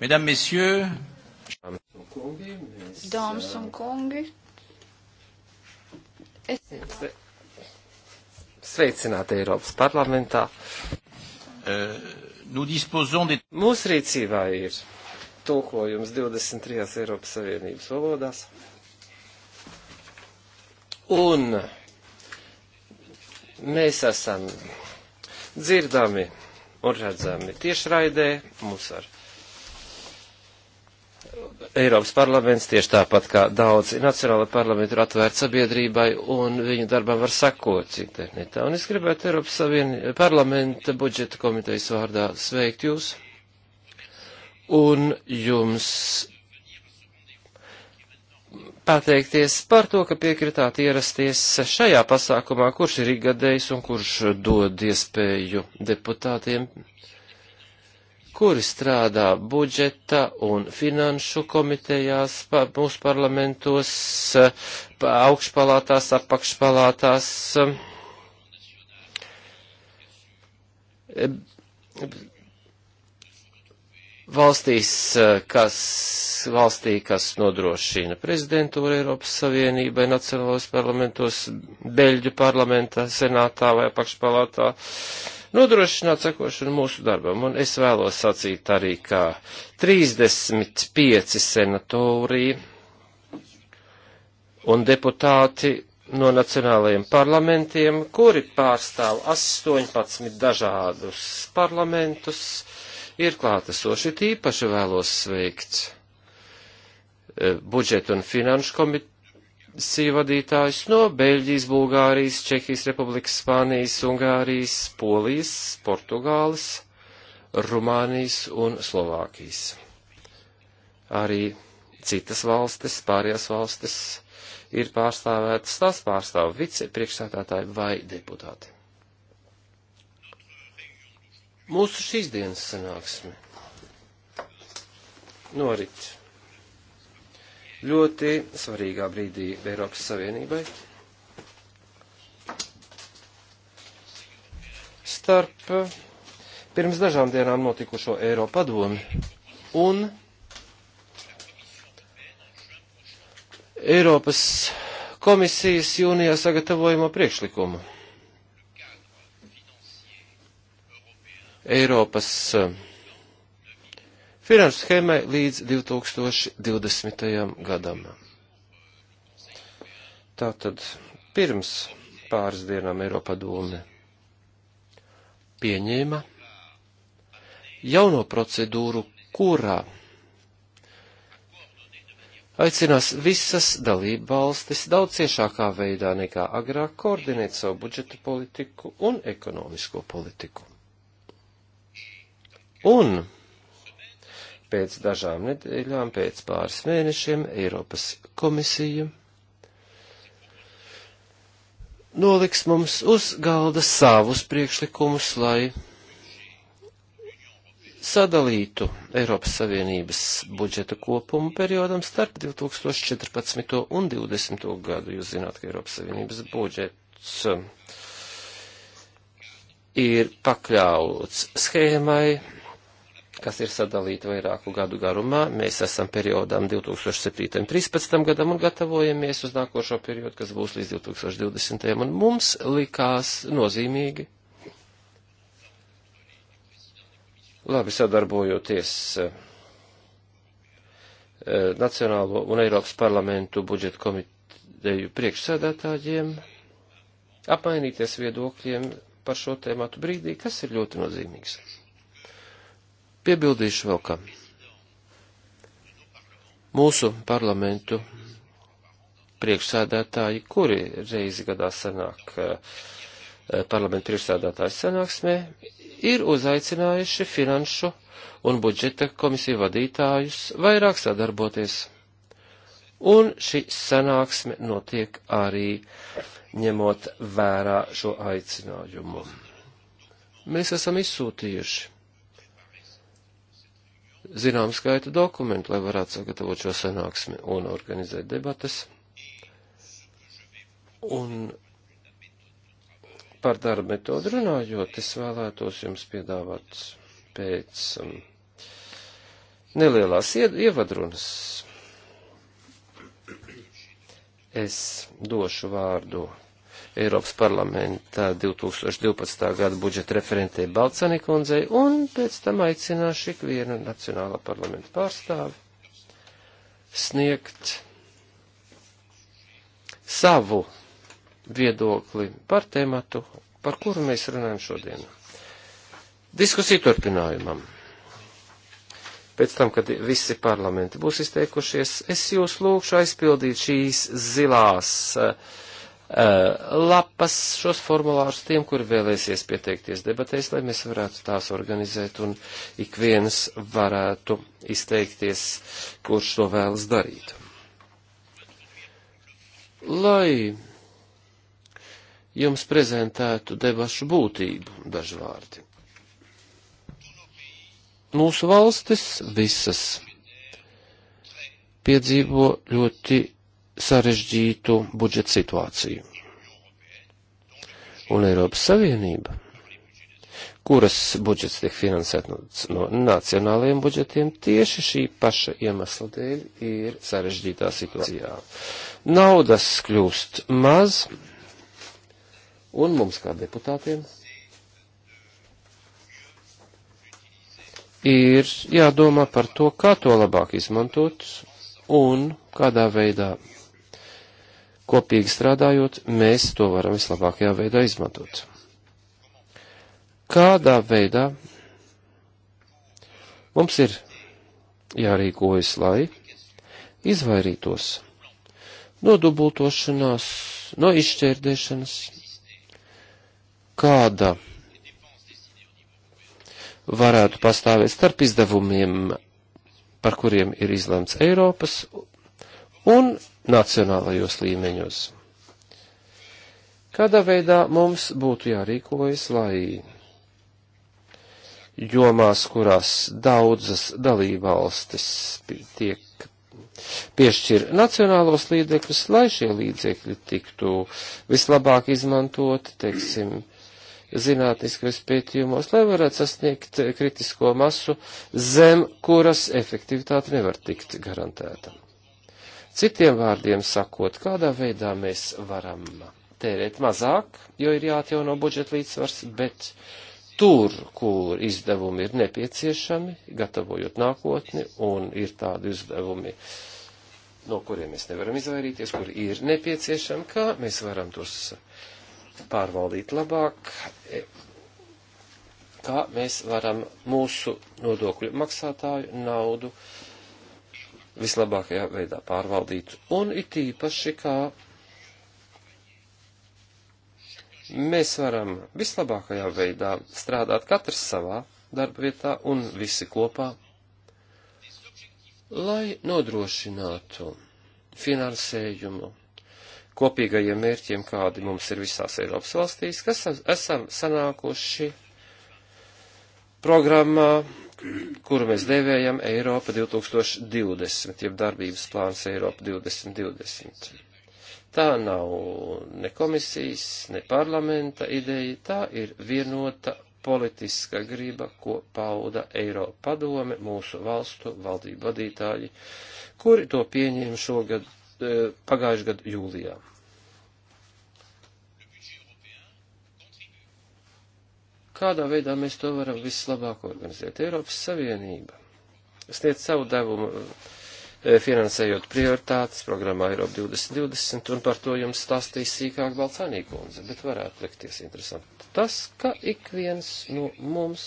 Mesdames, Messieurs, Dāmas un kungi, es... sveicināti Eiropas parlamentā. Uh, Mūsu rīcībā ir tulkojums 23. Eiropas Savienības valodās. Un mēs esam dzirdami un redzami tiešraidē, mūs var Eiropas parlaments, tieši tāpat kā daudzi nacionāla parlamenti, ir atvērts sabiedrībai un viņu darbam var sakot internetā. Un es gribētu Eiropas savien, parlamenta budžeta komitejas vārdā sveikt jūs un jums pateikties par to, ka piekritāt ierasties šajā pasākumā, kurš ir ikgadējs un kurš dod iespēju deputātiem kuri strādā budžeta un finanšu komitejās, pa, mūsu parlamentos, pa augšpalātās, apakšpalātās. Valstīs, kas, valstī, kas nodrošina prezidentūru Eiropas Savienībai, nacionālos parlamentos, Beļģu parlamentā, senātā vai apakšpalātā. Uh, nodrošināt sekošanu mūsu darbam. Un es vēlos sacīt arī, ka 35 senatori un deputāti no nacionālajiem parlamentiem, kuri pārstāv 18 dažādus parlamentus, ir klātesoši. Tīpaši vēlos sveikt eh, budžetu un finanšu komiteju sīvadītājus no Beļģijas, Bulgārijas, Čehijas Republikas, Spānijas, Ungārijas, Polijas, Portugāles, Rumānijas un Slovākijas. Arī citas valstis, pārējās valstis ir pārstāvētas, tās pārstāv vicepriekšsētātāji vai deputāti. Mūsu šīs dienas sanāksme norit ļoti svarīgā brīdī Eiropas Savienībai. Starp pirms dažām dienām notikušo Eiropa padomi un Eiropas komisijas jūnijā sagatavojamo priekšlikumu. Eiropas uh, finanšu schēmai līdz 2020. gadam. Tātad pirms pāris dienām Eiropa doma pieņēma jauno procedūru, kurā aicinās visas dalība valstis daudz ciešākā veidā nekā agrāk koordinēt savu budžeta politiku un ekonomisko politiku. Un pēc dažām nedēļām, pēc pāris mēnešiem Eiropas komisija noliks mums uz galda savus priekšlikumus, lai sadalītu Eiropas Savienības budžeta kopumu periodam starp 2014. un 2020. gadu. Jūs zināt, ka Eiropas Savienības budžets ir pakļauts schēmai, kas ir sadalīta vairāku gadu garumā. Mēs esam periodām 2007. un 2013. gadam un gatavojamies uz nākošo periodu, kas būs līdz 2020. un mums likās nozīmīgi. Labi sadarbojoties eh, Nacionālo un Eiropas parlamentu budžeta komiteju priekšsēdētājiem, apmainīties viedokļiem par šo tēmatu brīdī, kas ir ļoti nozīmīgs. Piebildīšu vēl, ka mūsu parlamentu priekšsēdētāji, kuri reizi gadā sanāk eh, parlamentu priekšsēdētāju sanāksmē, ir uzaicinājuši finanšu un budžeta komisiju vadītājus vairāk sadarboties. Un šī sanāksme notiek arī ņemot vērā šo aicinājumu. Mēs esam izsūtījuši zinām skaitu dokumentu, lai varētu sagatavot šo sanāksmi un organizēt debatas. Un par darba metodu runājot, es vēlētos jums piedāvāt pēc um, nelielās ievadrunas. Es došu vārdu Eiropas parlamentā 2012. gada budžeta referentē Balcanikundzei un pēc tam aicināšu ikvienu nacionālā parlamenta pārstāvi sniegt savu viedokli par tēmatu, par kuru mēs runājam šodien. Diskusiju turpinājumam. Pēc tam, kad visi parlamenti būs izteikušies, es jūs lūkšu aizpildīt šīs zilās uh, Eh, lapas šos formulārus tiem, kuri vēlēsies pieteikties debatēs, lai mēs varētu tās organizēt un ik viens varētu izteikties, kurš to vēlas darīt. Lai jums prezentētu debašu būtību daži vārdi. Mūsu valstis visas piedzīvo ļoti sarežģītu budžeta situāciju. Un Eiropas Savienība, kuras budžets tiek finansēt no, no nacionālajiem budžetiem, tieši šī paša iemesla dēļ ir sarežģītā situācijā. Naudas kļūst maz, un mums kā deputātiem ir jādomā par to, kā to labāk izmantot un kādā veidā kopīgi strādājot, mēs to varam vislabākajā veidā izmantot. Kādā veidā mums ir jārīkojas, lai izvairītos no dubultošanās, no izšķērdēšanas, kāda varētu pastāvēt starp izdevumiem, par kuriem ir izlemts Eiropas, un nacionālajos līmeņos. Kādā veidā mums būtu jārīkojas, lai jomās, kurās daudzas dalībvalstis tiek piešķir nacionālos līdzekļus, lai šie līdzekļi tiktu vislabāk izmantoti, teiksim, zinātniskajos pētījumos, lai varētu sasniegt kritisko masu, zem kuras efektivitāte nevar tikt garantēta. Citiem vārdiem sakot, kādā veidā mēs varam tērēt mazāk, jo ir jāatjauno budžeta līdzsvars, bet tur, kur izdevumi ir nepieciešami, gatavojot nākotni, un ir tādi izdevumi, no kuriem mēs nevaram izvairīties, kur ir nepieciešami, kā mēs varam tos pārvaldīt labāk, kā mēs varam mūsu nodokļu maksātāju naudu uh, vislabākajā veidā pārvaldītu. Un it īpaši, kā mēs varam vislabākajā veidā strādāt katrs savā darba vietā un visi kopā, lai nodrošinātu finansējumu kopīgajiem mērķiem, kādi mums ir visās Eiropas valstīs, kas esam sanākuši programmā kuru mēs dēvējam Eiropa 2020, jeb darbības plāns Eiropa 2020. Tā nav ne komisijas, ne parlamenta ideja, tā ir vienota politiska griba, ko pauda Eiropa padome, mūsu valstu valdību vadītāji, kuri to pieņēma šogad, eh, pagājušajā gadu jūlijā. Kādā veidā mēs to varam vislabāk organizēt? Eiropas Savienība sniedz savu devumu e, finansējot prioritātes programmā Eiropa 2020, un par to jums stāstīs sīkāk Balcānī kundze, bet varētu likties interesanti. Tas, ka ik viens no mums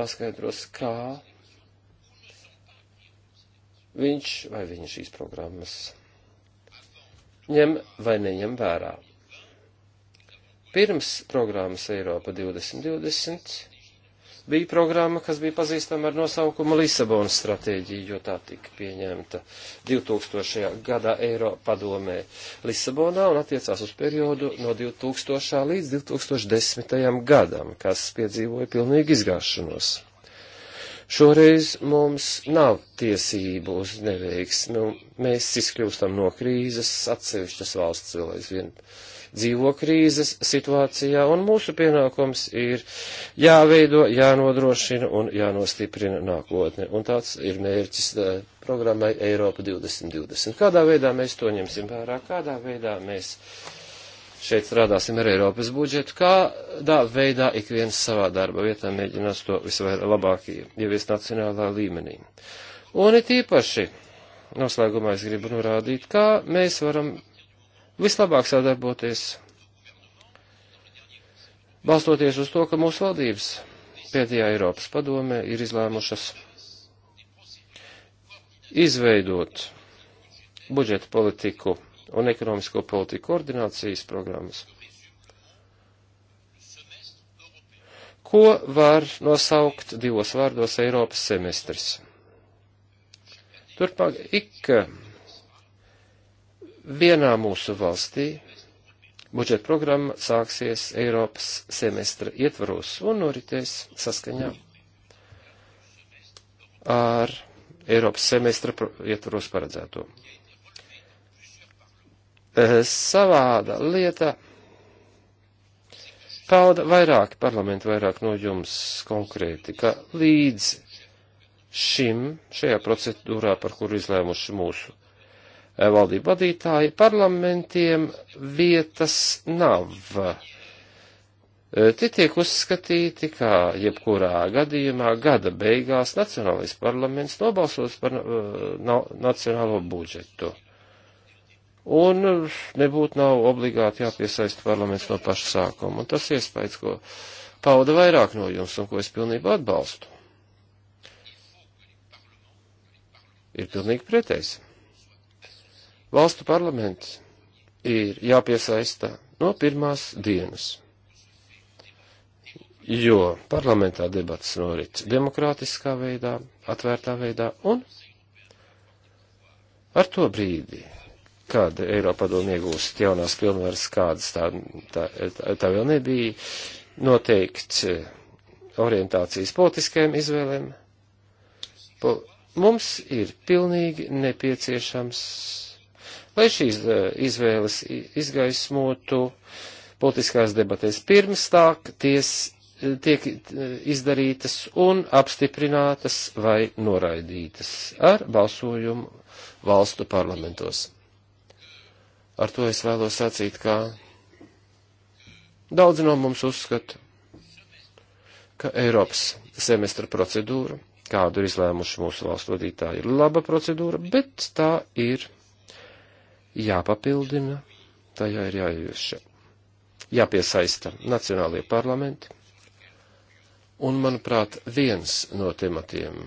paskaidros, kā viņš vai viņa šīs programmas ņem vai neņem vērā. Pirms programmas Eiropa 2020 bija programma, kas bija pazīstama ar nosaukumu Lisabonas stratēģija, jo tā tika pieņemta 2000. gadā Eiropa padomē Lisabonā un attiecās uz periodu no 2000. līdz 2010. gadam, kas piedzīvoja pilnīgi izgāšanos. Šoreiz mums nav tiesību uz neveiksmi, mēs izkļūstam no krīzes, atsevišķas valsts vēl aizvien. Vien dzīvo krīzes situācijā, un mūsu pienākums ir jāveido, jānodrošina un jānostiprina nākotne. Un tāds ir mērķis programmai Eiropa 2020. Kādā veidā mēs to ņemsim vērā, kādā veidā mēs šeit strādāsim ar Eiropas budžetu, kādā veidā ik viens savā darba vietā mēģinās to vislabāk ieviest nacionālā līmenī. Un it īpaši noslēgumā es gribu norādīt, kā mēs varam vislabāk sadarboties, balstoties uz to, ka mūsu valdības pēdējā Eiropas padomē ir izlēmušas izveidot budžeta politiku un ekonomisko politiku koordinācijas programmas, ko var nosaukt divos vārdos Eiropas semestris. Turpmāk ik vienā mūsu valstī budžeta programma sāksies Eiropas semestra ietvaros un noritēs saskaņā ar Eiropas semestra ietvaros paredzēto. Eh, savāda lieta pauda vairāki parlamenti, vairāk no jums konkrēti, ka līdz šim, šajā procedūrā, par kuru izlēmuši mūsu Eh, valdību vadītāji, parlamentiem vietas nav. Eh, tie tiek uzskatīti, kā jebkurā gadījumā gada beigās Nacionālais parlaments nobalsos par eh, na nacionālo budžetu. Un nebūtu nav obligāti jāpiesaista parlaments no paša sākuma. Un tas iespējas, ko pauda vairāk no jums un ko es pilnībā atbalstu. Ir pilnīgi pretējs. Valstu parlaments ir jāpiesaista no pirmās dienas, jo parlamentā debats norit demokrātiskā veidā, atvērtā veidā un ar to brīdi, kad Eiropadomi iegūst jaunās pilnvaras, kādas tā, tā, tā, tā vēl nebija, noteikts eh, orientācijas politiskajām izvēlēm. Po, mums ir pilnīgi nepieciešams lai šīs eh, izvēles izgaismotu politiskās debatēs pirms tā, ties eh, tiek eh, izdarītas un apstiprinātas vai noraidītas ar balsojumu valstu parlamentos. Ar to es vēlos sacīt, ka daudzi no mums uzskata, ka Eiropas semestra procedūra, kādu ir izlēmuši mūsu valstu vadītāji, ir laba procedūra, bet tā ir jāpapildina, tajā ir jāievieš, jāpiesaista nacionālajie parlamenti. Un, manuprāt, viens no tematiem,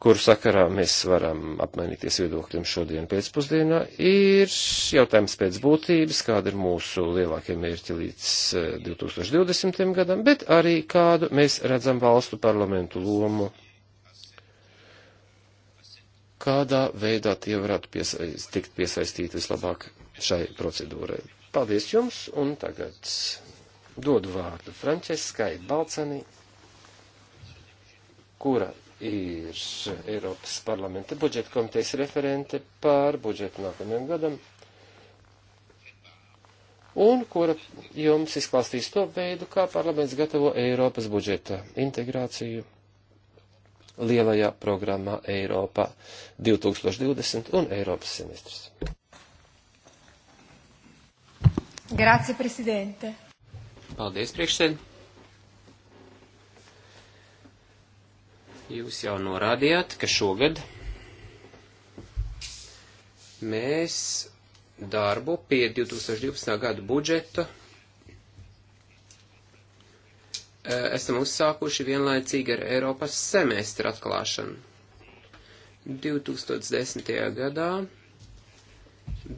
kuru sakarā mēs varam apmainīties viedokļiem šodien pēcpusdienā, ir jautājums pēc būtības, kāda ir mūsu lielākie mērķi līdz 2020. Eh, gadam, bet arī kādu mēs redzam valstu parlamentu lomu kādā veidā tie varētu piesaist, tikt piesaistīti vislabāk šai procedūrai. Paldies jums, un tagad dodu vārdu Frančeskai Balcani, kura ir Eiropas parlamenta budžeta komitejas referente pār budžetu nākamajam gadam, un kura jums izklāstīs to veidu, kā parlaments gatavo Eiropas budžeta integrāciju lielajā programmā Eiropa 2020 un Eiropas semestrs. Grazie, prezidente. Paldies, priekšsēd. Jūs jau norādījāt, ka šogad mēs darbu pie 2012. gada budžeta Eh, esam uzsākuši vienlaicīgi ar Eiropas semestra atklāšanu. 2010. gadā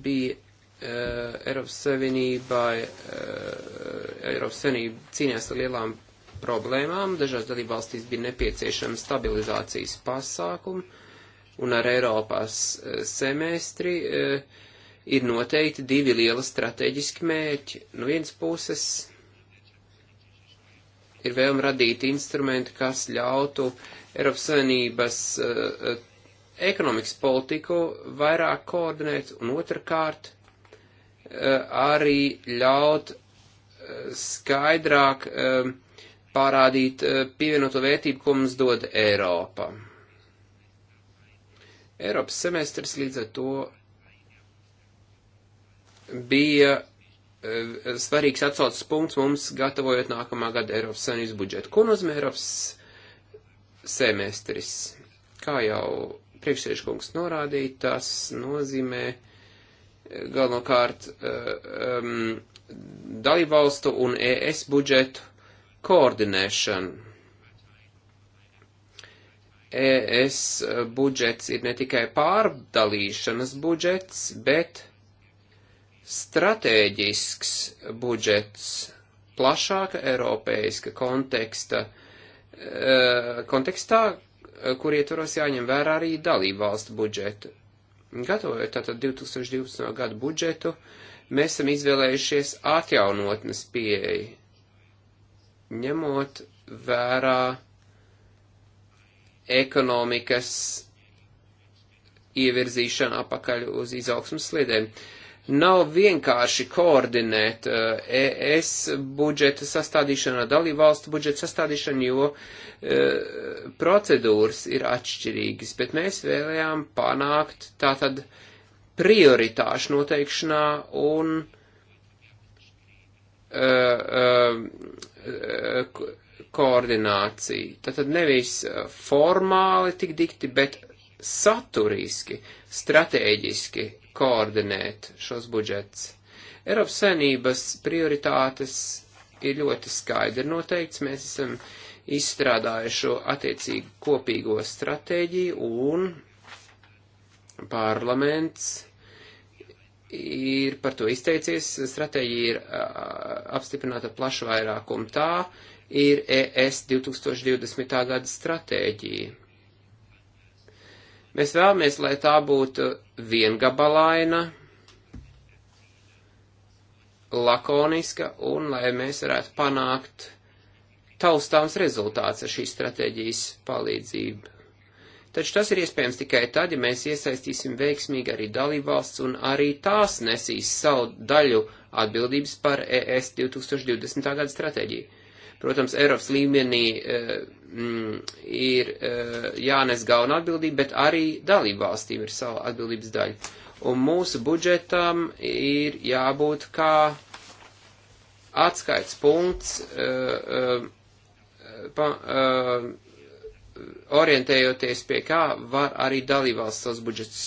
bija uh, Eiropas Savienībā, uh, eh, Eiropas Savienība cīnījās ar lielām problēmām, dažās dalībvalstīs bija nepieciešama stabilizācijas pasākuma, un ar Eiropas uh, semestri uh, ir noteikti divi liela strateģiski mērķi. No nu, vienas puses ir vēlme radīt instrumenti, kas ļautu Eiropas Savienības uh, ekonomikas politiku vairāk koordinēt un otrkārt uh, arī ļaut uh, skaidrāk uh, pārādīt uh, pievienoto vērtību, ko mums dod Eiropa. Eiropas semestris līdz ar to bija Eh, svarīgs atsaucas punkts mums gatavojot nākamā gada Eiropas Savienības budžetu. Ko nozīmē Eiropas semestris? Kā jau priekšsēžkungs norādīja, tas nozīmē eh, galvenokārt um, dalībvalstu un ES budžetu koordinēšanu. ES budžets ir ne tikai pārdalīšanas budžets, bet Stratēģisks budžets plašāka eiropeiska konteksta, eh, kontekstā, kur ietvaros jāņem vērā arī dalību valstu budžetu. Gatavojot tātad 2012. gadu budžetu, mēs esam izvēlējušies atjaunotnes pieeju, ņemot vērā ekonomikas ievirzīšanu apakaļ uz izaugsmas sliedēm. Uh, Nav vienkārši koordinēt ES eh, e budžeta sastādīšanu ar dalībvalstu budžeta sastādīšanu, jo e, procedūras ir atšķirīgas, bet mēs vēlējām panākt tātad prioritāšu noteikšanā un e, e, koordināciju. Tātad nevis formāli tik dikti, bet saturiski, strateģiski koordinēt šos budžets. Eiropas saimnības prioritātes ir ļoti skaidri noteikts. Mēs esam izstrādājuši šo attiecīgu kopīgo stratēģiju un parlaments ir par to izteicies. Stratēģija ir apstiprināta plašu vairākumu. Tā ir e ES 2020. gada stratēģija. Mēs vēlamies, lai tā būtu viengabalaina, lakoniska un lai mēs varētu panākt taustāms rezultāts ar šīs stratēģijas palīdzību. Taču tas ir iespējams tikai tad, ja mēs iesaistīsim veiksmīgi arī dalībvalsts un arī tās nesīs savu daļu atbildības par e ES 2020. gada stratēģiju. Protams, Eiropas līmenī eh, mm, ir eh, jānes galvenā atbildība, bet arī dalībvalstīm ir sava atbildības daļa. Un mūsu budžetam ir jābūt kā atskaits punkts, eh, pa, orientējoties pie kā var arī dalībvalsts savus budžets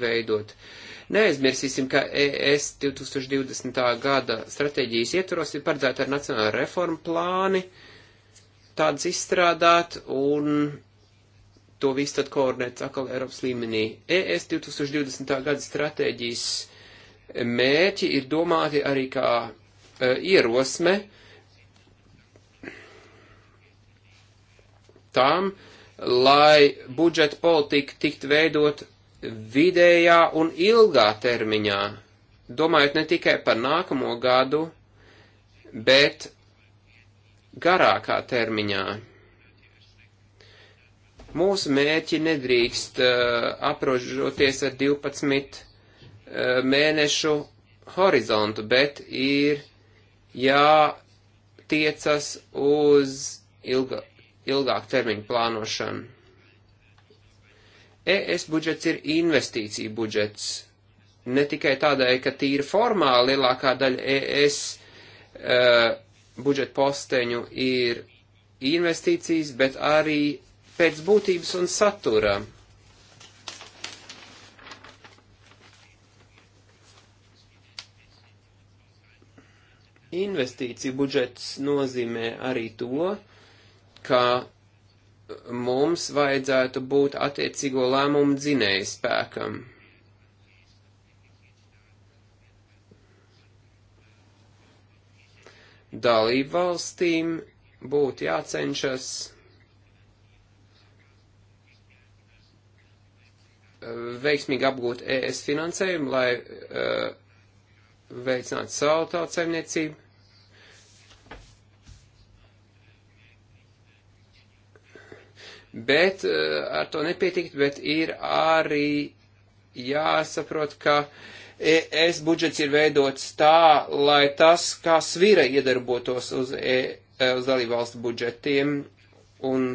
veidot. Uh, Neaizmirsīsim, ka e ES 2020. gada stratēģijas ietvaros ir paredzēta ar nacionālu reformu plāni, tādas izstrādāt un to visu tad koordinēt atkal Eiropas līmenī. E ES 2020. gada stratēģijas mērķi ir domāti arī kā e, ierosme tām, lai budžeta politika tikt veidot vidējā un ilgā termiņā, domājot ne tikai par nākamo gadu, bet garākā termiņā. Mūsu mērķi nedrīkst uh, aprožoties ar 12 uh, eh, mēnešu horizontu, bet ir jātiecas uz ilga, ilgāk termiņu plānošanu. ES budžets ir investīcija budžets. Ne tikai tādēļ, ka tīri formāli lielākā daļa ES uh, eh, budžeta posteņu ir investīcijas, bet arī pēc būtības un satura. Investīcija budžets nozīmē arī to, ka mums vajadzētu būt attiecīgo lēmumu dzinēju spēkam. Dalību valstīm būtu jācenšas eh, veiksmīgi apgūt ES finansējumu, lai uh, veicinātu savu tautsēmniecību. Bet eh, ar to nepietikt, bet ir arī jāsaprot, ka ES budžets ir veidots tā, lai tas kā svira iedarbotos uz, e, eh, uz dalībvalstu budžetiem. Un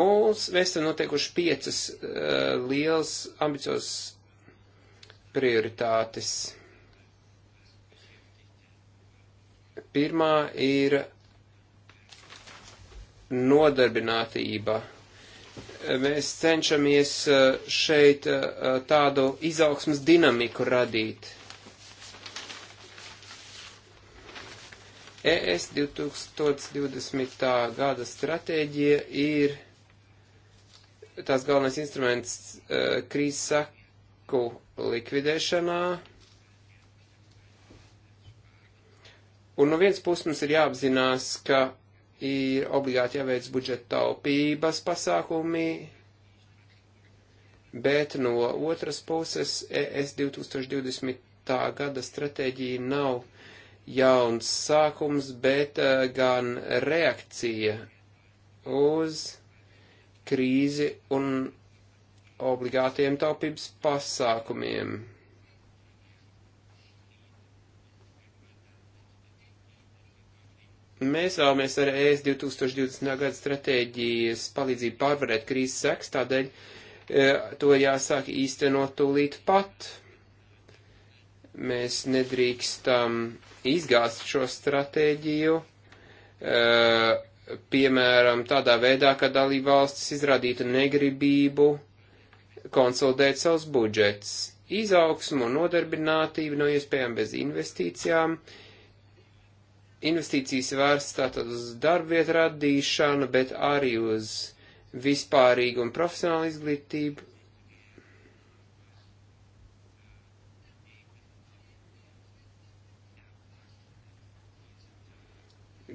mums mēs esam noteikuši piecas uh, liels ambiciozas prioritātes. Pirmā ir nodarbinātība. Mēs cenšamies e, šeit e, tādu izaugsmas dinamiku radīt. E ES 2020. gada stratēģija ir tās galvenais instruments krīzes saku likvidēšanā. Un no vienas puses mums ir jāapzinās, ka ir obligāti jāveic budžeta taupības pasākumi, bet no otras puses e ES 2020. gada stratēģija nav jauns sākums, bet eh, gan reakcija uz krīzi un obligātiem taupības pasākumiem. Mēs vēlamies ar e ES 2020. gada stratēģijas palīdzību pārvarēt krīzes seks, tādēļ e, to jāsāk īstenot tūlīt pat. Mēs nedrīkstam izgāzt šo stratēģiju, e, piemēram, tādā veidā, ka dalībvalstis izrādītu negribību konsolidēt savus budžets. Izaugsmu un nodarbinātību nav no iespējama bez investīcijām. Uh, investīcijas vērsts tātad uz darbvietu radīšanu, bet arī uz vispārīgu un profesionālu izglītību.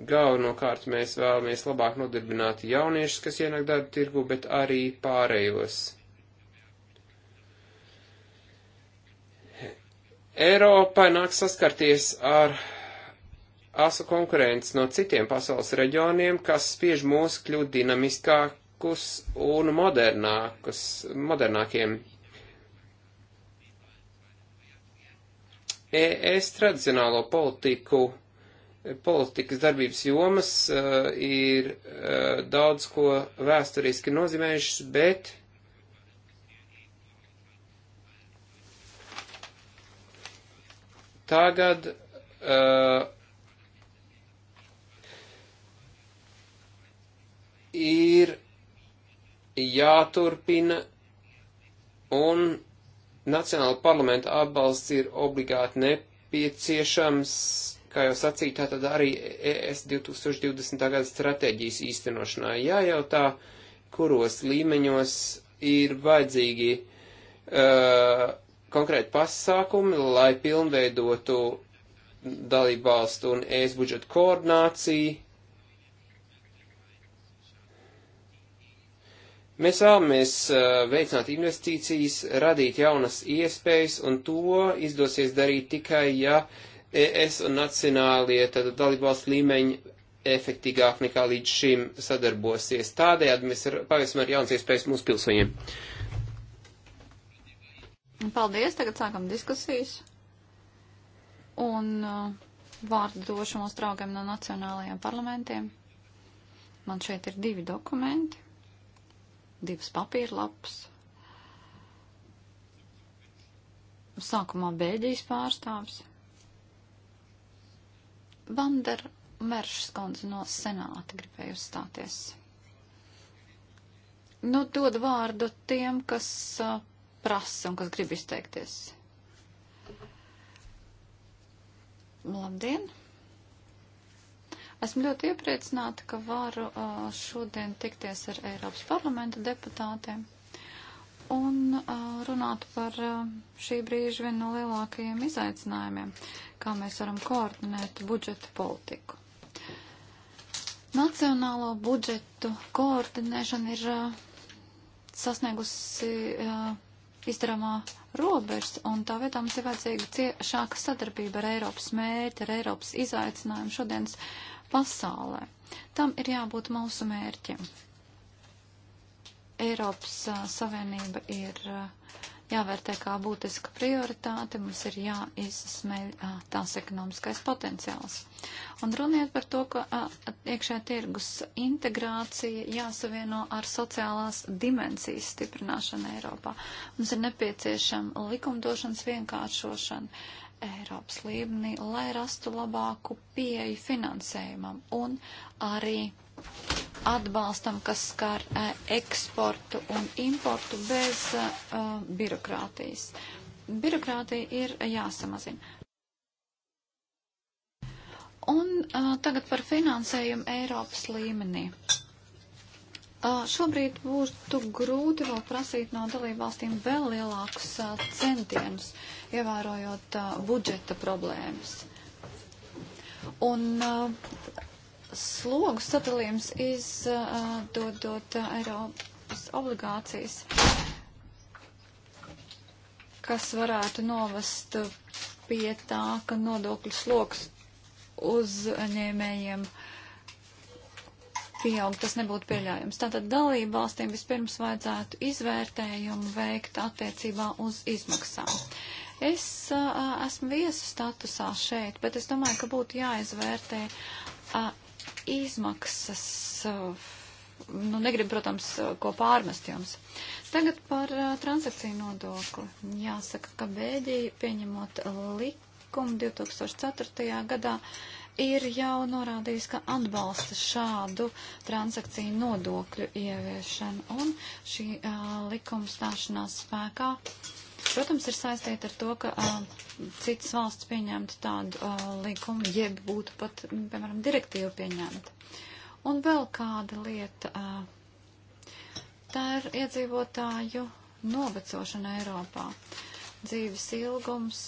Galvenokārt mēs vēlamies labāk nodarbināt jauniešus, kas ienāk darba tirgu, bet arī pārējos. Eiropai nāk saskarties ar asu konkurence no citiem pasaules reģioniem, kas spiež mūs kļūt dinamiskākus un modernākus, modernākiem. E, es tradicionālo politiku, politikas darbības jomas uh, ir uh, daudz ko vēsturiski nozīmējušas, bet tagad uh, ir jāturpina un Nacionāla parlamenta atbalsts ir obligāti nepieciešams, kā jau sacīja, tātad arī e ES 2020. gada stratēģijas īstenošanā. Jājautā, kuros līmeņos ir vajadzīgi uh, konkrēti pasākumi, lai pilnveidotu dalību valstu un ES budžetu koordināciju, Mēs vēlamies uh, veicināt investīcijas, radīt jaunas iespējas, un to izdosies darīt tikai, ja ES un nacionālie dalībvalsts līmeņi efektīgāk nekā līdz šim sadarbosies. Tādējādi mēs pavisam ar jaunas iespējas mūsu pilsoņiem. Paldies, tagad sākam diskusijas. Un uh, vārdu došu mūsu draugiem no nacionālajiem parlamentiem. Man šeit ir divi dokumenti divas papīra lapas. Sākumā Bēļģijas pārstāvis. Vander Meršs kundze no senāta gribēja uzstāties. Nu, dod vārdu tiem, kas uh, prasa un kas grib izteikties. Labdien! Esmu ļoti iepriecināta, ka varu uh, šodien tikties ar Eiropas parlamenta deputātiem un uh, runāt par uh, šī brīža vienu no lielākajiem izaicinājumiem, kā mēs varam koordinēt budžeta politiku. Nacionālo budžetu koordinēšana ir uh, sasniegusi uh, izdarāmā robežas, un tā vietā mums ir vajadzīga ciešāka sadarbība ar Eiropas mērķi, ar Eiropas izaicinājumu. Šodienas uh, pasaulē. Tam ir jābūt mūsu mērķim. Eiropas a, Savienība ir a, jāvērtē kā būtiska prioritāte, mums ir jāizsmeļ a, tās ekonomiskais potenciāls. Un runiet par to, ka iekšē tirgus integrācija jāsavieno ar sociālās dimensijas stiprināšanu Eiropā. Mums ir nepieciešama likumdošanas vienkāršošana Eiropas līmenī, lai rastu labāku pieeju finansējumam un arī atbalstam, kas skar e, eksportu un importu bez uh, birokrātijas. Birokrātija ir jāsamazina. Un uh, tagad par finansējumu Eiropas līmenī. Šobrīd būtu grūti vēl prasīt no dalībvalstīm vēl lielākus centienus, ievērojot budžeta problēmas. Un slogu sadalījums izdodot Eiropas obligācijas, kas varētu novest pie tā, ka nodokļu sloks uzņēmējiem uh, pieaug, tas nebūtu pieļaujams. Tātad dalību valstīm vispirms vajadzētu izvērtējumu veikt attiecībā uz izmaksām. Es uh, esmu viesu statusā šeit, bet es domāju, ka būtu jāizvērtē uh, izmaksas. Uh, nu, negribu, protams, ko pārmest jums. Tagad par uh, transakciju nodokli. Jāsaka, ka Bēļģija pieņemot likumu 2004. gadā ir jau norādījis, ka atbalsta šādu transakciju nodokļu ieviešanu un šī uh, likuma stāšanās spēkā. Protams, ir saistīta ar to, ka uh, citas valsts pieņemtu tādu uh, likumu, jeb būtu pat, piemēram, direktīvu pieņemta. Un vēl kāda lieta, uh, tā ir iedzīvotāju novecošana Eiropā. Dzīves ilgums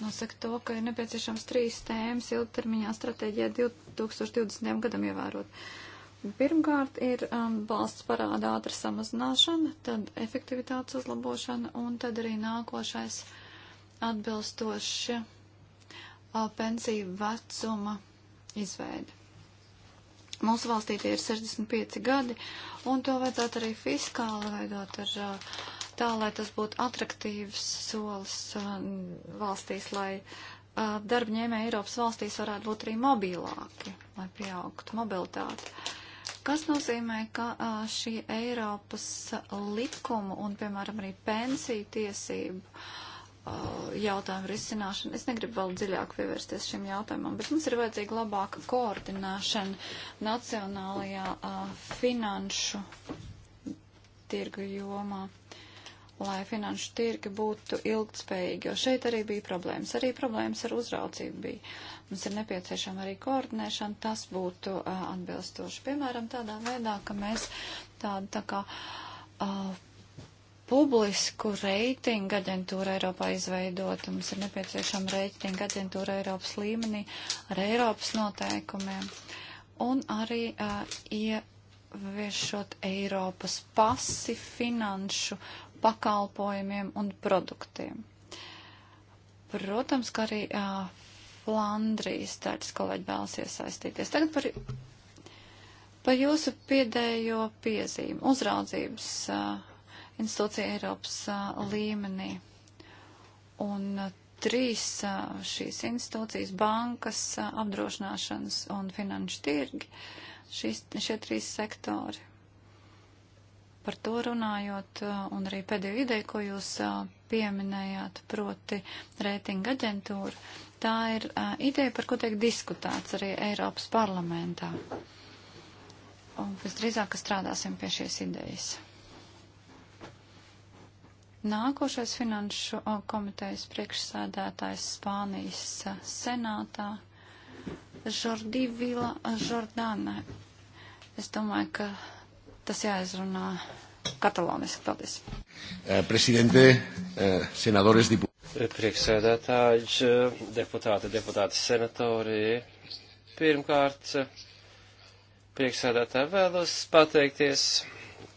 nosaka to, ka ir nepieciešams trīs tēmas ilgtermiņā stratēģijā 2020. gadam ievērot. Pirmkārt ir um, valsts parāda ātra samazināšana, tad efektivitātes uzlabošana un tad arī nākošais atbilstoši uh, pensiju vecuma izveidi. Mūsu valstī tie ir 65 gadi, un to vajadzētu arī fiskāli veidot ar uh, tā lai tas būtu atraktīvs solis uh, valstīs, lai uh, darbņēmēji Eiropas valstīs varētu būt arī mobilāki, lai pieaugtu mobilitāti. Kas nozīmē, ka uh, šī Eiropas likumu un, piemēram, arī pensiju tiesību jautājumu risināšanu. Es negribu vēl dziļāk pievērsties šim jautājumam, bet mums ir vajadzīga labāka koordinēšana nacionālajā a, finanšu tirgu jomā lai finanšu tirgi būtu ilgtspējīgi, jo šeit arī bija problēmas. Arī problēmas ar uzraucību bija. Mums ir nepieciešama arī koordinēšana, tas būtu uh, atbilstoši. Piemēram, tādā veidā, ka mēs tādu tā kā uh, publisku reitingu aģentūru Eiropā izveidot. Mums ir nepieciešama reitingu aģentūra Eiropas līmenī ar Eiropas noteikumiem. Un arī uh, ieviešot Eiropas pasi finanšu pakalpojumiem un produktiem. Protams, ka arī uh, Flandrijas tāds kolēģi vēlas iesaistīties. Tagad par, par jūsu pēdējo piezīmu uzraudzības uh, institūcija Eiropas uh, līmenī. Un uh, trīs uh, šīs institūcijas - bankas, uh, apdrošināšanas un finanšu tirgi. Šīs, šie trīs sektori par to runājot, eh, un arī pēdējo ideju, ko jūs eh, pieminējāt, proti reitinga aģentūra, tā ir eh, ideja, par ko tiek diskutēts arī Eiropas parlamentā. Un visdrīzāk, ka strādāsim pie šīs idejas. Nākošais finanšu komitejas priekšsēdētājs Spānijas senātā Žordivila Žordana. Es domāju, ka tas jāizrunā kataloniski. Paldies. Eh, Prezidente, eh, senadores, deputāti. Priekšsēdētāji, eh, deputāti, deputāti, senatori. Pirmkārt, priekšsēdētāji vēlos pateikties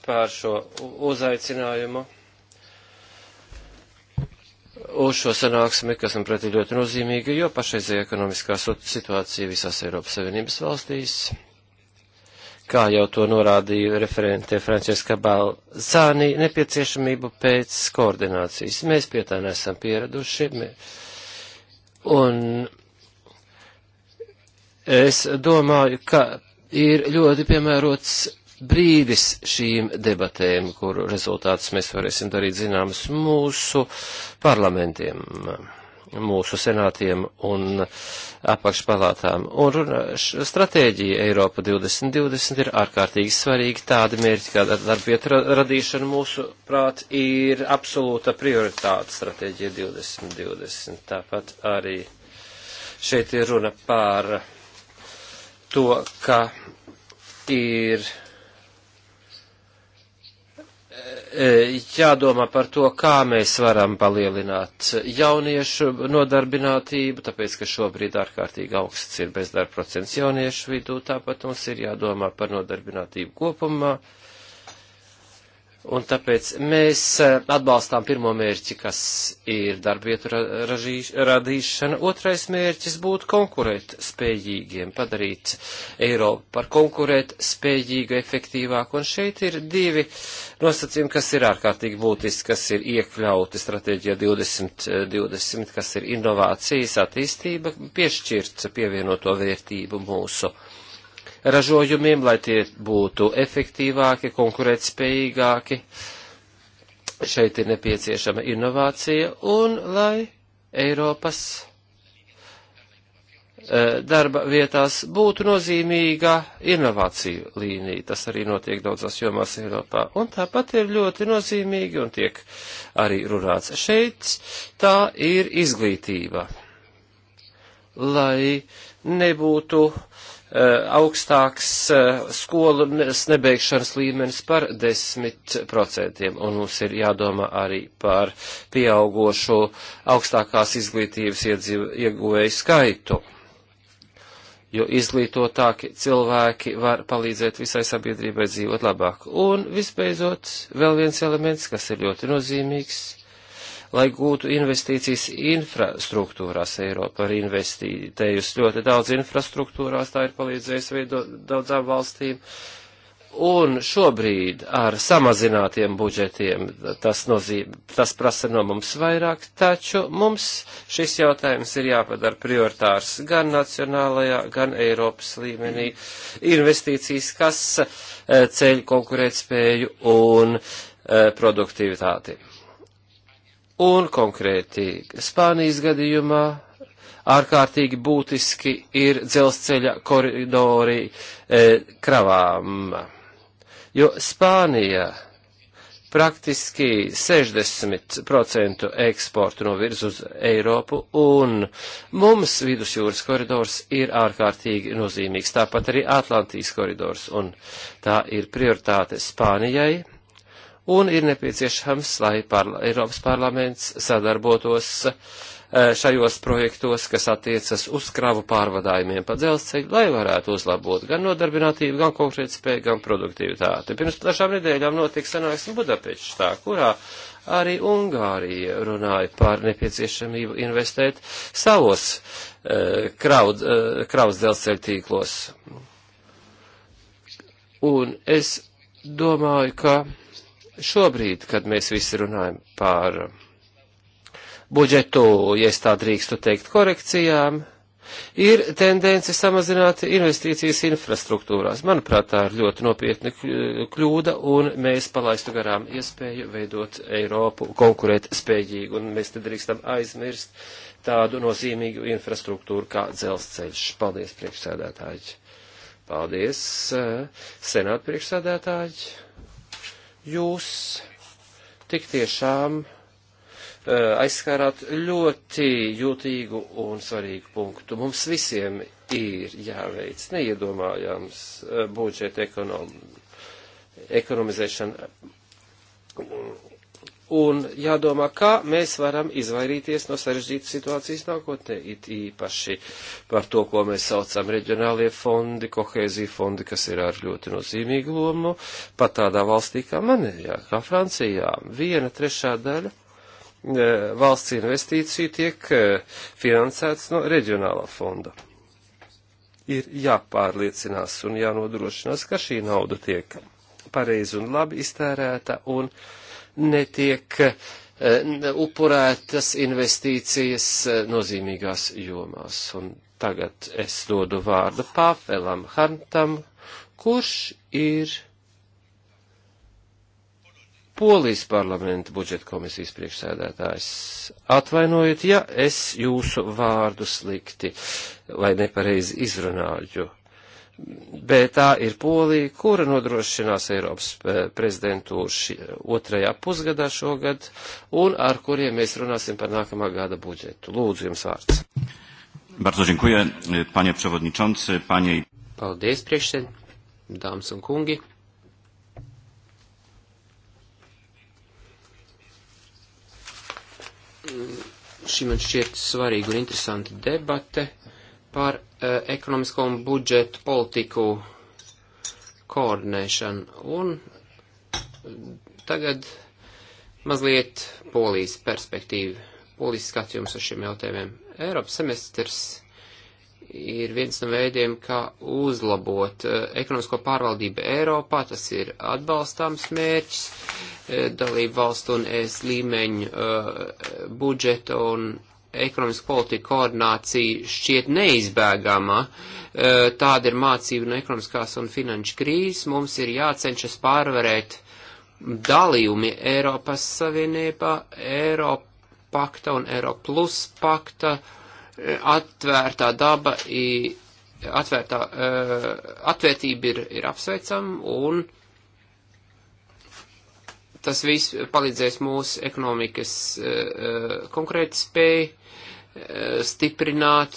par šo uzaicinājumu uz šo sanāksmi, kas man pretī ļoti nozīmīga, jo pašreizēja ekonomiskā situācija visās Eiropas Savienības valstīs kā jau to norādīja referente Frančiska Balzāni, nepieciešamību pēc koordinācijas. Mēs pie tā nesam pieraduši. Un es domāju, ka ir ļoti piemērots brīdis šīm debatēm, kuru rezultātus mēs varēsim darīt zināmas mūsu parlamentiem mūsu senātiem un apakšpalātām. Un runa, stratēģija Eiropa 2020 ir ārkārtīgi svarīga. Tāda mērķa, kā darbvieta radīšana mūsu prāt, ir absolūta prioritāte stratēģija 2020. Tāpat arī šeit ir runa par to, ka ir E, jādomā par to, kā mēs varam palielināt jauniešu nodarbinātību, tāpēc, ka šobrīd ārkārtīgi augsts ir bezdarba procents jauniešu vidū, tāpat mums ir jādomā par nodarbinātību kopumā. Uh, Un tāpēc mēs e, atbalstām pirmo mērķi, kas ir darbvietu ražīš, radīšana. Otrais mērķis būtu konkurēt spējīgiem, padarīt Eiropu par konkurēt spējīgu, efektīvāku. Un šeit ir divi nosacījumi, kas ir ārkārtīgi būtiski, kas ir iekļauti stratēģijā 2020, e, kas ir inovācijas attīstība, piešķirt pievienoto vērtību mūsu ražojumiem, lai tie būtu efektīvāki, konkurētspējīgāki. Šeit ir nepieciešama inovācija un lai Eiropas e, darba vietās būtu nozīmīga inovāciju līnija. Tas arī notiek daudzās jomās Eiropā. Un tāpat ir ļoti nozīmīgi un tiek arī runāts šeit. Tā ir izglītība. Lai nebūtu uh, Eh, augstāks eh, skolu nebeigšanas līmenis par 10%, un mums ir jādomā arī par pieaugošo augstākās izglītības ieguvēju skaitu, jo izglītotāki cilvēki var palīdzēt visai sabiedrībai dzīvot labāk. Un visbeidzot, vēl viens elements, kas ir ļoti nozīmīgs lai gūtu investīcijas infrastruktūrās. Eiropa ir investējusi ļoti daudz infrastruktūrās, tā ir palīdzējusi veidot daudzām valstīm. Un šobrīd ar samazinātiem budžetiem tas, nozīm, tas prasa no mums vairāk, taču mums šis jautājums ir jāpadara prioritārs gan nacionālajā, gan Eiropas līmenī. Investīcijas, kas eh, ceļ konkurētspēju un eh, produktivitāti. Un konkrēti Spānijas gadījumā ārkārtīgi būtiski ir dzelzceļa koridori e, kravām. Jo Spānija praktiski 60% eksportu novirz uz Eiropu, un mums vidusjūras koridors ir ārkārtīgi nozīmīgs, tāpat arī Atlantijas koridors, un tā ir prioritāte Spānijai, un ir nepieciešams, lai parla Eiropas parlaments sadarbotos eh, šajos projektos, kas attiecas uz kravu pārvadājumiem pa dzelzceļu, lai varētu uzlabot gan nodarbinātību, gan konkrētu spēju, gan produktivitāti. Pirms plašām nedēļām notika sanāksme Budapeštā, kurā arī Ungārija runāja par nepieciešamību investēt savos uh, kraud, uh, eh, kravas dzelzceļu tīklos. Un es domāju, ka šobrīd, kad mēs visi runājam par budžetu, ja es tā drīkstu teikt, korekcijām, ir tendence samazināt investīcijas infrastruktūrās. Manuprāt, tā ir ļoti nopietna kļūda, un mēs palaistu garām iespēju veidot Eiropu konkurēt spējīgi, un mēs te drīkstam aizmirst tādu nozīmīgu infrastruktūru kā dzelzceļš. Paldies, priekšsēdētāji! Paldies, eh, senāt priekšsēdētāji! jūs tik tiešām eh, aizskārāt ļoti jūtīgu un svarīgu punktu. Mums visiem ir jāveic neiedomājams eh, budžeta ekonom, ekonomizēšana un jādomā, kā mēs varam izvairīties no sarežģītas situācijas nākotnē, it īpaši par to, ko mēs saucam reģionālie fondi, kohēzija fondi, kas ir ar ļoti nozīmīgu lomu, pat tādā valstī kā manējā, kā Francijā. Viena trešā daļa e, valsts investīciju tiek e, finansēts no reģionālā fonda. Ir jāpārliecinās un jānodrošinās, ka šī nauda tiek pareizi un labi iztērēta un uh, netiek eh, upurētas investīcijas eh, nozīmīgās jomās. Un tagad es dodu vārdu Pāvelam Hantam, kurš ir Polijas parlamenta budžeta komisijas priekšsēdētājs. Atvainojiet, ja es jūsu vārdu slikti vai nepareizi izrunāju bet tā ir Polija, kura nodrošinās Eiropas eh, prezidentūru otrajā pusgadā šogad, un ar kuriem mēs runāsim par nākamā gada budžetu. Lūdzu, jums vārds. Bardzo dziękuję, panie przewodniczący, panie. Paldies, priekšsēd, dāmas un kungi. Mm, šī man šķiet svarīga un interesanta debate par uh, ekonomisko un budžetu politiku koordinēšanu. Un tagad mazliet polijas perspektīva, polijas skatījums uz šiem jautājumiem. Eiropas semestrs ir viens no veidiem, kā uzlabot e, ekonomisko pārvaldību Eiropā. Tas ir atbalstāms mērķis e, dalību valstu un es līmeņu budžeta un ekonomiska politika koordinācija šķiet neizbēgama. E, tāda ir mācība no ekonomiskās un finanšu krīzes. Mums ir jācenšas pārvarēt dalījumi Eiropas Savienībā, Eiropa pakta un Eiropa plus pakta. Atvērtā daba, atvērtā, e, atvērtība ir, ir apsveicama un tas viss palīdzēs mūsu ekonomikas uh, e, konkrēti spēju Eh, stiprināt.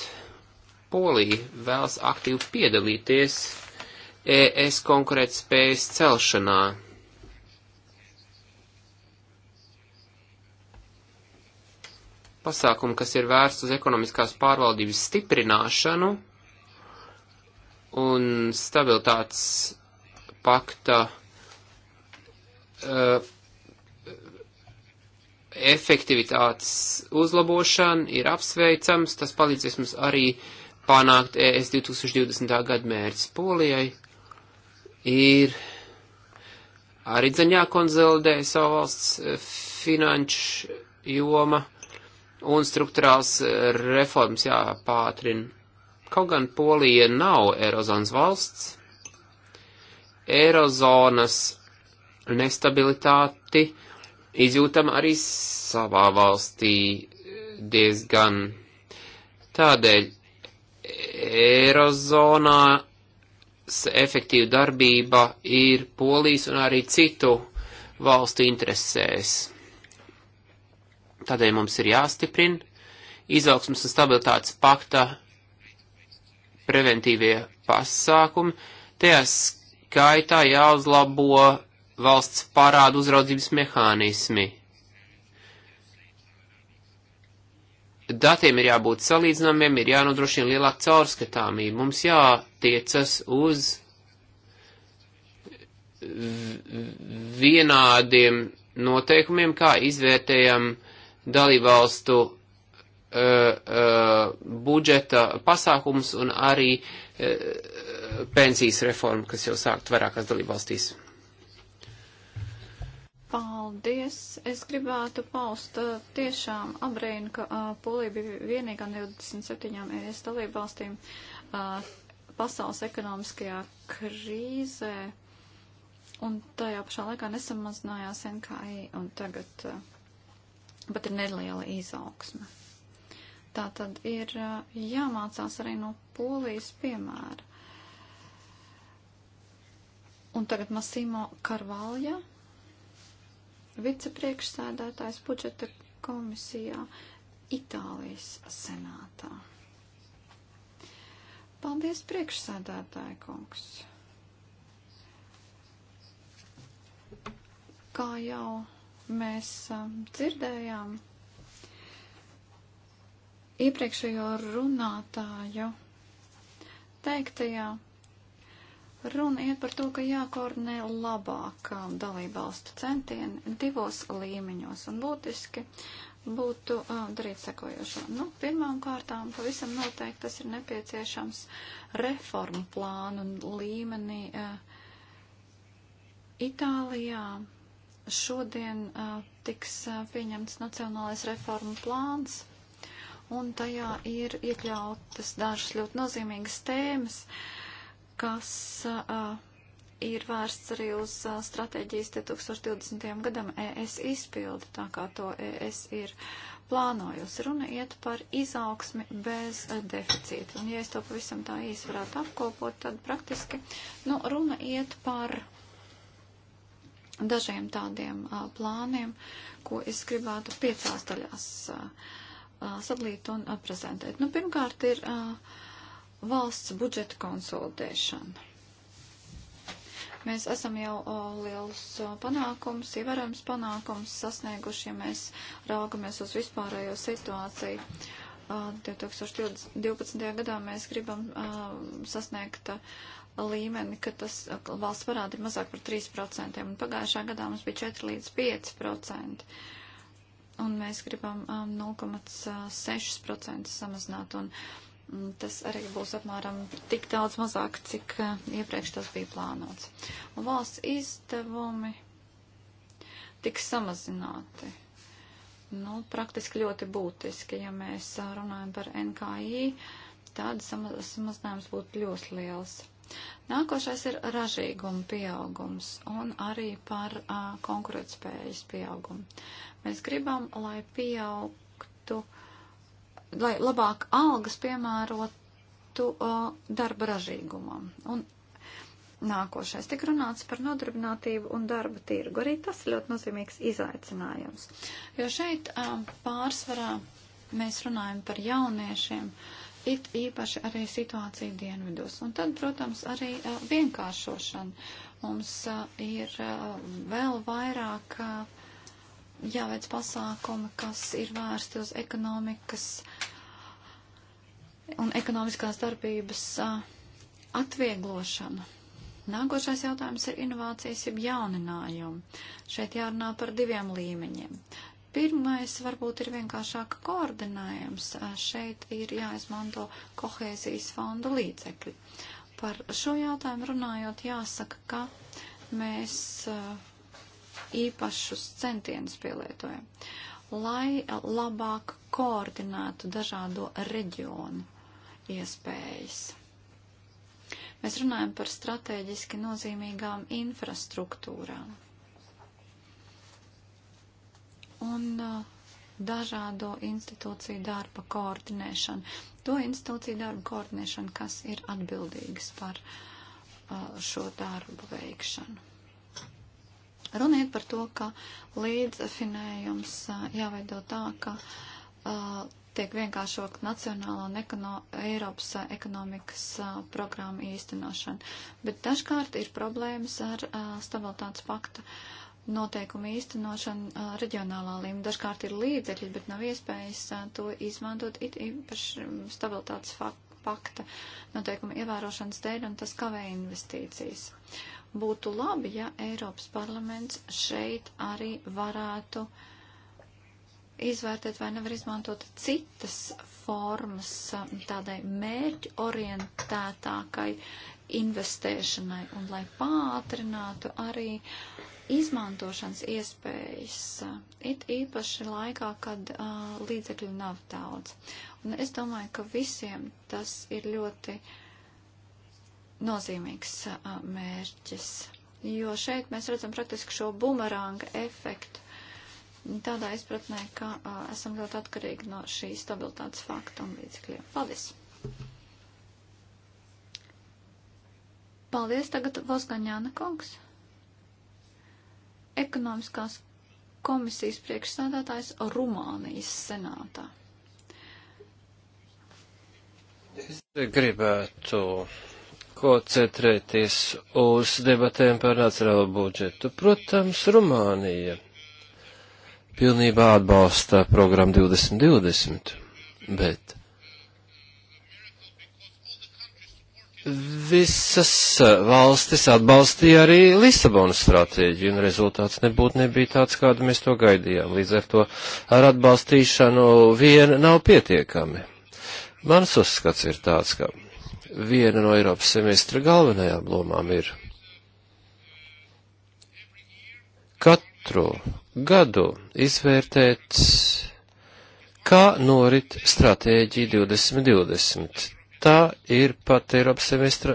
Polija vēlas aktīvi piedalīties ES konkrētas spējas celšanā. Pasākumi, kas ir vērsts uz ekonomiskās pārvaldības stiprināšanu un stabilitātes pakta uh, efektivitātes uzlabošana ir apsveicams, tas palīdzēs mums arī panākt e ES 2020. gada mērķis Polijai. Ir arī dzaņā konsolidē savu valsts e, finanšu joma un struktūrāls e, reformas jāpātrina. Kaut gan Polija nav Eirozonas valsts, Eirozonas nestabilitāti izjūtam arī savā valstī diezgan. Tādēļ Eirozonā efektīva darbība ir Polijas un arī citu valstu interesēs. Tādēļ mums ir jāstiprina izaugsmas un stabilitātes pakta preventīvie pasākumi. Tajā skaitā jāuzlabo valsts pārādu uzraudzības mehānismi. Datiem ir jābūt salīdzināmiem, ir jānodrošina lielāka caurskatāmība. Mums jātiecas uz vienādiem noteikumiem, kā izvērtējam dalībvalstu uh, uh, budžeta pasākums un arī uh, pensijas reformu, kas jau sākt vairākās dalībvalstīs. Paldies! Es gribētu paust uh, tiešām abrēnu, ka uh, Polija bija vienīgā 27 ES dalību valstīm uh, pasaules ekonomiskajā krīzē, un tajā pašā laikā nesamazinājās NKI, un tagad pat ir neliela izaugsme. Tā tad ir jāmācās arī no polijas piemēra. Un tagad Masīmo Karvalja vicepriekšsēdētājs budžeta komisijā Itālijas senātā. Paldies, priekšsēdētāja kungs! Kā jau mēs um, dzirdējām, iepriekšējo runātāju teiktajā Runa iet par to, ka jākoordinē labāk um, dalībvalstu centieni divos līmeņos un būtiski būtu uh, darīt sekojošo. Nu, pirmām kārtām pavisam noteikti tas ir nepieciešams reformu plānu līmenī uh, Itālijā. Šodien uh, tiks uh, pieņemts nacionālais reformu plāns un tajā ir iekļautas dažas ļoti nozīmīgas tēmas. Uh, kas uh, ir vērsts arī uz uh, stratēģijas 2020. gadam ES izpildi, tā kā to ES ir plānojusi. Runa iet par izaugsmi bez uh, deficīta. Un, ja es to pavisam tā īsi varētu apkopot, tad praktiski nu, runa iet par dažiem tādiem uh, plāniem, ko es gribētu piecās daļās uh, sadalīt un prezentēt. Nu, pirmkārt ir uh, valsts budžeta konsolidēšana. Mēs esam jau o, lielus panākums, ievērojams panākums sasnieguši, ja mēs raugamies uz vispārējo situāciju. O, 2012. gadā mēs gribam o, sasniegt līmeni, ka tas valsts parāda ir mazāk par 3%, un pagājušā gadā mums bija 4 līdz 5% un mēs gribam um, 0,6% samazināt. Un tas arī būs apmēram tik daudz mazāk, cik eh, iepriekš tas bija plānots. Un valsts izdevumi tiks samazināti. Nu, praktiski ļoti būtiski, ja mēs eh, runājam par NKI, tad samazinājums būtu ļoti liels. Nākošais ir ražīguma pieaugums un arī par uh, konkurētspējas pieaugumu. Mēs gribam, lai pieaugtu uh, lai labāk algas piemērotu uh, darba ražīgumam. Un nākošais tik runāts par nodarbinātību un darba tirgu. Arī tas ir ļoti nozīmīgs izaicinājums. Jo šeit uh, pārsvarā mēs runājam par jauniešiem, it īpaši arī situāciju dienvidos. Un tad, protams, arī uh, vienkāršošana. Mums uh, ir uh, vēl vairāk. Uh, jāveic pasākumi, kas ir vērsti uz ekonomikas un ekonomiskās darbības atvieglošanu. Nākošais jautājums ir inovācijas, jeb jauninājumi. Šeit jārunā par diviem līmeņiem. Pirmais varbūt ir vienkāršāk koordinējums. Šeit ir jāizmanto kohēzijas fonda līdzekļi. Par šo jautājumu runājot, jāsaka, ka mēs uh, īpašus centienus pielietojam, lai labāk koordinētu dažādo reģionu iespējas. Mēs runājam par strateģiski nozīmīgām infrastruktūrām un uh, dažādo institūciju darba koordinēšanu. To institūciju darba koordinēšanu, kas ir atbildīgas par uh, šo darbu veikšanu. Runiet par to, ka līdzfinējums jāveido tā, ka uh, tiek vienkāršot nacionālo un ekono, Eiropas ekonomikas uh, programmu īstenošana. Bet dažkārt ir problēmas ar uh, stabilitātes pakta noteikumu īstenošanu reģionālā līmenī. Dažkārt ir līdzekļi, bet nav iespējas to izmantot it īpaši stabilitātes faktu pakta noteikuma ievērošanas dēļ, un tas kavē investīcijas. Būtu labi, ja Eiropas parlaments šeit arī varētu izvērtēt, vai nevar izmantot citas formas tādai mērķu orientētākai investēšanai un lai pātrinātu arī izmantošanas iespējas, it īpaši laikā, kad uh, līdzekļu nav daudz. Un es domāju, ka visiem tas ir ļoti uh, nozīmīgs mērķis, jo šeit mēs redzam praktiski šo bumeranga efektu. Tādā izpratnē, ka uh, esam ļoti atkarīgi no šī stabilitātes fakta un līdzekļiem. Paldies! Paldies tagad Vosgaņāna kungs. Ekonomiskās komisijas priekšsādātājs Rumānijas senātā. Es gribētu koncentrēties uz debatēm par nacionālo budžetu. Protams, Rumānija pilnībā atbalsta programmu 2020, bet visas valstis atbalstīja arī Lisabonas stratēģiju, un rezultāts nebūtu nebija tāds, kādu mēs to gaidījām. Līdz ar to ar atbalstīšanu vien nav pietiekami. Mans uzskats ir tāds, ka viena no Eiropas semestra galvenajām lomām ir katru gadu izvērtēt, kā norit stratēģija 2020. Tā ir pat Eiropas semestra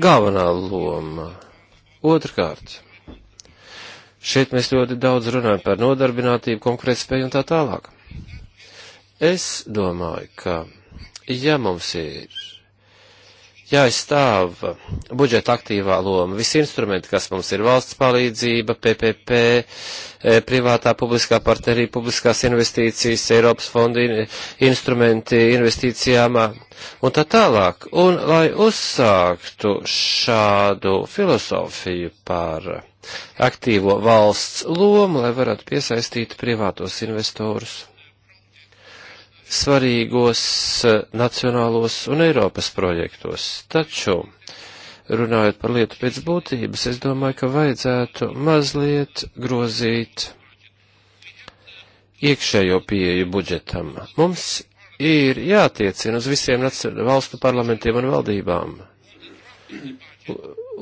galvenā loma. Otrkārt, šeit mēs ļoti daudz runājam par nodarbinātību, konkurētspēju un tā tālāk. Es domāju, ka ja mums ir jāizstāv budžeta aktīvā loma. Visi instrumenti, kas mums ir valsts palīdzība, PPP, e, privātā publiskā partnerība, publiskās investīcijas, Eiropas fondi, instrumenti investīcijām un tā tālāk. Un lai uzsāktu šādu filosofiju par aktīvo valsts lomu, lai varētu piesaistīt privātos investorus svarīgos eh, nacionālos un Eiropas projektos. Taču, runājot par lietu pēc būtības, es domāju, ka vajadzētu mazliet grozīt iekšējo pieeju budžetam. Mums ir jātiecina uz visiem valstu parlamentiem un valdībām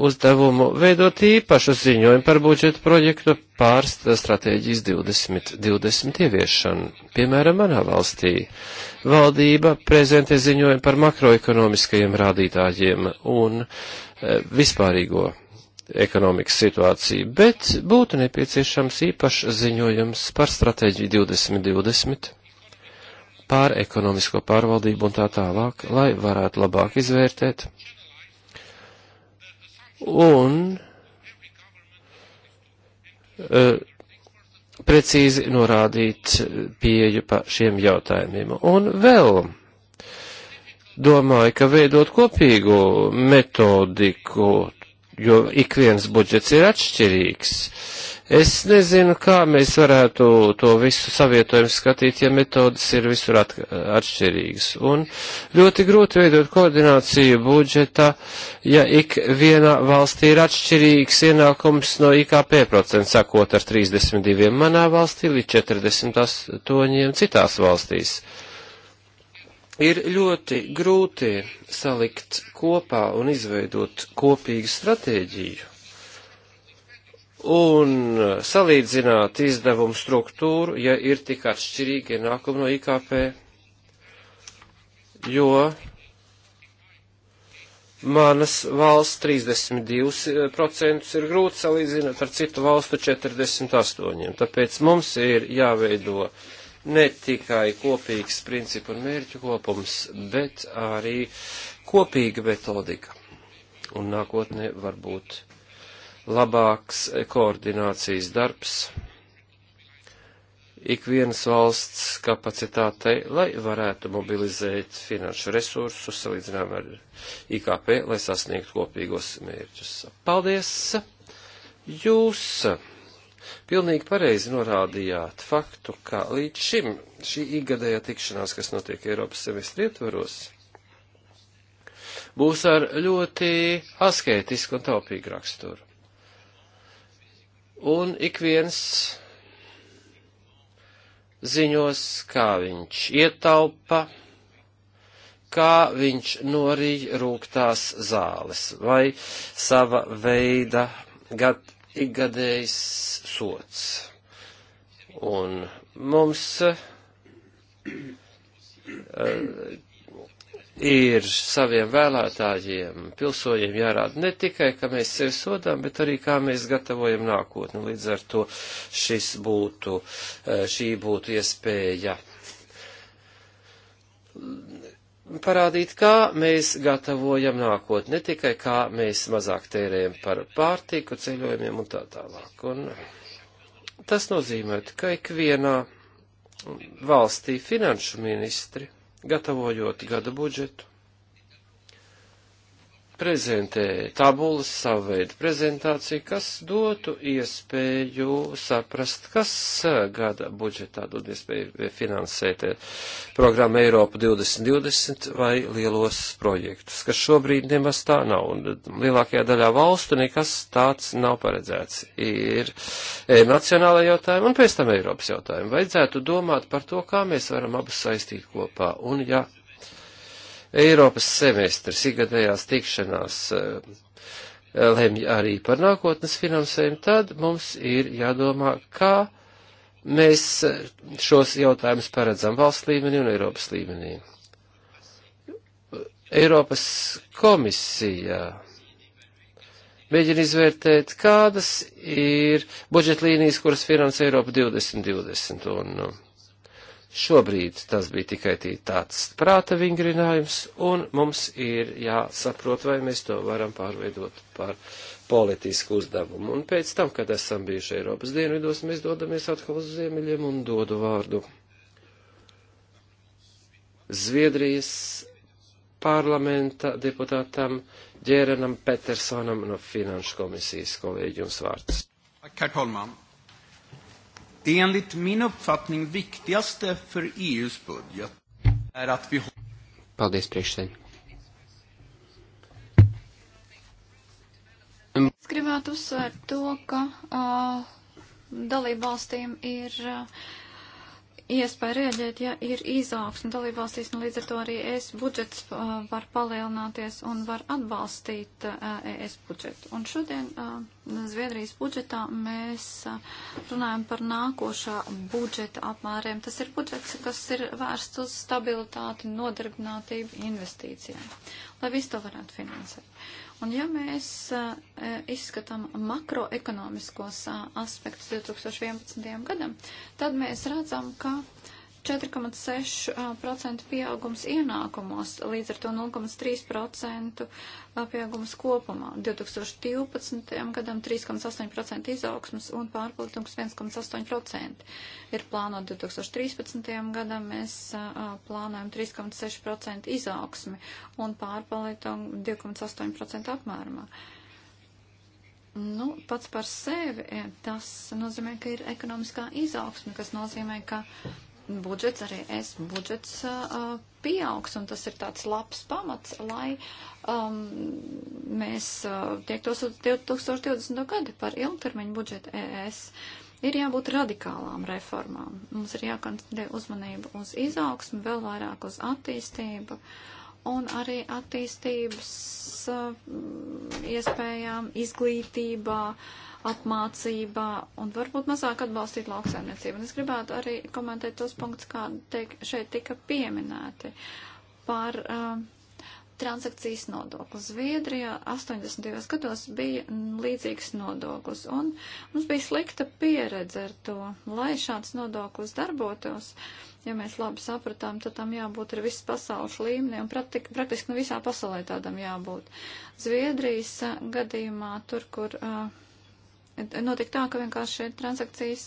uzdevumu veidot īpašu ziņojumu par budžetu projektu pār stratēģijas 2020 ieviešanu. Piemēram, manā valstī valdība prezentē ziņojumu par makroekonomiskajiem rādītājiem un e, vispārīgo ekonomikas situāciju, bet būtu nepieciešams īpašs ziņojums par stratēģiju 2020 pār ekonomisko pārvaldību un tā tālāk, lai varētu labāk izvērtēt un uh, precīzi norādīt pieju pa šiem jautājumiem. Un vēl domāju, ka veidot kopīgu metodiku, jo ik viens budžets ir atšķirīgs, uh, Es nezinu, kā mēs varētu to visu savietojumu skatīt, ja metodas ir visur at atšķirīgas. Un ļoti grūti veidot koordināciju budžeta, ja ik vienā valstī ir atšķirīgs ienākums no IKP procents, sakot ar 32 manā valstī līdz 48 citās valstīs. Ir ļoti grūti salikt kopā un izveidot kopīgu stratēģiju un salīdzināt izdevumu struktūru, ja ir tik atšķirīgi ienākumi no IKP, jo manas valsts 32% ir grūti salīdzināt ar citu valstu 48%. Tāpēc mums ir jāveido ne tikai kopīgs principu un mērķu kopums, bet arī kopīga metodika. Un nākotnē varbūt labāks koordinācijas darbs ikvienas valsts kapacitātei, lai varētu mobilizēt finanšu resursus salīdzinām ar IKP, lai sasniegtu kopīgos mērķus. Paldies! Jūs pilnīgi pareizi norādījāt faktu, ka līdz šim šī ikgadējā tikšanās, kas notiek Eiropas semestri ietvaros, būs ar ļoti asketisku un taupīgu raksturu un ik viens ziņos, kā viņš ietaupa, kā viņš norīja rūgtās zāles vai sava veida gad, ikgadējs sots. Un mums eh, ir saviem vēlētājiem, pilsoņiem jārāda ne tikai, ka mēs sevi sodām, bet arī, kā mēs gatavojam nākotni. Līdz ar to šis būtu, e, šī būtu iespēja parādīt, kā mēs gatavojam nākotni, ne tikai kā mēs mazāk tērējam par pārtiku, ceļojumiem un tā tālāk. Un tas nozīmē, ka ikvienā valstī finanšu ministri gatavojot gada budžetu prezentē tabulas, savu veidu prezentāciju, kas dotu iespēju saprast, kas gada budžetā dod iespēju finansēt programmu Eiropa 2020 vai lielos projektus, kas šobrīd nemaz tā nav. Un lielākajā daļā valstu nekas tāds nav paredzēts. Ir nacionāla jautājuma un pēc tam Eiropas jautājuma. Vajadzētu domāt par to, kā mēs varam abus saistīt kopā. Un, ja Eiropas semestris, ikgadējās tikšanās eh, lemj arī par nākotnes finansējumu, tad mums ir jādomā, kā mēs šos jautājumus paredzam valsts līmenī un Eiropas līmenī. Eiropas komisijā mēģina izvērtēt, kādas ir budžetlīnijas, kuras finansē Eiropa 2020. Un, Šobrīd tas bija tikai tāds prāta vingrinājums, un mums ir jāsaprot, vai mēs to varam pārveidot par politisku uzdevumu. Un pēc tam, kad esam bijuši Eiropas dienvidos, mēs dodamies atkal uz ziemeļiem un dodu vārdu. Zviedrijas parlamenta deputātam Džērenam Petersonam no Finanšu komisijas kolēģiums vārds. Herr talman! Det enligt min uppfattning viktigaste för EUs budget är att vi Paldies, priekšsēdētāji. Mm. Es gribētu uzsvērt to, ka uh, dalību valstīm ir uh, iespēja rēģēt, ja ir izaugsme dalībvalstīs, un līdz ar to arī es budžets uh, var palielināties un var atbalstīt uh, es budžetu. Un šodien uh, Zviedrijas budžetā mēs runājam par nākošā budžeta apmēriem. Tas ir budžets, kas ir vērsts uz stabilitāti, nodarbinātību, investīcijām, lai visu to varētu finansēt. Un ja mēs eh, izskatām makroekonomiskos aspektus 2011. gadam, tad mēs redzam, ka 4,6% pieaugums ienākumos, līdz ar to 0,3% pieaugums kopumā. 2012. gadam 3,8% izaugsmas un pārpalikums 1,8%. Ir plānot 2013. gadam, mēs plānojam 3,6% izaugsmi un pārpalikumu 2,8% apmērumā. Nu, pats par sevi tas nozīmē, ka ir ekonomiskā izaugsme, kas nozīmē, ka uh, budžets, arī es budžets uh, pieaugs, un tas ir tāds labs pamats, lai um, mēs uh, tiektos uz 2020. gadi par ilgtermiņu budžetu ES. Ir jābūt radikālām reformām. Mums ir jākoncentrē uzmanība uz izaugsmu, vēl vairāk uz attīstību un arī attīstības uh, iespējām izglītībā, uh, apmācībā un varbūt mazāk atbalstīt lauksaimniecību. Un es gribētu arī komentēt tos punktus, kā teik, šeit tika pieminēti par uh, transakcijas nodokli. Zviedrijā 80. gados bija līdzīgs nodoklis, un mums bija slikta pieredze ar to, lai šāds nodoklis darbotos. Ja mēs labi sapratām, tad tam jābūt ar visu pasaules līmeni, un praktik, praktiski nu visā pasaulē tādam jābūt. Zviedrijas uh, gadījumā, tur, kur uh, notika tā, ka vienkārši transakcijas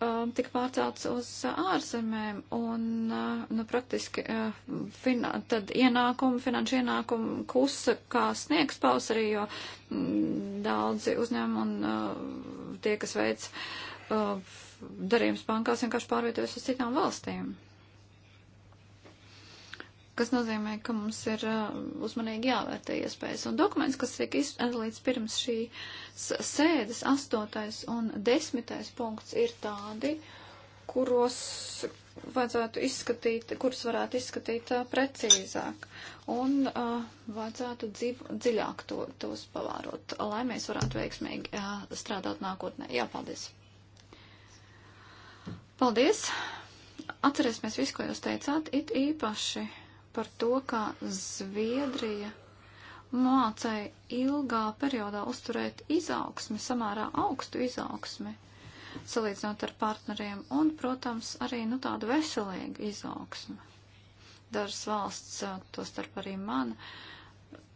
um, tika pārceltas uz ārzemēm un, uh, nu, praktiski uh, fina, tad ienākumu, finanšu ienākumu kusa kā sniegs pavasarī, jo mm, daudzi uzņēmumi un uh, tie, kas veic uh, darījums bankās, vienkārši pārvietojas uz citām valstīm kas nozīmē, ka mums ir uh, uzmanīgi jāvērtē iespējas. Un dokuments, kas tiek izdalīts pirms šī sēdes, astotais un desmitais punkts, ir tādi, kuros vajadzētu izskatīt, kurus varētu izskatīt uh, precīzāk un uh, vajadzētu dziv, dziļāk to, tos pavārot, lai mēs varētu veiksmīgi uh, strādāt nākotnē. Jā, paldies! Paldies! Atcerēsimies visu, ko jūs teicāt, it īpaši par to, kā Zviedrija mācēja ilgā periodā uzturēt izaugsmi, samērā augstu izaugsmi, salīdzinot ar partneriem, un, protams, arī nu, tādu veselīgu izaugsmi. Dažas valsts, to starp arī mana,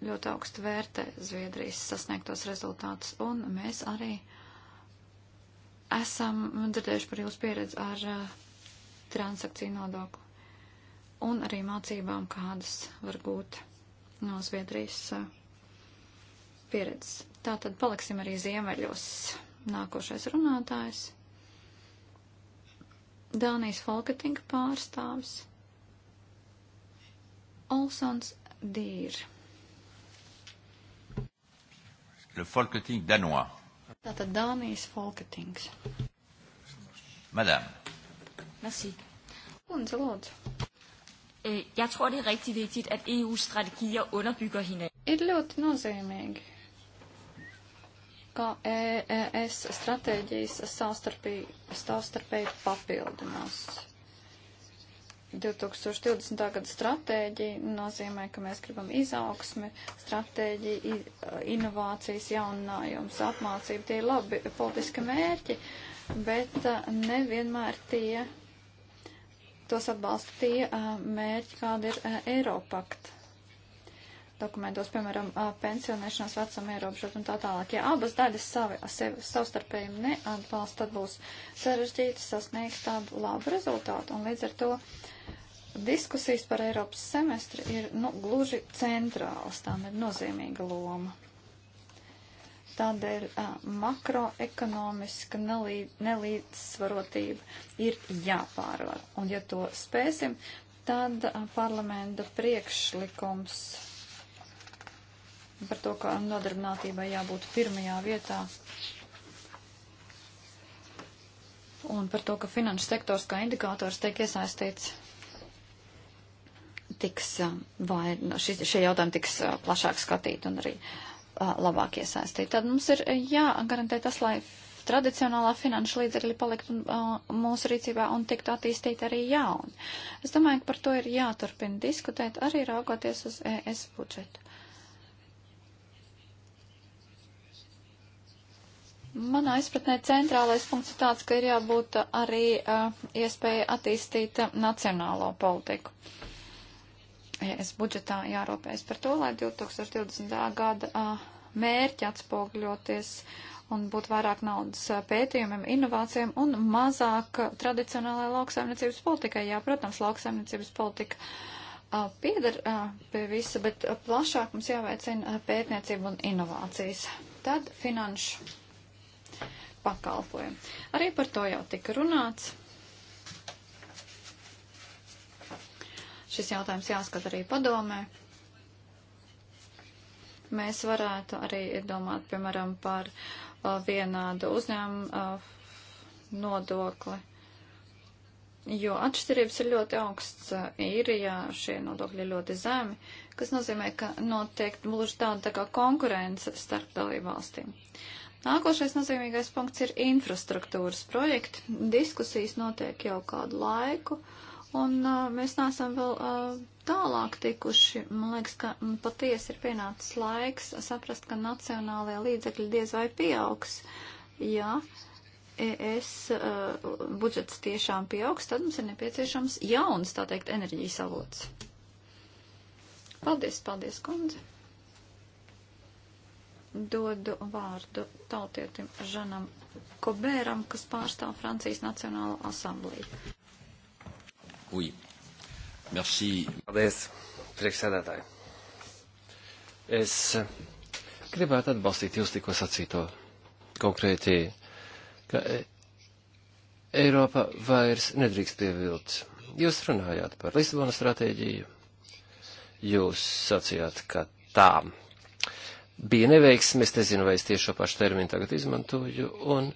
ļoti augstu vērtē Zviedrijas sasniegtos rezultātus, un mēs arī esam dzirdējuši par jūsu pieredzi ar uh, transakciju nodokli un arī mācībām, kādas var būt no Zviedrijas eh, pieredzes. Tā tad paliksim arī ziemeļos. Nākošais runātājs - Dānijas Folketinga pārstāvis Olsons Dīr. Le Folketing danois. Tātad Dānijas Folketings. Madame. Merci. Lūdzu, lūdzu øh, jeg tror, det er rigtig vigtigt, at EU's strategier underbygger hinanden. Ir ļoti nozīmīgi, ka EES stratēģijas savstarpēji papildinās. 2020. gada stratēģija nozīmē, ka mēs gribam izaugsmi, stratēģiju, inovācijas, jauninājums, apmācību. Tie ir labi politiski mērķi, bet eh, nevienmēr tie tos atbalsta tie mērķi, kāda ir Eiropakt dokumentos, piemēram, pensionēšanās vecuma ierobežot un tā tālāk. Ja abas daļas savi, sevi, savstarpēji neatbalsta, tad būs sarežģīti sasniegt tādu labu rezultātu. Un līdz ar to diskusijas par Eiropas semestri ir nu, gluži centrāls, tām ir nozīmīga loma. Tādēļ uh, makroekonomiska nelīd, nelīdzsvarotība ir jāpārvar. Un ja to spēsim, tad uh, parlamenta priekšlikums par to, ka nodarbinātībai jābūt pirmajā vietā un par to, ka finanšu sektors kā indikators tiek iesaistīts tiks, vai nu, šis, šie jautājumi tiks plašāk skatīt un arī uh, labāk iesaistīt. Tad mums ir jāgarantē tas, lai tradicionālā finanšu līdzekļi palikt uh, mūsu rīcībā un tiktu attīstīti arī jauni. Es domāju, ka par to ir jāturpina diskutēt, arī raugoties uz ES budžetu. Manā izpratnē centrālais punkts ir tāds, ka ir jābūt arī uh, iespēja attīstīt nacionālo politiku. Uh, ES budžetā jārūpējas par to, lai 2020. gada uh, mērķi atspogļoties un būtu vairāk naudas pētījumiem, inovācijām un mazāk tradicionālajai lauksaimniecības politikai. Jā, protams, lauksaimniecības politika uh, pieder uh, pie visa, bet plašāk mums jāveicina pētniecība un inovācijas. Tad finanšu pakalpojumi. Arī par to jau tika runāts Šis jautājums jāskat arī padomē. Mēs varētu arī domāt, piemēram, par uh, vienādu uzņēmumu uh, nodokli. Jo atšķirības ir ļoti augsts. Uh, īrijā šie nodokļi ir ļoti zemi, kas nozīmē, ka notiek gluži tāda tā kā konkurence starp dalībvalstīm. Nākošais nozīmīgais punkts ir infrastruktūras projekti. Diskusijas notiek jau kādu laiku, Un uh, mēs neesam vēl uh, tālāk tikuši. Man liekas, ka mm, patiesi ir pienācis laiks saprast, ka nacionālajie līdzekļi diez vai pieaugs. Ja ES uh, budžets tiešām pieaugs, tad mums ir nepieciešams jauns, tā teikt, enerģijas avots. Paldies, paldies, kundze. Dodu vārdu tautietim Žanam Kobēram, kas pārstāv Francijas Nacionālo asamblēju. Oui. Merci. Paldies, priekšsēdētāji. Es gribētu atbalstīt jūs tikko sacīto konkrēti, ka e, Eiropa vairs nedrīkst pievilkt. Jūs runājāt par Lisabonas stratēģiju. Jūs sacījāt, ka tā bija neveiksme, es nezinu, vai es tieši šo pašu terminu tagad izmantoju, un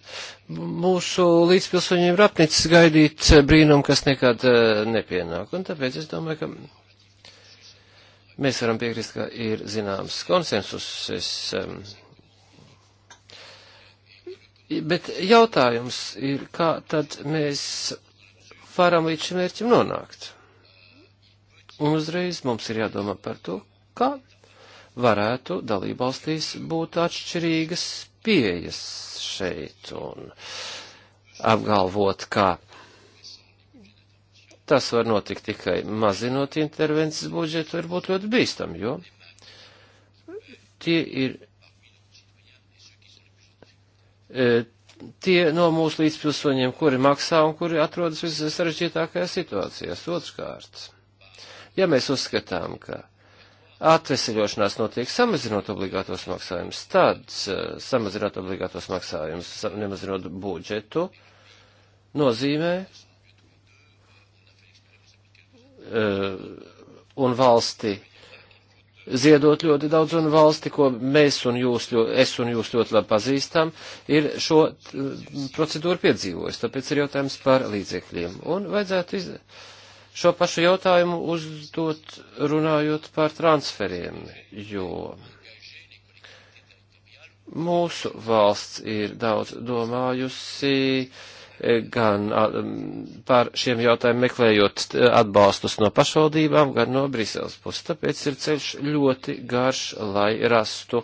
mūsu līdzpilsoņiem ir apnicis gaidīt brīnumu, kas nekad e, nepienāk, un tāpēc es domāju, ka mēs varam piekrist, ka ir zināms konsensus, es, e, bet jautājums ir, kā tad mēs varam līdz šim mērķim nonākt. Un uzreiz mums ir jādomā par to, kā varētu dalībvalstīs būt atšķirīgas pieejas šeit un apgalvot, ka tas var notikt tikai mazinot intervences budžetu, ir būt ļoti bīstam, jo tie ir e, tie no mūsu līdzpilsoņiem, kuri maksā un kuri atrodas vissarežģītākajās situācijās. Otrkārt, ja mēs uzskatām, ka atvesiļošanās notiek samazinot obligātos maksājumus, tad eh, samazinot obligātos maksājumus, nemazinot budžetu, nozīmē eh, un valsti ziedot ļoti daudz, un valsti, ko mēs un jūs, es un jūs ļoti labi pazīstam, ir šo eh, procedūru piedzīvojis. Tāpēc ir jautājums par līdzekļiem. Un vajadzētu izdarīt šo pašu jautājumu uzdot runājot par transferiem, jo mūsu valsts ir daudz domājusi e, gan par šiem jautājumiem meklējot atbalstus no pašvaldībām, gan no Briseles puses. Tāpēc ir ceļš ļoti garš, lai rastu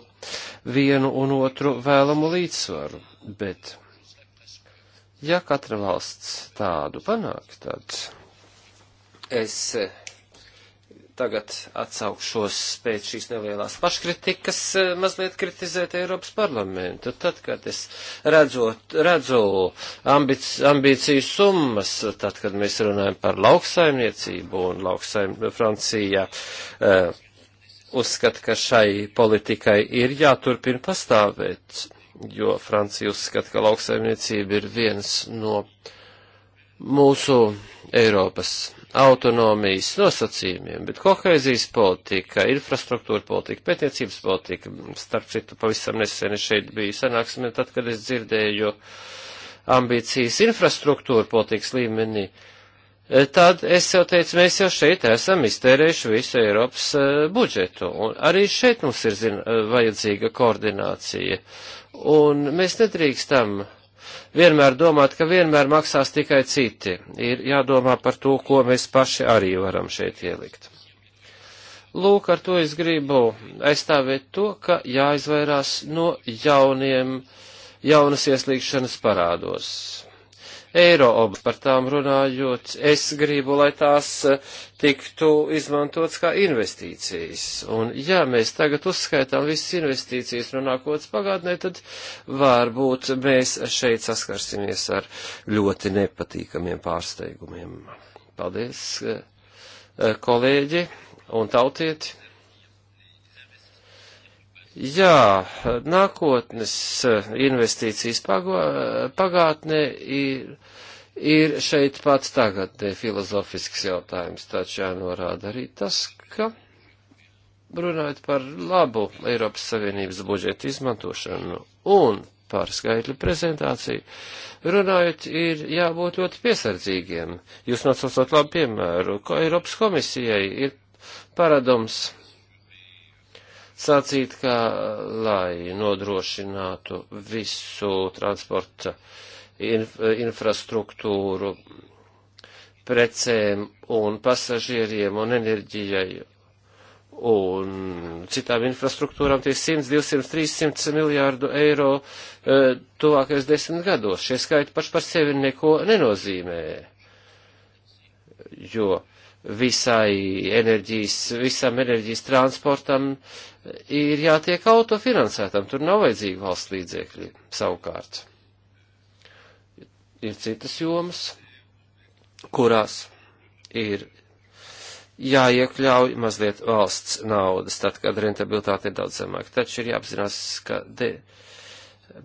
vienu un otru vēlamu līdzsvaru. Bet, ja katra valsts tādu panāk, tad Es eh, tagad atsaukšos pēc šīs nelielās paškritikas eh, mazliet kritizēt Eiropas parlamentu. Tad, kad es redzot, redzu ambic, ambīciju summas, tad, kad mēs runājam par lauksaimniecību un lauksaim Francijā, uh, eh, uzskata, ka šai politikai ir jāturpina pastāvēt, jo Francija uzskata, ka lauksaimniecība ir viens no uh, mūsu Eiropas autonomijas nosacījumiem, bet kohēzijas politika, infrastruktūra politika, pētniecības politika, starp citu, pavisam nesen šeit bija sanāksme, tad, kad es dzirdēju ambīcijas infrastruktūra politikas līmenī, tad es jau teicu, mēs jau šeit esam iztērējuši visu Eiropas e, budžetu, un arī šeit mums ir zin, vajadzīga koordinācija, un mēs nedrīkstam tam vienmēr domāt, ka vienmēr maksās tikai citi. Ir jādomā par to, ko mēs paši arī varam šeit ielikt. Lūk, ar to es gribu aizstāvēt to, ka jāizvairās no jauniem, jaunas ieslīgšanas parādos eiro obligācijas. Par tām runājot, es gribu, lai tās eh, tiktu izmantots kā investīcijas. Un ja mēs tagad uzskaitām visas investīcijas no nākotnes pagātnē, tad varbūt mēs šeit saskarsimies ar ļoti nepatīkamiem pārsteigumiem. Paldies, eh, kolēģi un tautieti! Jā, nākotnes eh, investīcijas eh, pagātnē ir, ir šeit pats tagadnē eh, filozofisks jautājums, taču jānorāda arī tas, ka runājot par labu Eiropas Savienības budžeta izmantošanu un par skaitļu prezentāciju, runājot ir jābūt ļoti piesardzīgiem. Jūs nosaucat labu piemēru, ko Eiropas komisijai ir paradums sacīt, ka, lai nodrošinātu visu transporta inf infrastruktūru precēm un pasažieriem un enerģijai un citām infrastruktūrām tie 100, 200, 300 miljārdu eiro e, tuvākajos desmit gados. Šie skaiti paši par sevi neko nenozīmē, jo visai enerģijas, visam enerģijas transportam e, ir jātiek autofinansētam, tur nav vajadzīgi valsts līdzekļi savukārt. Ir citas jomas, kurās ir jāiekļauj mazliet valsts naudas, tad, kad rentabilitāte ir daudz zemāka. Taču ir jāapzinās, ka de,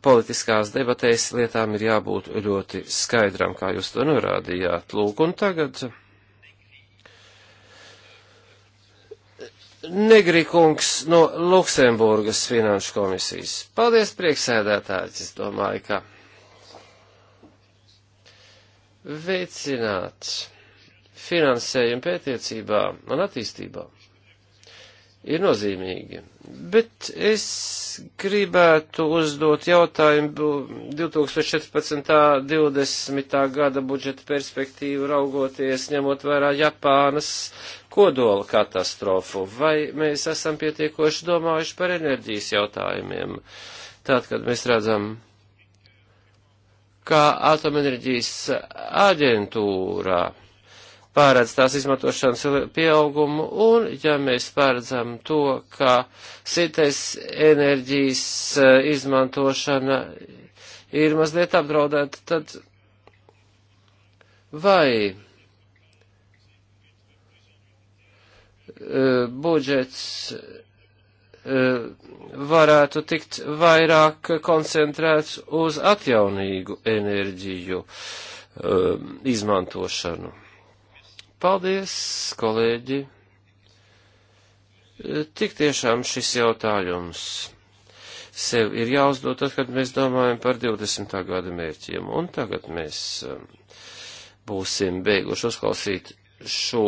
politiskās debatēs lietām ir jābūt ļoti skaidram, kā jūs to norādījāt. Lūk, un tagad. Negrikungs no Luksemburgas finanšu komisijas. Paldies, prieksēdētāji, es domāju, ka veicināt finansējumu pētniecībā un attīstībā ir nozīmīgi. Bet es gribētu uzdot jautājumu 2014. 20. gada budžeta perspektīvu raugoties, ņemot vērā Japānas kodola katastrofu. Vai mēs esam pietiekoši domājuši par enerģijas jautājumiem? Tātad, kad mēs redzam, kā atomenerģijas aģentūrā pārēdz tās izmantošanas pieaugumu, un ja mēs pārēdzam to, ka sites enerģijas eh, izmantošana ir mazliet apdraudēta, tad vai eh, budžets eh, varētu tikt vairāk koncentrēts uz atjaunīgu enerģiju izmantošanu. Paldies, kolēģi! E, Tik tiešām šis jautājums sev ir jāuzdod tad, kad mēs domājam par 20. gada mērķiem. Un tagad mēs e, būsim beiguši uzklausīt šo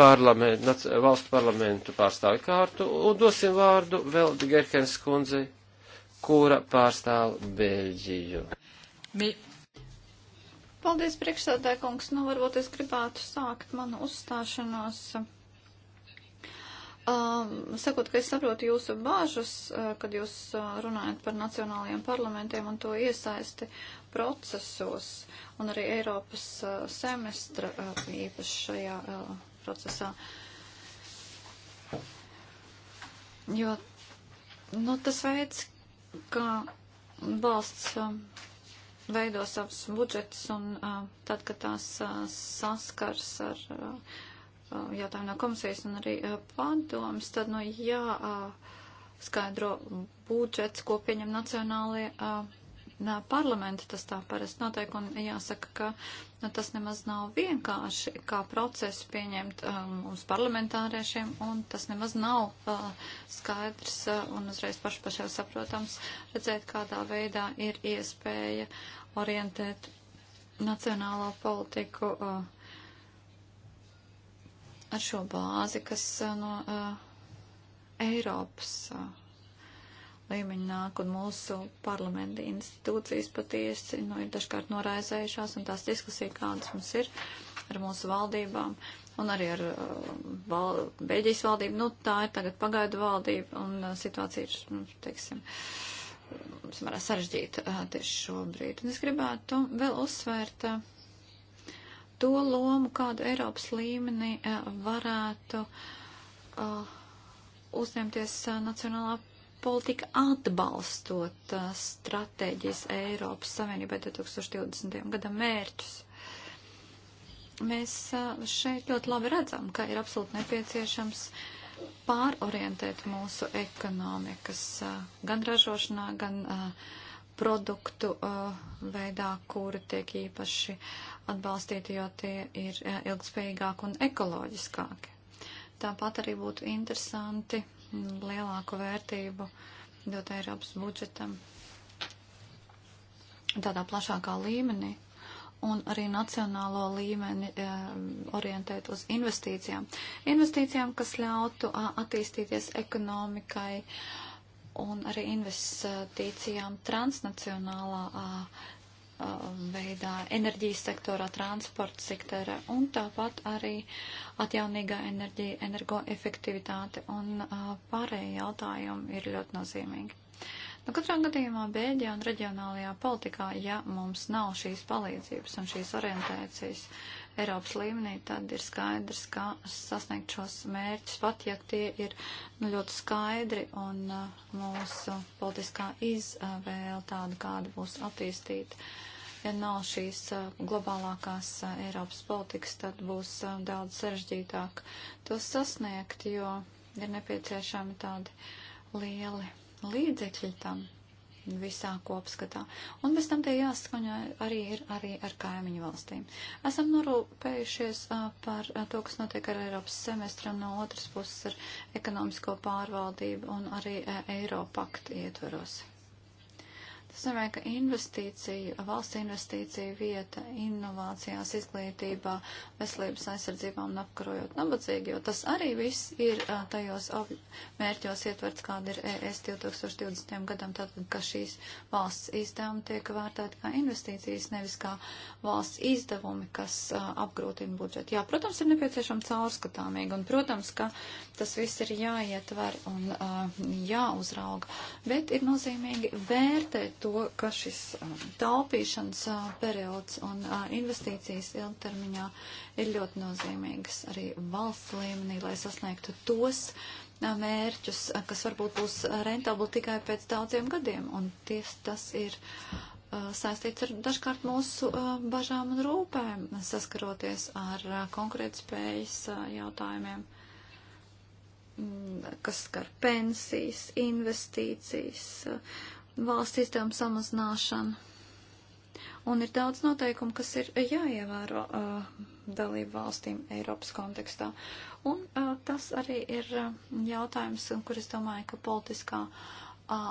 parlamentu, valstu parlamentu pārstāvi kārtu un dosim vārdu vēl Gerkens kundzei, kura pārstāv Beļģiju. Mi, Paldies, priekšsēdētājkungs. Nu, varbūt es gribētu sākt manu uzstāšanos. Um, sakot, ka es saprotu jūsu bāžas, uh, kad jūs uh, runājat par nacionālajiem parlamentiem un to iesaisti procesos un arī Eiropas uh, semestra īpaši šajā procesā. Jo, nu, tas veids, kā valsts um, veido savus budžetus un uh, tad, kad tās uh, saskars ar uh, jautājumu no komisijas un arī uh, padomas, tad, nu, jā, uh, skaidro budžets, ko pieņem nacionālie uh, parlamenti, tas tā parasti notiek, un jāsaka, ka nu, tas nemaz nav vienkārši kā procesu pieņemt um, mums parlamentāriešiem, un tas nemaz nav uh, skaidrs uh, un uzreiz paši pašai saprotams redzēt, kādā veidā ir iespēja uh, orientēt nacionālo politiku uh, ar šo bāzi, kas uh, no uh, Eiropas līmeņa nāk, un mūsu parlamenta institūcijas patiesi nu, ir dažkārt noraizējušās, un tās diskusija, kādas mums ir ar mūsu valdībām, un arī ar uh, val, Beļģijas valdību, nu tā ir tagad pagaidu valdība, un uh, situācija ir, nu, teiksim, uh, samērā sarežģīta tieši šobrīd. Un es gribētu vēl uzsvērt to lomu, kādu Eiropas līmenī varētu uzņemties nacionālā politika atbalstot stratēģijas Eiropas Savienībai 2020. gadam mērķus. Mēs šeit ļoti labi redzam, ka ir absolūti nepieciešams uh, pārorientēt mūsu ekonomikas gan ražošanā, gan produktu veidā, kuri tiek īpaši atbalstīti, jo tie ir ilgspējīgāki un ekoloģiskāki. Tāpat arī būtu interesanti lielāku vērtību dot Eiropas budžetam tādā plašākā līmenī un arī nacionālo līmeni e, orientēt uz investīcijām. Investīcijām, kas ļautu attīstīties ekonomikai un arī investīcijām transnacionālā veidā enerģijas sektorā, transporta sektorā un tāpat arī atjaunīgā enerģija, energoefektivitāte un pārējie jautājumi ir ļoti nozīmīgi. Nu, katrā gadījumā Bēļģijā un reģionālajā politikā, ja mums nav šīs palīdzības un šīs orientācijas Eiropas līmenī, tad ir skaidrs, kā sasniegt šos mērķus, pat ja tie ir nu, ļoti skaidri un uh, mūsu politiskā izvēle tāda, kāda būs attīstīta ja nav šīs uh, globālākās uh, Eiropas politikas, tad būs uh, daudz sarežģītāk to sasniegt, jo ir nepieciešami tādi lieli līdzekļi tam visā kopskatā. Un bez tam tie jāskaņo arī, ir, arī ar kaimiņu valstīm. Esam norūpējušies a, par a, to, kas notiek ar Eiropas semestru un no otras puses ar ekonomisko pārvaldību un arī Eiropaktu ietveros. Tas nozīmē, ka investīcija, valsts investīcija vieta inovācijās, izglītībā, veselības aizsardzībā un apkarojot nabadzīgi, jo tas arī viss ir tajos mērķos ietverts, kāda ir e ES 2020. gadam, tātad, ka šīs valsts izdevumi tiek vērtēti kā investīcijas, nevis kā valsts izdevumi, kas apgrūtina budžetu. Jā, protams, ir nepieciešama caurskatāmīga, un, protams, ka tas viss ir jāietver un jāuzrauga, bet ir nozīmīgi vērtēt to, ka šis um, taupīšanas uh, periods un uh, investīcijas ilgtermiņā ir ļoti nozīmīgas arī valsts līmenī, lai sasniegtu tos uh, mērķus, kas varbūt būs rentabli tikai pēc daudziem gadiem. Un ties, tas ir saistīts ar dažkārt mūsu bažām un rūpēm, saskaroties ar konkurētspējas jautājumiem, mm, kas skar pensijas, investīcijas valsts izdevuma samazināšana. Un ir daudz noteikumu, kas ir jāievēro uh, dalību valstīm Eiropas kontekstā. Un uh, tas arī ir uh, jautājums, kur es domāju, ka politiskā uh,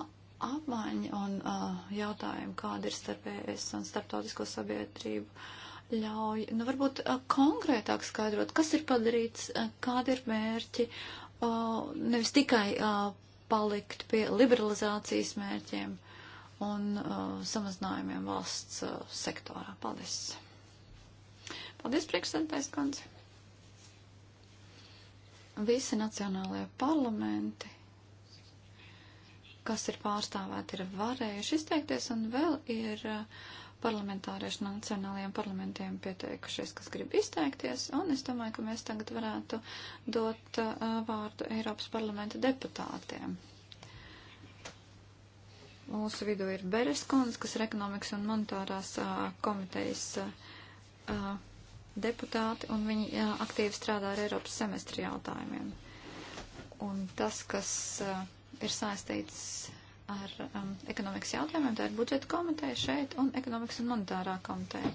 apmaiņa un uh, jautājumi, kāda ir starp ES un starptautisko sabiedrību, ļauj, nu varbūt uh, konkrētāk skaidrot, kas ir padarīts, uh, kādi ir mērķi, uh, nevis tikai uh, palikt pie liberalizācijas mērķiem un uh, samazinājumiem valsts uh, sektorā. Paldies! Paldies, priekšsēdētājs kundze! Visi nacionālajie parlamenti, kas ir pārstāvēti, ir varējuši izteikties un vēl ir. Uh, parlamentārieši no nacionālajiem parlamentiem pieteikušies, kas grib izteikties, un es domāju, ka mēs tagad varētu dot uh, vārdu Eiropas parlamenta deputātiem. Mūsu vidū ir Beres kundze, kas ir ekonomikas un monetārās uh, komitejas uh, uh deputāti, un viņi uh, aktīvi strādā ar Eiropas semestri jautājumiem. Un tas, kas uh, ir saistīts ar um, ekonomikas jautājumiem, tā ir budžeta komiteja šeit un ekonomikas un monetārā komiteja.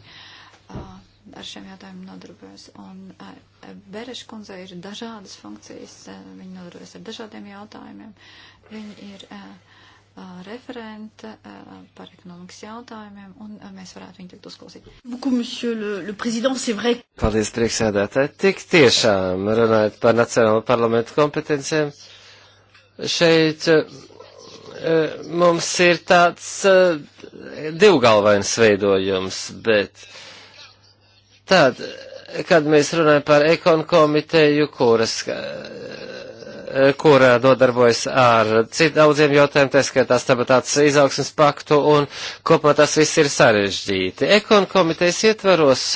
Uh, ar šiem jautājumiem nodarbojas. Un uh, Bereša kundzei ir dažādas funkcijas, uh, viņa nodarbojas ar dažādiem jautājumiem. Viņa ir uh, uh, referente uh, par ekonomikas jautājumiem, un uh, mēs varētu viņu tagad uzklausīt. Paldies, priekšsēdētāji. Tik tiešām runājot par Nacionālo parlamentu kompetencijām. Šeit. Uh, Eh, mums ir tāds eh, divgalvains veidojums, bet tad, kad mēs runājam par ekonu komiteju, kuras, eh, kura nodarbojas ar citu daudziem jautājumiem, tā skaitā stabilitātes izaugsmas paktu, un kopumā tas viss ir sarežģīti. Ekonu komitejas ietveros.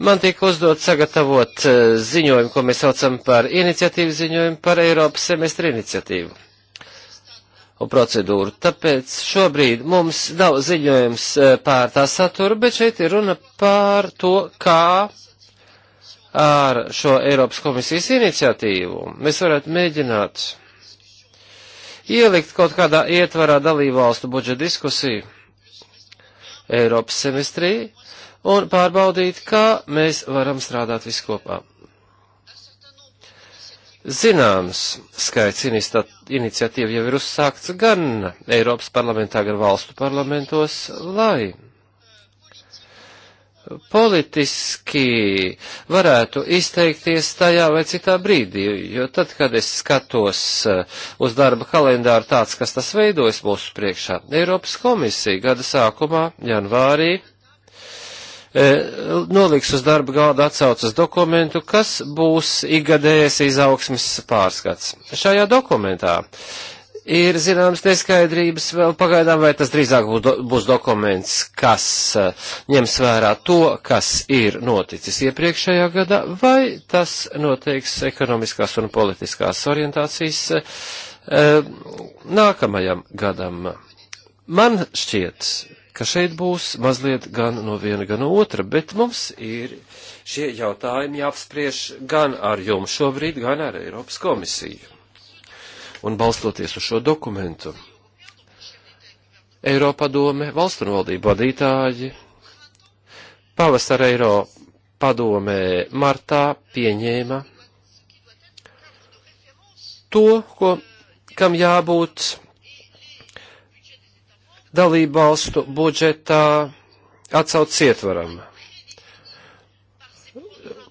Man tika uzdot sagatavot ziņojumu, ko mēs saucam par iniciatīvu ziņojumu par Eiropas semestra iniciatīvu un procedūru. Tāpēc šobrīd mums nav ziņojums e, pār tā satura, bet šeit ir runa pār to, kā ar šo Eiropas komisijas iniciatīvu mēs varētu mēģināt ielikt kaut kādā ietvarā dalībvalstu budžeta diskusiju Eiropas semestrī un pārbaudīt, kā mēs varam strādāt viskopā. Zināms, skaits iniciatīva jau ir uzsākts gan Eiropas parlamentā, gan valstu parlamentos, lai politiski varētu izteikties tajā vai citā brīdī, jo tad, kad es skatos eh, uz darba kalendāru tāds, kas tas veidojas mūsu priekšā, Eiropas komisija gada sākumā, janvārī, E, noliks uz darba galda atsaucas dokumentu, kas būs ikgadējais izaugsmes pārskats. Šajā dokumentā ir zināmas neskaidrības vēl pagaidām, vai tas drīzāk būs, do, būs dokuments, kas e, ņems vērā to, kas ir noticis iepriekšējā gadā, vai tas noteiks ekonomiskās un politiskās orientācijas e, e nākamajam gadam. Man šķiet, ka šeit būs mazliet gan no viena, gan no otra, bet mums ir šie jautājumi jāapspriež gan ar jums šobrīd, gan ar Eiropas komisiju. Un balstoties uz šo dokumentu, Eiropadome, valstu un valdību vadītāji, pavasara Eiro padomē martā pieņēma to, ko, kam jābūt dalību valstu budžetā atsauc ietvaram,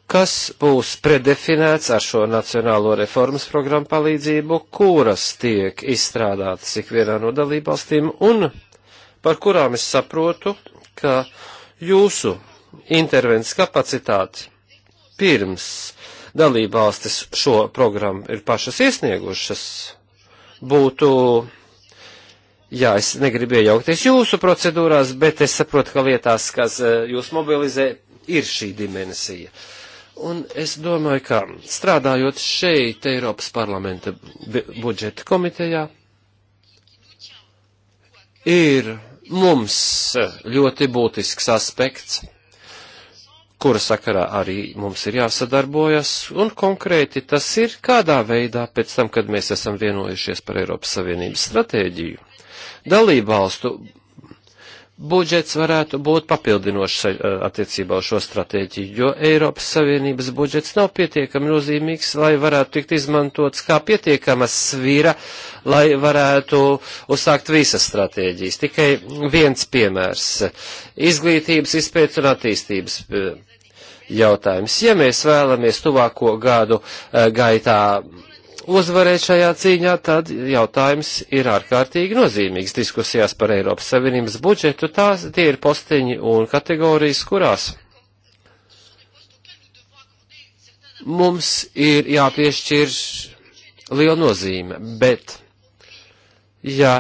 kas būs predefinēts ar šo Nacionālo reformas programmu palīdzību, kuras tiek izstrādātas ikvienā no dalību valstīm un par kurām es saprotu, ka jūsu intervences kapacitāti pirms dalību valstis šo programmu ir pašas iesniegušas, būtu Jā, es negribu iejaukties jūsu procedūrās, bet es saprotu, ka lietās, kas eh, jūs mobilizē, ir šī dimensija. Un es domāju, ka strādājot šeit Eiropas parlamenta budžeta komitejā, ir mums ļoti būtisks aspekts, kura sakarā arī mums ir jāsadarbojas, un konkrēti tas ir, kādā veidā pēc tam, kad mēs esam vienojušies par Eiropas Savienības stratēģiju dalībvalstu budžets varētu būt papildinošs eh, attiecībā uz šo stratēģiju, jo Eiropas Savienības budžets nav pietiekami nozīmīgs, lai varētu tikt izmantots kā pietiekama svīra, lai varētu uzsākt visas stratēģijas. Tikai viens piemērs - izglītības, izpētes un attīstības eh, jautājums. Ja mēs vēlamies tuvāko gadu eh, gaitā uzvarēt šajā cīņā, tad jautājums ir ārkārtīgi nozīmīgs diskusijās par Eiropas Savienības budžetu. Tās tie ir postiņi un kategorijas, kurās mums ir jāpiešķir liela nozīme, bet, ja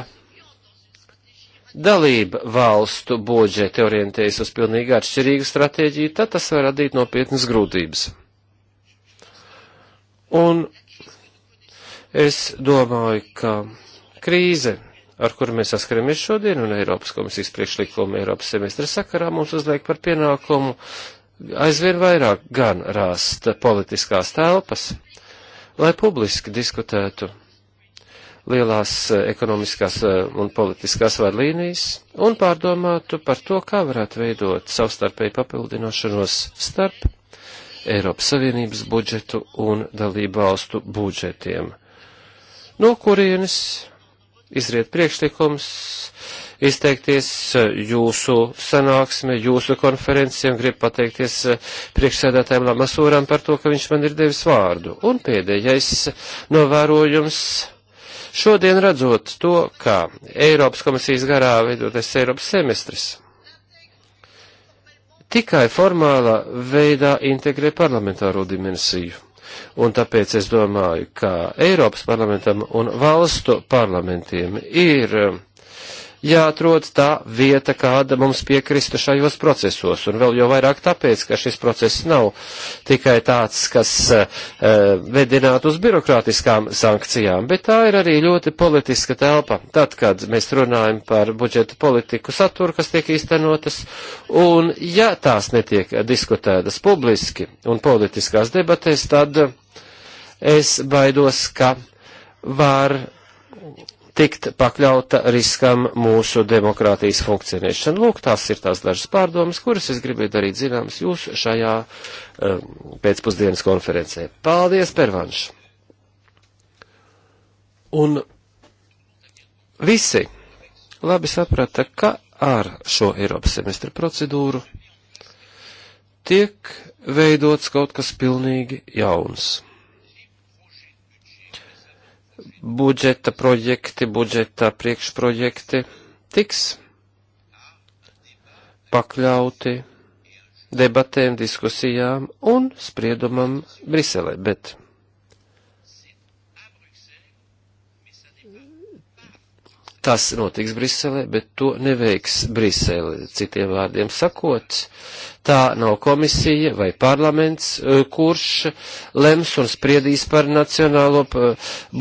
dalība valstu budžeti orientējas uz pilnīgi atšķirīgu stratēģiju, tad tas var radīt nopietnas grūtības. Un Es domāju, ka krīze, ar kuru mēs saskaramies šodien, un Eiropas komisijas priekšlikuma Eiropas semestra sakarā mums uzliek par pienākumu aizvien vairāk gan rāst politiskās telpas, lai publiski diskutētu lielās eh, ekonomiskās eh, un politiskās vadlīnijas un pārdomātu par to, kā varētu veidot savstarpēju papildinošanos starp Eiropas Savienības budžetu un dalību valstu budžetiem no kurienes izriet priekšlikums izteikties eh, jūsu sanāksme, jūsu konferencijam, grib pateikties eh, priekšsēdētājiem Lamasūram par to, ka viņš man ir devis vārdu. Un pēdējais novērojums. Šodien redzot to, ka Eiropas komisijas garā veidoties Eiropas semestris tikai formālā veidā integrē parlamentāro dimensiju Un tāpēc es domāju, ka Eiropas parlamentam un valstu parlamentiem ir um, jāatrod tā vieta, kāda mums piekristu šajos procesos, un vēl jau vairāk tāpēc, ka šis process nav tikai tāds, kas uh, vedinātu uz birokrātiskām sankcijām, bet tā ir arī ļoti politiska telpa, tad, kad mēs runājam par budžeta politiku saturu, kas tiek īstenotas, un ja tās netiek diskutētas publiski un politiskās debatēs, tad es baidos, ka var tikt pakļauta riskam mūsu demokrātijas funkcionēšana. Lūk, tās ir tās dažas pārdomas, kuras es gribēju darīt zināmas jūs šajā um, pēcpusdienas konferencē. Paldies, Pervanš! Un visi labi saprata, ka ar šo Eiropas semestra procedūru tiek veidots kaut kas pilnīgi jauns budžeta projekti, budžeta priekšprojekti tiks pakļauti debatēm, diskusijām un spriedumam Briselē, bet Tas notiks Briselē, bet to neveiks Brisele. Citiem vārdiem sakot, tā nav komisija vai parlaments, e, kurš lems un spriedīs par nacionālo e,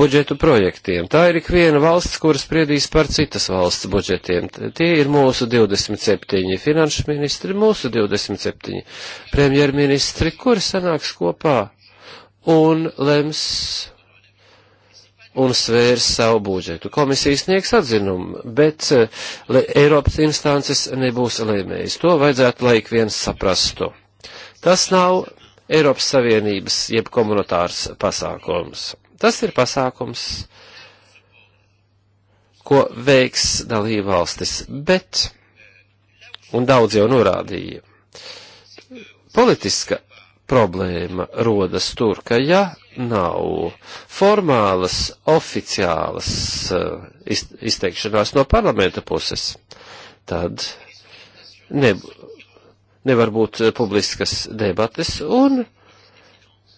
budžetu projektiem. Tā ir ikviena valsts, kuras spriedīs par citas valsts budžetiem. Tie ir mūsu 27 finanšu ministri, mūsu 27 premjerministri, kuri sanāks kopā un lems un svērs savu budžetu. Komisija sniegs atzinumu, bet eh, le, Eiropas instances nebūs lēmējis. To vajadzētu, lai ik viens saprastu. Tas nav Eiropas Savienības jeb komunitārs pasākums. Tas ir pasākums, ko veiks dalībvalstis, bet, un daudz jau norādīja, politiska problēma rodas tur, ka ja nav formālas, oficiālas eh, izteikšanās no parlamenta puses, tad ne, nevar būt publiskas debates un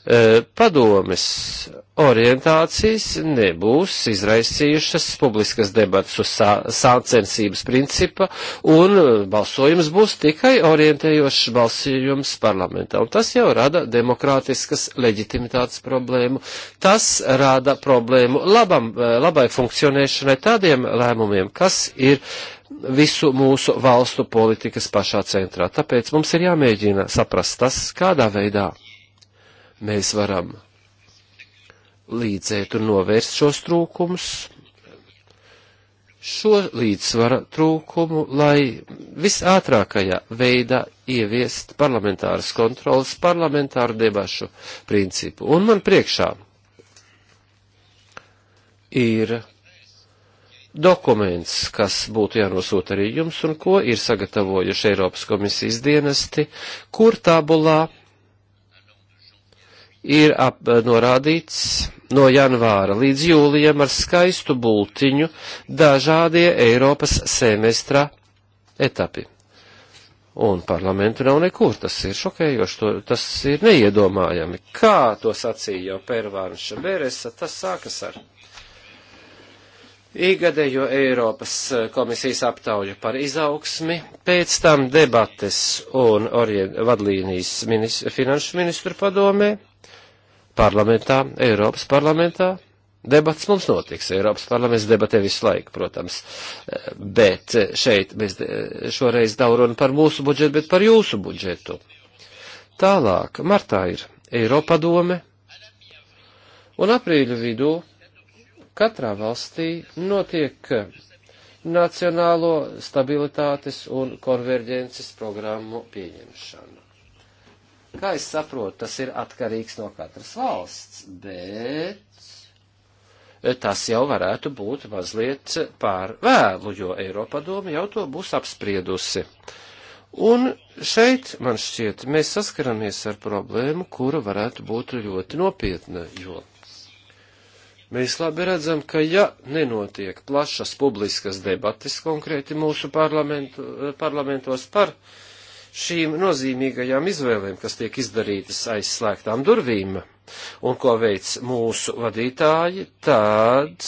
E, padomes orientācijas nebūs izraisījušas publiskas debatas uz sā, sācensības principa, un balsojums būs tikai orientējošs balsojums parlamentā. Un tas jau rada demokrātiskas leģitimitātes problēmu. Tas rada problēmu labam, e, labai funkcionēšanai tādiem lēmumiem, kas ir visu mūsu valstu politikas pašā centrā. Tāpēc mums ir jāmēģina saprast tas, kādā veidā mēs varam līdzēt un novērst šos trūkumus, šo līdzsvara trūkumu, lai visātrākajā veidā ieviest parlamentāras kontrolas, parlamentāru debašu principu. Un man priekšā ir dokuments, kas būtu jānosūta arī jums un ko ir sagatavojuši Eiropas komisijas dienesti, kur tabulā ir ap, norādīts no janvāra līdz jūlijam ar skaistu bultiņu dažādie Eiropas semestra etapi. Un parlamentu nav nekur, tas ir šokējoši, to, tas ir neiedomājami. Kā to sacīja jau Pērvānša Beresa, tas sākas ar Īgadējo Eiropas komisijas aptauju par izaugsmi, pēc tam debates un orien, vadlīnijas minis, finanšu ministru padomē, parlamentā, Eiropas parlamentā. Debats mums notiks, Eiropas parlaments debatē visu laiku, protams, bet šeit mēs šoreiz daudz runa par mūsu budžetu, bet par jūsu budžetu. Tālāk, martā ir Eiropa dome, un aprīļa vidū katrā valstī notiek nacionālo stabilitātes un konverģences programmu pieņemšana. Kā es saprotu, tas ir atkarīgs no katras valsts, bet tas jau varētu būt mazliet pār vēlu, jo Eiropa doma jau to būs apspriedusi. Un šeit, man šķiet, mēs saskaramies ar problēmu, kura varētu būt ļoti nopietna, jo mēs labi redzam, ka ja nenotiek plašas publiskas debatas konkrēti mūsu parlamentu, eh, parlamentos par uh, šīm nozīmīgajām izvēlēm, kas tiek izdarītas aizslēgtām durvīm un ko veic mūsu vadītāji, tad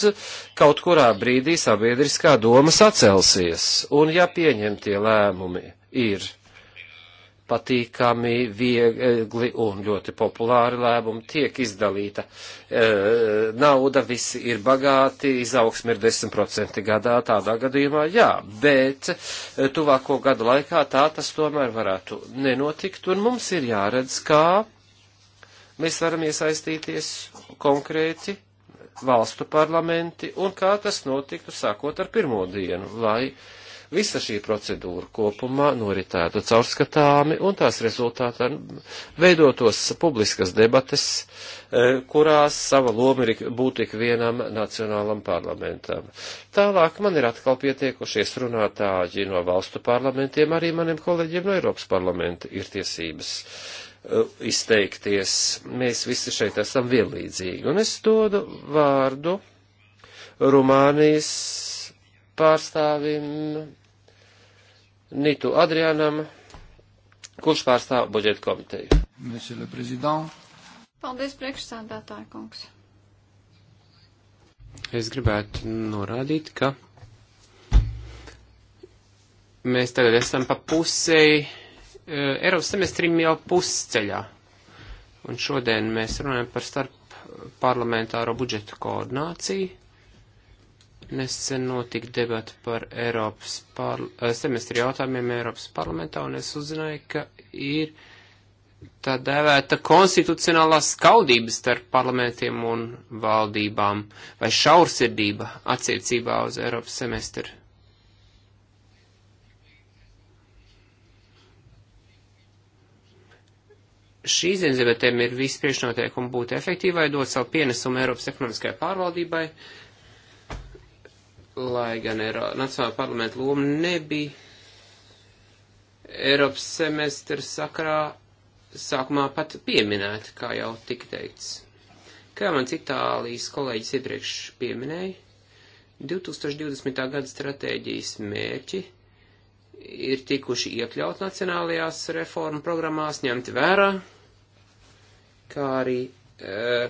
kaut kurā brīdī sabiedriskā doma sacelsies, un ja pieņemtie lēmumi ir patīkami, viegli un ļoti populāri lēmumi, tiek izdalīta e, nauda, visi ir bagāti, izaugsme ir 10% gadā, tādā gadījumā jā, bet e, tuvāko gadu laikā tā tas tomēr varētu nenotikt, un mums ir jāredz, kā mēs varam iesaistīties konkrēti valstu parlamenti, un kā tas notiktu sākot ar pirmo dienu, lai Visa šī procedūra kopumā noritētu caurskatāmi un tās rezultātā veidotos publiskas debates, e, kurās sava loma būtu ik vienam nacionālam parlamentam. Tālāk man ir atkal pietiekušies runātāji no valstu parlamentiem, arī maniem kolēģiem no Eiropas parlamenta ir tiesības e, izteikties. Mēs visi šeit esam vienlīdzīgi. Un es dodu vārdu Rumānijas pārstāvim Nitu Adrianam, kurš pārstāv budžeta komiteju. Monsieur le Président. Paldies, priekšsādātāja kungs. Es gribētu norādīt, ka mēs tagad esam pa pusēji, e, Eiropas semestrim jau pusceļā. Un šodien mēs runājam par starp parlamentāro budžetu koordināciju. Nesen notika debata par Eiropas par, eh, semestri jautājumiem Eiropas parlamentā, un es uzzināju, ka ir tā dēvēta konstitucionālā skaudība starp parlamentiem un valdībām, vai šaursirdība attiecībā uz Eiropas semestri. šīs dienas debatēm ir visi priekšnoteikumi būt efektīvai, dot savu pienesumu Eiropas ekonomiskajai pārvaldībai, lai gan Nacionāla parlamenta loma nebija Eiropas semestra sakrā sākumā pat pieminēta, kā jau tika teikts. Kā mans Itālijas kolēģis iepriekš pieminēja, 2020. gada stratēģijas mērķi ir tikuši iekļaut nacionālajās reformu programmās, ņemti vērā, kā arī e,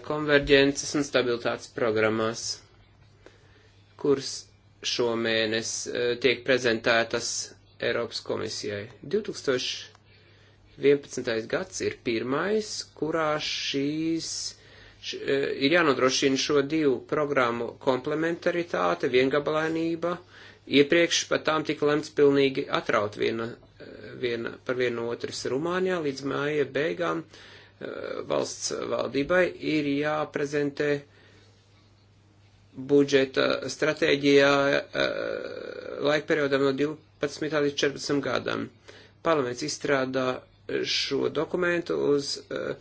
konverģences un stabilitātes programmās kuras šomēnes eh, tiek prezentētas Eiropas komisijai. 2011. gads ir pirmais, kurā šīs š, eh, ir jānodrošina šo divu programmu komplementaritāte, viengabalainība. Iepriekš pat tām tika lemts pilnīgi atraut viena, eh, viena par vienu otras Rumānijā līdz māja beigām valsts valdībai ir jāprezentē uh, budžeta stratēģijā eh, laika periodam no 12. līdz 14. gadam. Parlaments izstrādā šo dokumentu uz eh,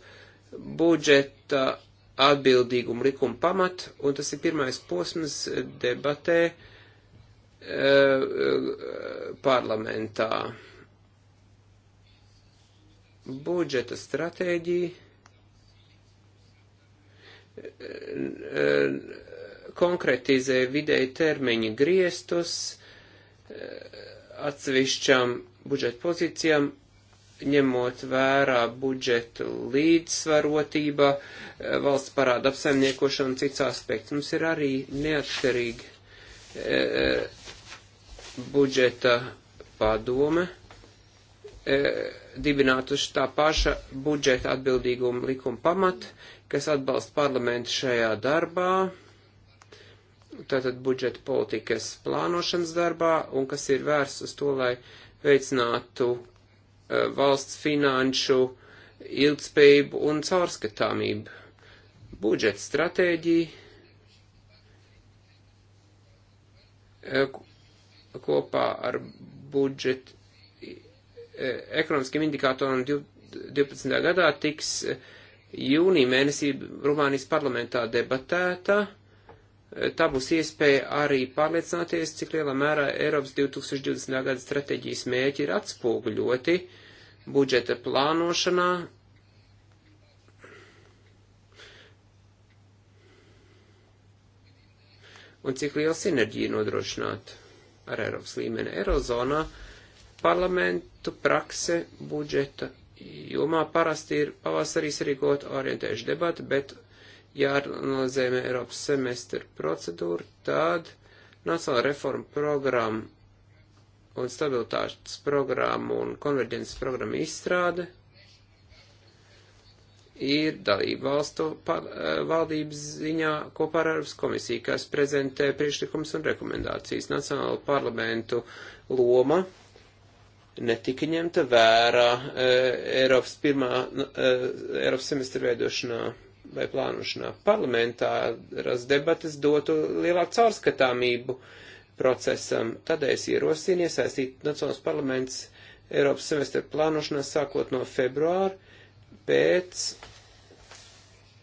budžeta atbildīgumu likuma pamat, un tas ir pirmais posms debatē eh, parlamentā. Budžeta stratēģija konkretizē vidēji termiņa griestus eh, atsevišķām budžeta pozīcijām, ņemot vērā budžetu līdzsvarotība, eh, valsts parāda apsaimniekošana un cits aspekts. Mums ir arī neatkarīgi e, budžeta padome e, dibinātuši tā paša budžeta atbildīguma likuma pamat, kas atbalsta parlamentu šajā darbā tātad budžeta politikas plānošanas darbā un kas ir vērsts uz to, lai veicinātu uh, valsts finanšu ilgspējību un caurskatāmību. Budžeta stratēģija, uh, kopā ar budžetu uh, e, ekonomiskiem indikatoriem 12. gadā tiks jūnija mēnesī Rumānijas parlamentā debatēta. Uh, Tā būs iespēja arī pārliecināties, cik lielā mērā Eiropas 2020. gada stratēģijas mēķi ir atspoguļoti budžeta plānošanā. Un cik liela sinerģija nodrošināt ar Eiropas līmeni Eirozonā, parlamentu prakse budžeta jomā parasti ir pavasarī sarīkot orientējuši debatu, bet jānozīmē Eiropas semestra procedūra, tad Nacionāla reforma programma un stabilitātes programma un konverģences programma izstrāde ir dalību valstu e, valdības ziņā kopā ar Eiropas komisiju, kas prezentē priekšlikums un rekomendācijas. Nacionālo parlamentu loma netika ņemta vērā e, Eiropas pirmā, e, Eiropas semestra veidošanā vai plānošanā. Parlamentāras debatas dotu lielāku caurskatāmību procesam. Tādēļ es ierosinu iesaistīt Nacionāls parlaments Eiropas semestra plānošanā sākot no februāra pēc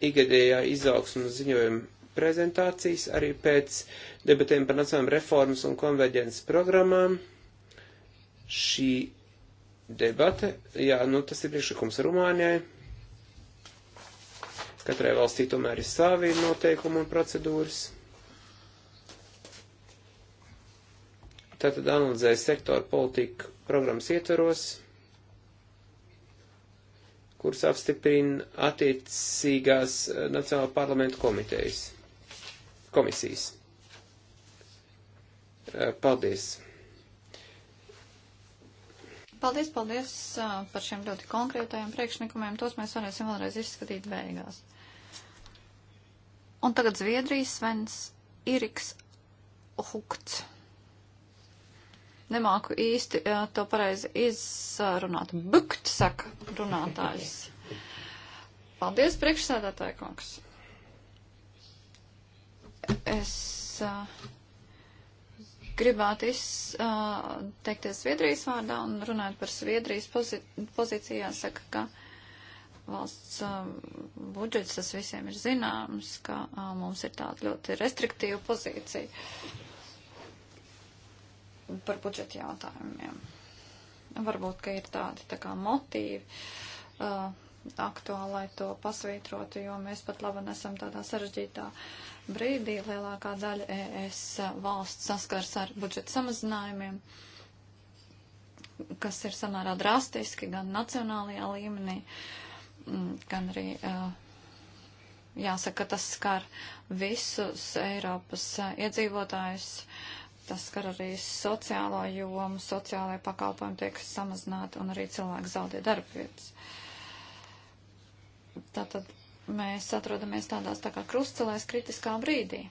igadējā izaugsmas ziņojuma prezentācijas, arī pēc debatēm par nacionālām reformas un konverģences programmām. Šī debate, jā, nu tas ir priekšlikums Rumānijai, Katrai valstī tomēr ir savi noteikumi un procedūras. Tātad analizēja sektoru politiku programmas ietvaros, kuras apstiprina attiecīgās eh, Nacionāla parlamenta komitejas, komisijas. Eh, paldies! Paldies, paldies eh, par šiem ļoti konkrētajiem priekšlikumiem. Tos mēs varēsim vēlreiz izskatīt beigās. Un tagad Zviedrijas Svens Iriks Hukts. Nemāku īsti uh, to pareizi izrunāt. Bukt, saka runātājs. Paldies, priekšsēdētāji kungs. Es uh, gribētu izteikties uh, Zviedrijas vārdā un runāt par Zviedrijas pozi pozīcijā, saka, ka valsts um, budžets, tas visiem ir zināms, ka uh, mums ir tāda ļoti restriktīva pozīcija par budžeta jautājumiem. Varbūt, ka ir tādi tā kā motīvi uh, aktuāli, lai to pasvītrotu, jo mēs pat labi nesam tādā sarežģītā brīdī. Lielākā daļa ES valsts saskars ar budžeta samazinājumiem, kas ir samērā drastiski gan nacionālajā līmenī, uh, Mm, gan arī jāsaka, tas skar visus Eiropas iedzīvotājus. Tas skar arī sociālo jomu, sociālai pakalpojumi tiek samazināti un arī cilvēki zaudē darba vietas. Tātad mēs atrodamies tādās tā kā krustcelēs kritiskā brīdī.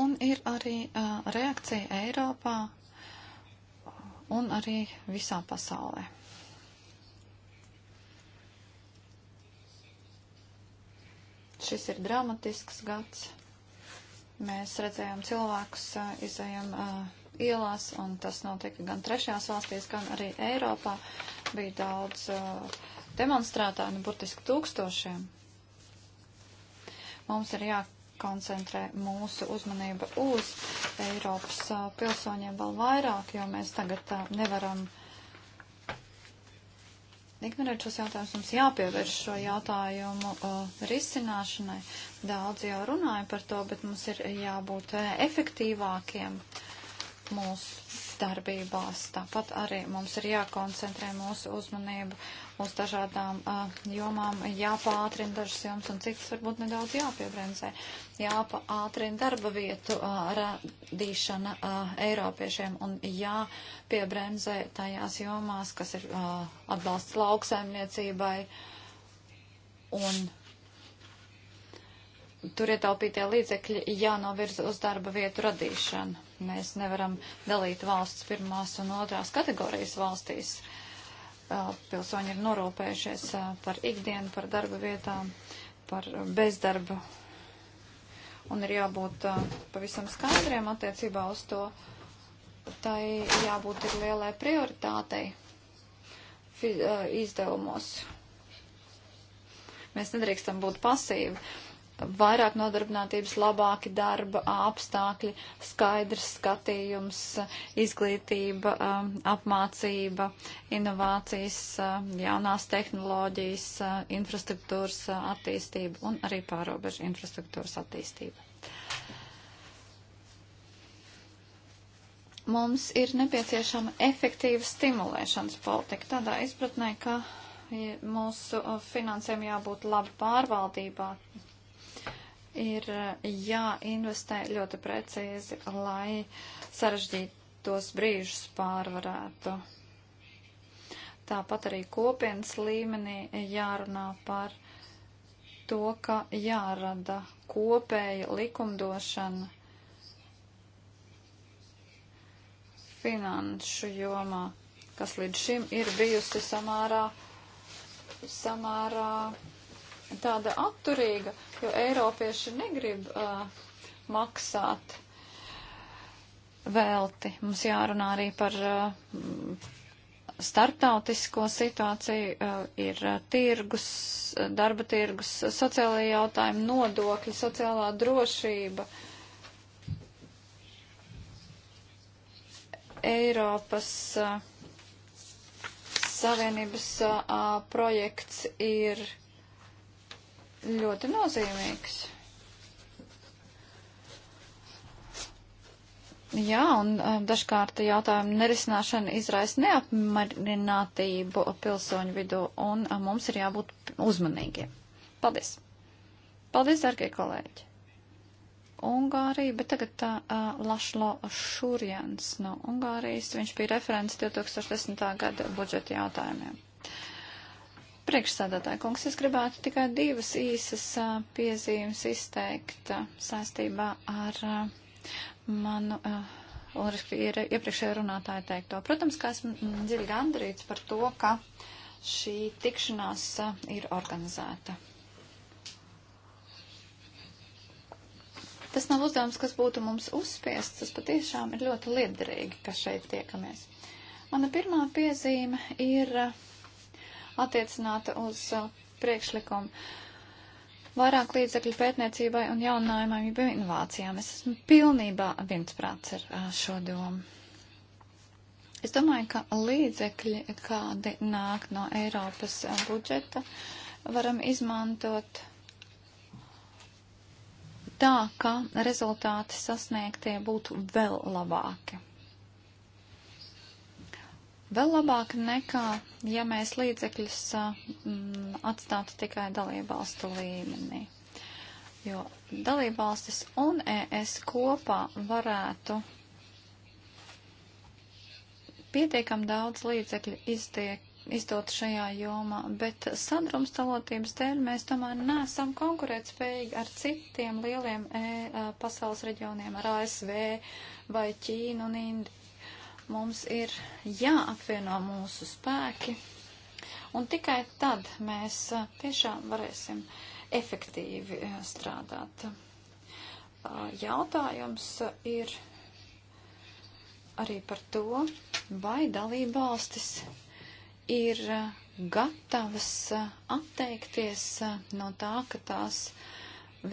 Un ir arī uh, reakcija Eiropā un arī visā pasaulē. Šis ir dramatisks gads. Mēs redzējām cilvēkus izējām ielās, un tas notika gan trešajās valstīs, gan arī Eiropā. Bija daudz demonstrētāju, nu, burtiski tūkstošiem. Mums ir jā koncentrē mūsu uzmanība uz Eiropas a, pilsoņiem vēl vairāk, jo mēs tagad a, nevaram ignorēt šos jautājumus, mums jāpievērš šo jautājumu uh, risināšanai. Daudz jau runāja par to, bet mums ir jābūt uh, efektīvākiem. Uh, mūsu darbībās. Tāpat arī mums ir jākoncentrē mūsu uzmanību uz dažādām uh, jomām, jāpātrina dažas jomas un citas varbūt nedaudz jāpiebremzē. Jāpātrina darba vietu uh, radīšana uh, Eiropiešiem un jāpiebremzē tajās jomās, kas ir uh, atbalsts lauksaimniecībai un tur ietaupītie līdzekļi jānovirza uz darba vietu radīšanu. Mēs nevaram dalīt valsts pirmās un otrās kategorijas valstīs. Pilsoņi ir norūpējušies par ikdienu, par darba vietām, par bezdarbu. Un ir jābūt pavisam skaidriem attiecībā uz to. Tai jābūt ir lielai prioritātei izdevumos. Mēs nedrīkstam būt pasīvi vairāk nodarbinātības, labāki darba apstākļi, skaidrs skatījums, izglītība, um, apmācība, inovācijas, um, jaunās tehnoloģijas, uh, infrastruktūras uh, attīstība un arī pārobežu infrastruktūras attīstība. Mums ir nepieciešama efektīva stimulēšanas politika tādā izpratnē, ka mūsu uh, finansēm jābūt labi pārvaldībā, ir eh, jāinvestē ļoti precīzi, lai sarežģītos brīžus pārvarētu. Tāpat arī kopienas līmenī jārunā par to, ka jārada kopēja likumdošana finanšu jomā, kas līdz šim ir bijusi samārā, samārā tāda atturīga, jo Eiropieši negrib uh, maksāt velti. Mums jārunā arī par uh, starptautisko situāciju, uh, ir uh, tirgus, darba tirgus, sociālajie jautājumi, nodokļi, sociālā drošība. Eiropas uh, Savienības uh, projekts ir ļoti nozīmīgs. Jā, un um, dažkārt jautājumu nerisināšana izraisa neapmierinātību pilsoņu vidū, un um, mums ir jābūt uzmanīgiem. Paldies! Paldies, darbie kolēģi! Ungārija, bet tagad tā uh, Lašlo Šurjans no Ungārijas, viņš bija referents 2010. gada budžeta jautājumiem. Priekšsādātāja kungs, es gribētu tikai divas īsas piezīmes izteikt saistībā ar manu un iepriekšējā runātāja teikto. Protams, ka esmu mm, dziļi gandrīts par to, ka šī tikšanās ir organizēta. Tas nav uzdevums, kas būtu mums uzspiests, tas patiešām ir ļoti liederīgi, ka šeit tiekamies. Mana pirmā piezīme ir uh, attiecināta uz uh, priekšlikumu. Vairāk līdzekļu pētniecībai un jauninājumiem un inovācijām. Es esmu pilnībā viensprāts ar uh, šo domu. Es domāju, ka līdzekļi, kādi nāk no Eiropas uh, budžeta, varam izmantot tā, ka rezultāti sasniegtie būtu vēl labāki. Vēl labāk nekā, ja mēs līdzekļus atstātu tikai dalībvalstu līmenī. Jo dalībvalstis un ES kopā varētu pietiekam daudz līdzekļu iztiek, izdot šajā jomā, bet sadrumstalotības dēļ mēs tomēr nesam konkurētspējīgi ar citiem lieliem e, pasaules reģioniem, ar ASV vai Ķīnu un Indiju. Mums ir jāapvieno mūsu spēki, un tikai tad mēs uh, tiešām varēsim efektīvi uh, strādāt. Uh, jautājums ir arī par to, vai dalībvalstis ir gatavas atteikties no tā, ka tās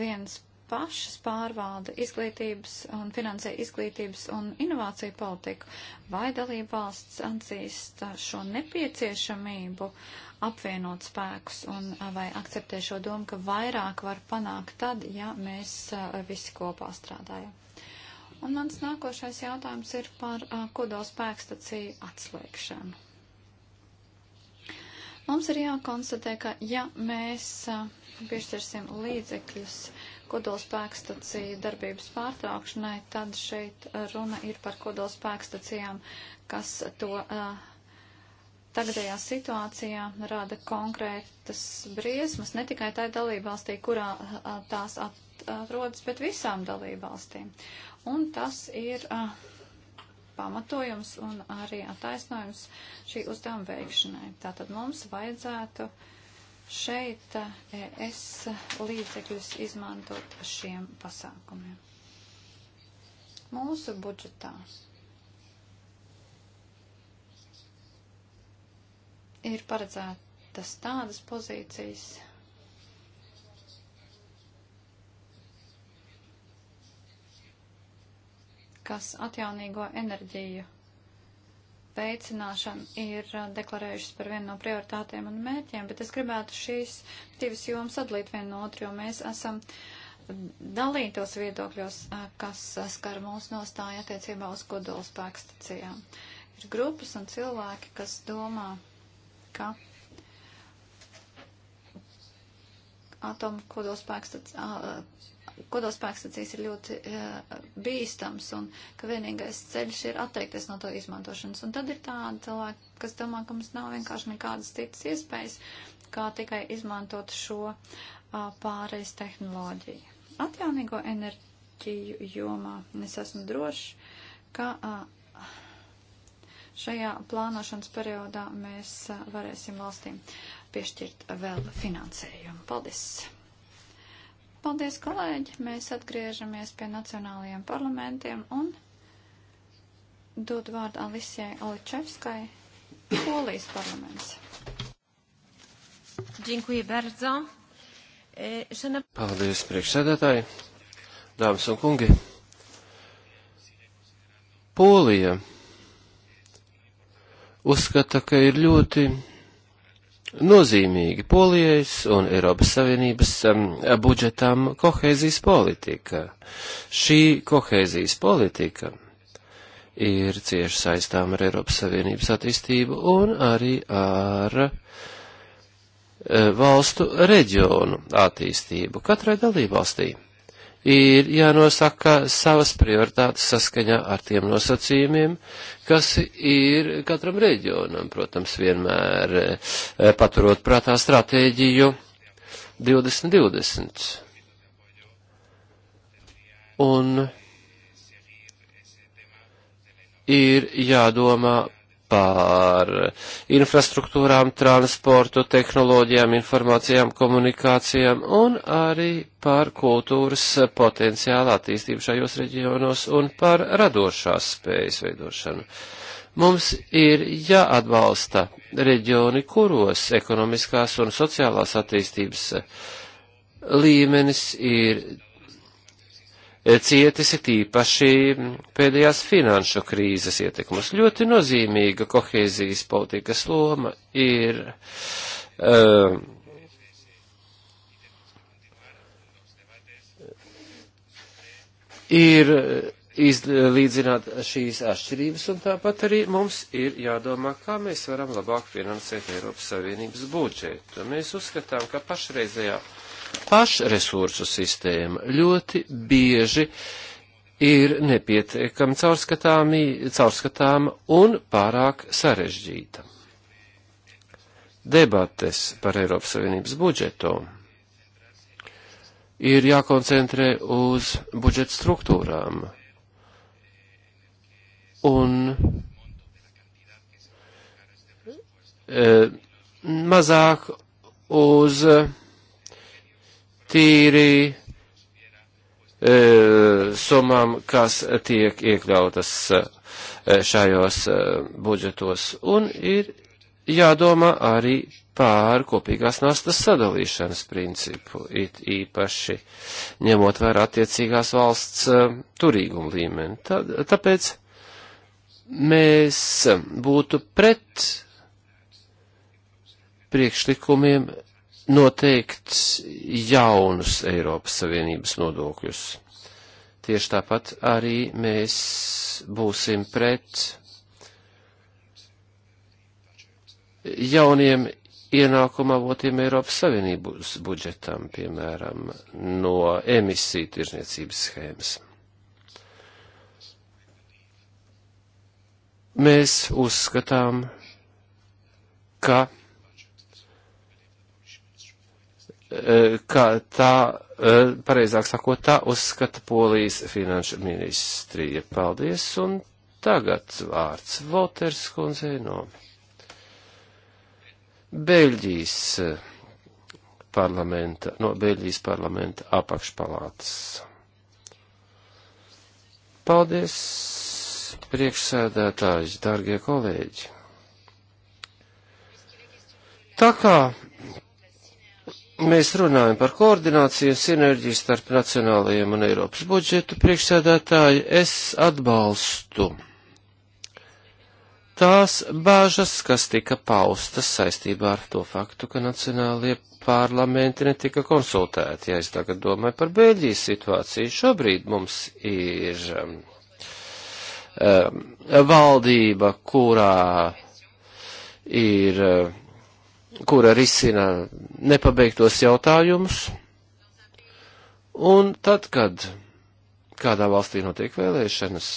viens pašas pārvalda izglītības un finansē izglītības un inovāciju politiku, vai dalība valsts atzīst šo nepieciešamību apvienot spēkus un vai akceptē šo domu, ka vairāk var panākt tad, ja mēs visi kopā strādājam. Un mans nākošais jautājums ir par kodolspēkstaciju atslēgšanu. Mums ir jākonstatē, ka ja mēs piešķirsim līdzekļus kodolspēkstaciju darbības pārtraukšanai, tad šeit runa ir par kodolspēkstacijām, kas to uh, tagadējā situācijā rada konkrētas briesmas ne tikai tai dalībvalstī, kurā uh, tās atrodas, bet visām dalībvalstīm. Un tas ir uh, pamatojums un arī attaisnojums šī uzdevuma veikšanai. Tātad mums vajadzētu uh, šeit eh, es līdzekļus izmantot šiem pasākumiem. Mūsu budžetā ir paredzētas tādas pozīcijas, kas atjaunīgo enerģiju veicināšanu ir uh, deklarējušas par vienu no prioritātēm un mērķiem, bet es gribētu šīs divas jomas atlīt vienu no otru, jo mēs esam dalītos viedokļos, uh, kas skar mūsu nostāju attiecībā uz kodols spēkstacijām. Ir grupas un cilvēki, kas domā, ka atomu kodols spēkstacijām kodolspēkstacijas ir ļoti uh, bīstams un ka vienīgais ceļš ir atteikties no to izmantošanas. Un tad ir tādi cilvēki, kas domā, ka mums nav vienkārši nekādas citas iespējas, kā tikai izmantot šo uh, pāreiz tehnoloģiju. Atjaunīgo enerģiju jomā es esmu drošs, ka uh, šajā plānošanas periodā mēs varēsim valstīm piešķirt vēl finansējumu. Paldies! Paldies, kolēģi! Mēs atgriežamies pie nacionālajiem parlamentiem un dod vārdu Alisijai Oličevskai, Polijas parlaments. Dziękuję bardzo. Šana... E, Paldies, priekšsēdētāji, dāmas un kungi. Polija uzskata, ka ir ļoti nozīmīgi Polijas un Eiropas Savienības um, budžetam kohēzijas politika. Šī kohēzijas politika ir cieši saistām ar Eiropas Savienības attīstību un arī ar uh, valstu reģionu attīstību katrai dalībvalstī ir jānosaka savas prioritātes saskaņā ar tiem nosacījumiem, kas ir katram reģionam, protams, vienmēr eh, paturot prātā stratēģiju 2020. Un ir jādomā par infrastruktūrām, transportu, tehnoloģijām, informācijām, komunikācijām un arī par kultūras potenciālu attīstību šajos reģionos un par radošās spējas veidošanu. Mums ir jāatbalsta reģioni, kuros ekonomiskās un sociālās attīstības līmenis ir E, cietis ir tīpaši pēdējās finanšu krīzes ietekmas. Ļoti nozīmīga kohēzijas politikas loma ir um, ir izlīdzināt šīs atšķirības, un tāpat arī mums ir jādomā, kā mēs varam labāk finansēt Eiropas Savienības budžetu. Mēs uzskatām, ka pašreizējā ja pašresursu sistēma ļoti bieži ir nepietiekami caurskatāma un pārāk sarežģīta. Debates par Eiropas Savienības budžetu ir jākoncentrē uz budžeta struktūrām un e, mazāk uz e, tīri e, summām, kas tiek iekļautas e, šajos e, budžetos. Un ir jādomā arī pār kopīgās nastas sadalīšanas principu, it īpaši ņemot vērā attiecīgās valsts turīguma līmeni. Tā, tāpēc mēs būtu pret priekšlikumiem noteikt jaunus Eiropas Savienības nodokļus. Tieši tāpat arī mēs būsim pret jauniem ienākuma avotiem Eiropas Savienības budžetam, piemēram, no emisiju tirzniecības schēmas. Mēs uzskatām, ka Eh, kā tā, eh, pareizāk sakot, tā uzskata Polijas finanšu ministrija. Paldies, un tagad vārds Voters kundzei no Beļģijas eh, parlamenta, no Beļģijas parlamenta apakšpalātas. Paldies, priekšsēdētāji, dārgie kolēģi. Tā kā mēs runājam par koordināciju un sinerģiju starp nacionālajiem un Eiropas budžetu priekšsēdētāji, es atbalstu tās bāžas, kas tika paustas saistībā ar to faktu, ka nacionālie parlamenti netika konsultēti. Ja es tagad domāju par Bēļģijas situāciju, šobrīd mums ir um, um valdība, kurā ir uh, kura risina nepabeigtos jautājumus. Un tad, kad kādā valstī notiek vēlēšanas,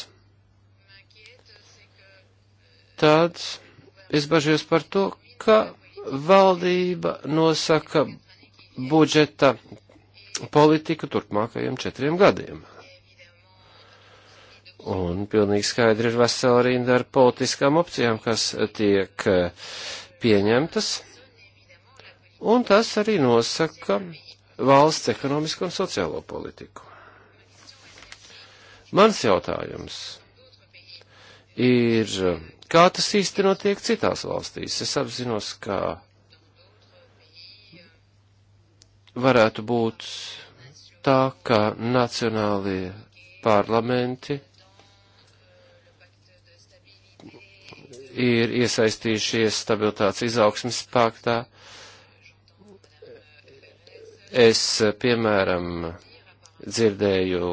tad es bažījos par to, ka valdība nosaka budžeta politiku turpmākajiem četriem gadiem. Un pilnīgi skaidri ir vesela rinda ar politiskām opcijām, kas tiek eh, pieņemtas un tas arī nosaka valsts ekonomisko un sociālo politiku. Mans jautājums ir, kā tas īstenot tiek citās valstīs? Es apzinos, ka varētu būt tā, ka nacionālie parlamenti ir iesaistījušies stabilitātes izaugsmes paktā, Es, piemēram, dzirdēju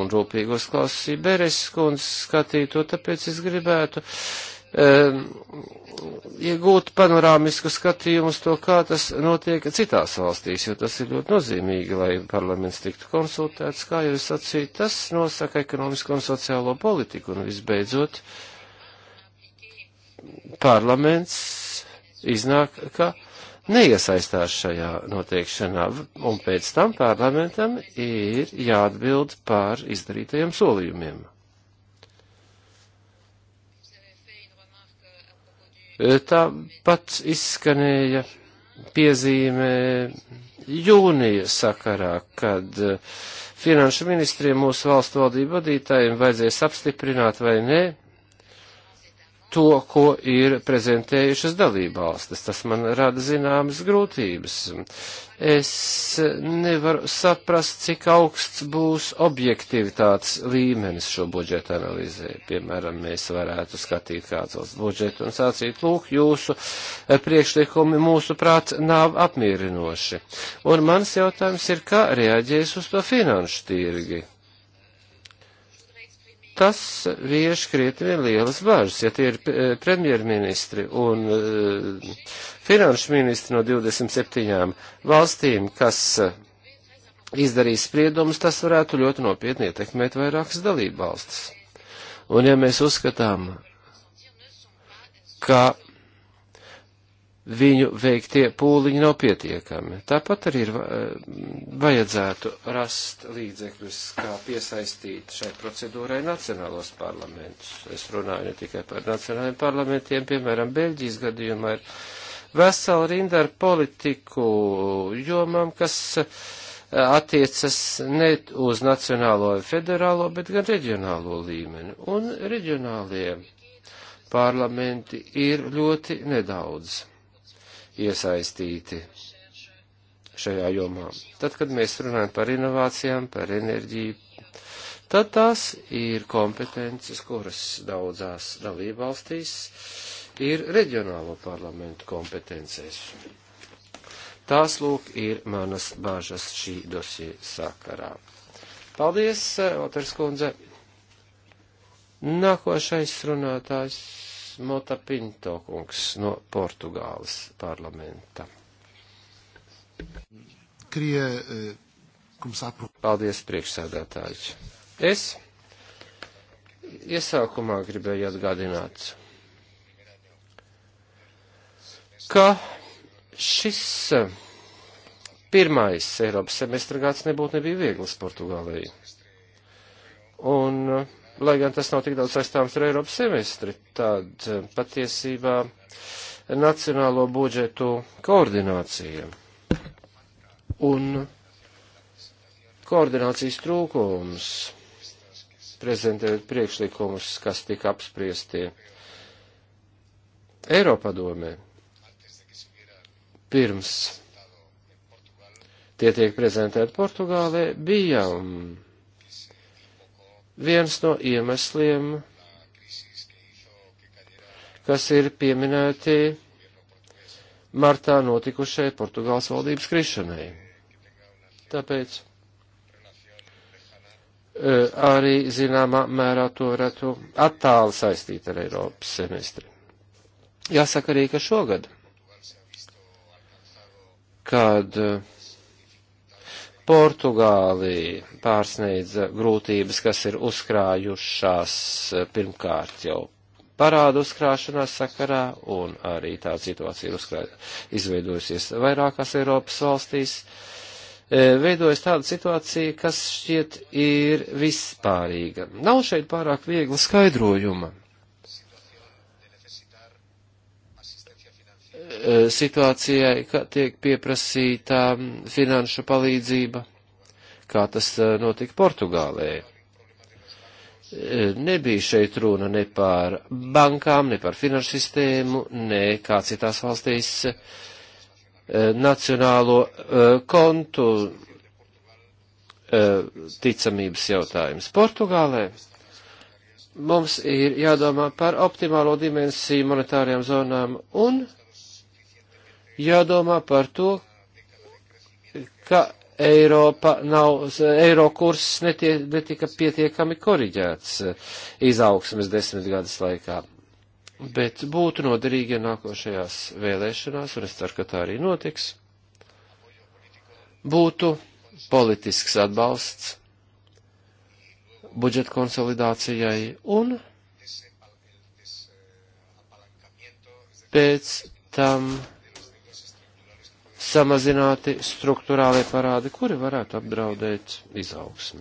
un rūpīgi uzklausīju Beres kundzes skatīto, tāpēc es gribētu ehm, iegūt ja panorāmisku skatījumu uz to, kā tas notiek citās valstīs, jo tas ir ļoti nozīmīgi, lai parlaments tiktu konsultēts, kā jau es sacīju, tas nosaka ekonomisko un sociālo politiku, un visbeidzot, parlaments iznāk, ka uh, neiesaistās šajā noteikšanā, un pēc tam parlamentam ir jāatbild par izdarītajiem solījumiem. Tāpat izskanēja piezīme jūnija sakarā, kad eh, finanšu ministriem mūsu valstu valdību vadītājiem vajadzēs apstiprināt vai nē to, ko ir prezentējušas dalībvalstis. Tas man rada zināmas grūtības. Es nevaru saprast, cik augsts būs objektivitātes līmenis šo budžeta analīzē. Piemēram, mēs varētu skatīt kāds valsts budžetu un sacīt, lūk, jūsu eh, priekšlikumi mūsu prāt nav apmierinoši. Un mans jautājums ir, kā reaģēs uz to finanšu tirgi? tas vieš krietni lielas bažas, ja tie ir eh, premjerministri un eh, finanšu ministri no 27 valstīm, kas eh, izdarīs spriedumus, tas varētu ļoti nopietni ietekmēt vairākas dalību valstis. Un ja mēs uzskatām, ka viņu veiktie pūliņi nav pietiekami. Tāpat arī ir eh, vajadzētu rast līdzekļus, kā piesaistīt šai procedūrai nacionālos parlamentus. Es runāju ne tikai par nacionālajiem parlamentiem, piemēram, Beļģijas gadījumā ir vesela rinda ar politiku jomām, kas eh, attiecas ne uz nacionālo federālo, bet gan reģionālo līmeni. Un reģionālie parlamenti ir ļoti nedaudz iesaistīti šajā jomā. Tad, kad mēs runājam par inovācijām, par enerģiju, tad tās ir kompetences, kuras daudzās dalībvalstīs ir reģionālo parlamentu kompetences. Tās lūk ir manas bāžas šī dosie sakarā. Paldies, Oters kundze. Nākošais runātājs. Mota Pinto kungs no Portugāles parlamenta. Eh, Paldies, priekšsēdētāji. Es iesākumā gribēju atgādināt, ka šis eh, pirmais Eiropas semestra gads nebūtu nebija viegls Portugālei. Un uh, lai gan tas nav tik daudz saistāms ar Eiropas semestri, tad eh, patiesībā nacionālo budžetu koordinācija un koordinācijas trūkums prezentējot priekšlikumus, kas tika apspriestie Eiropadomē pirms tie tiek prezentēti Portugālē, bijām Viens no iemesliem, kas ir pieminēti martā notikušai Portugāles valdības krišanai. Tāpēc e, arī zināmā mērā to varētu attāli saistīt ar Eiropas semestri. Jāsaka arī, ka šogad, kad uh, Portugāli pārsniedz grūtības, kas ir uzkrājušās eh, pirmkārt jau parādu uzkrāšanās sakarā, un arī tā situācija ir uzkrā... izveidojusies vairākās Eiropas valstīs. Eh, veidojas tāda situācija, kas šķiet ir vispārīga. Nav šeit pārāk viegla skaidrojuma E, situācijai, ka tiek pieprasītā finanšu palīdzība, kā tas e, notika Portugālē. E, nebija šeit runa ne par bankām, ne par finanšu sistēmu, ne kā citās valstīs nacionālo kontu ticamības jautājums. Portugālē mums ir jādomā par optimālo dimensiju monetārajām zonām un jādomā par to, ka Eiropa nav, eiro kurss netie, netika pietiekami koriģēts izaugsmes desmit gadus laikā. Bet būtu noderīgi, ja nākošajās vēlēšanās, un es ceru, ka tā arī notiks, būtu politisks atbalsts budžeta konsolidācijai un pēc tam samazināti struktūrālie parādi, kuri varētu apdraudēt izaugsmi.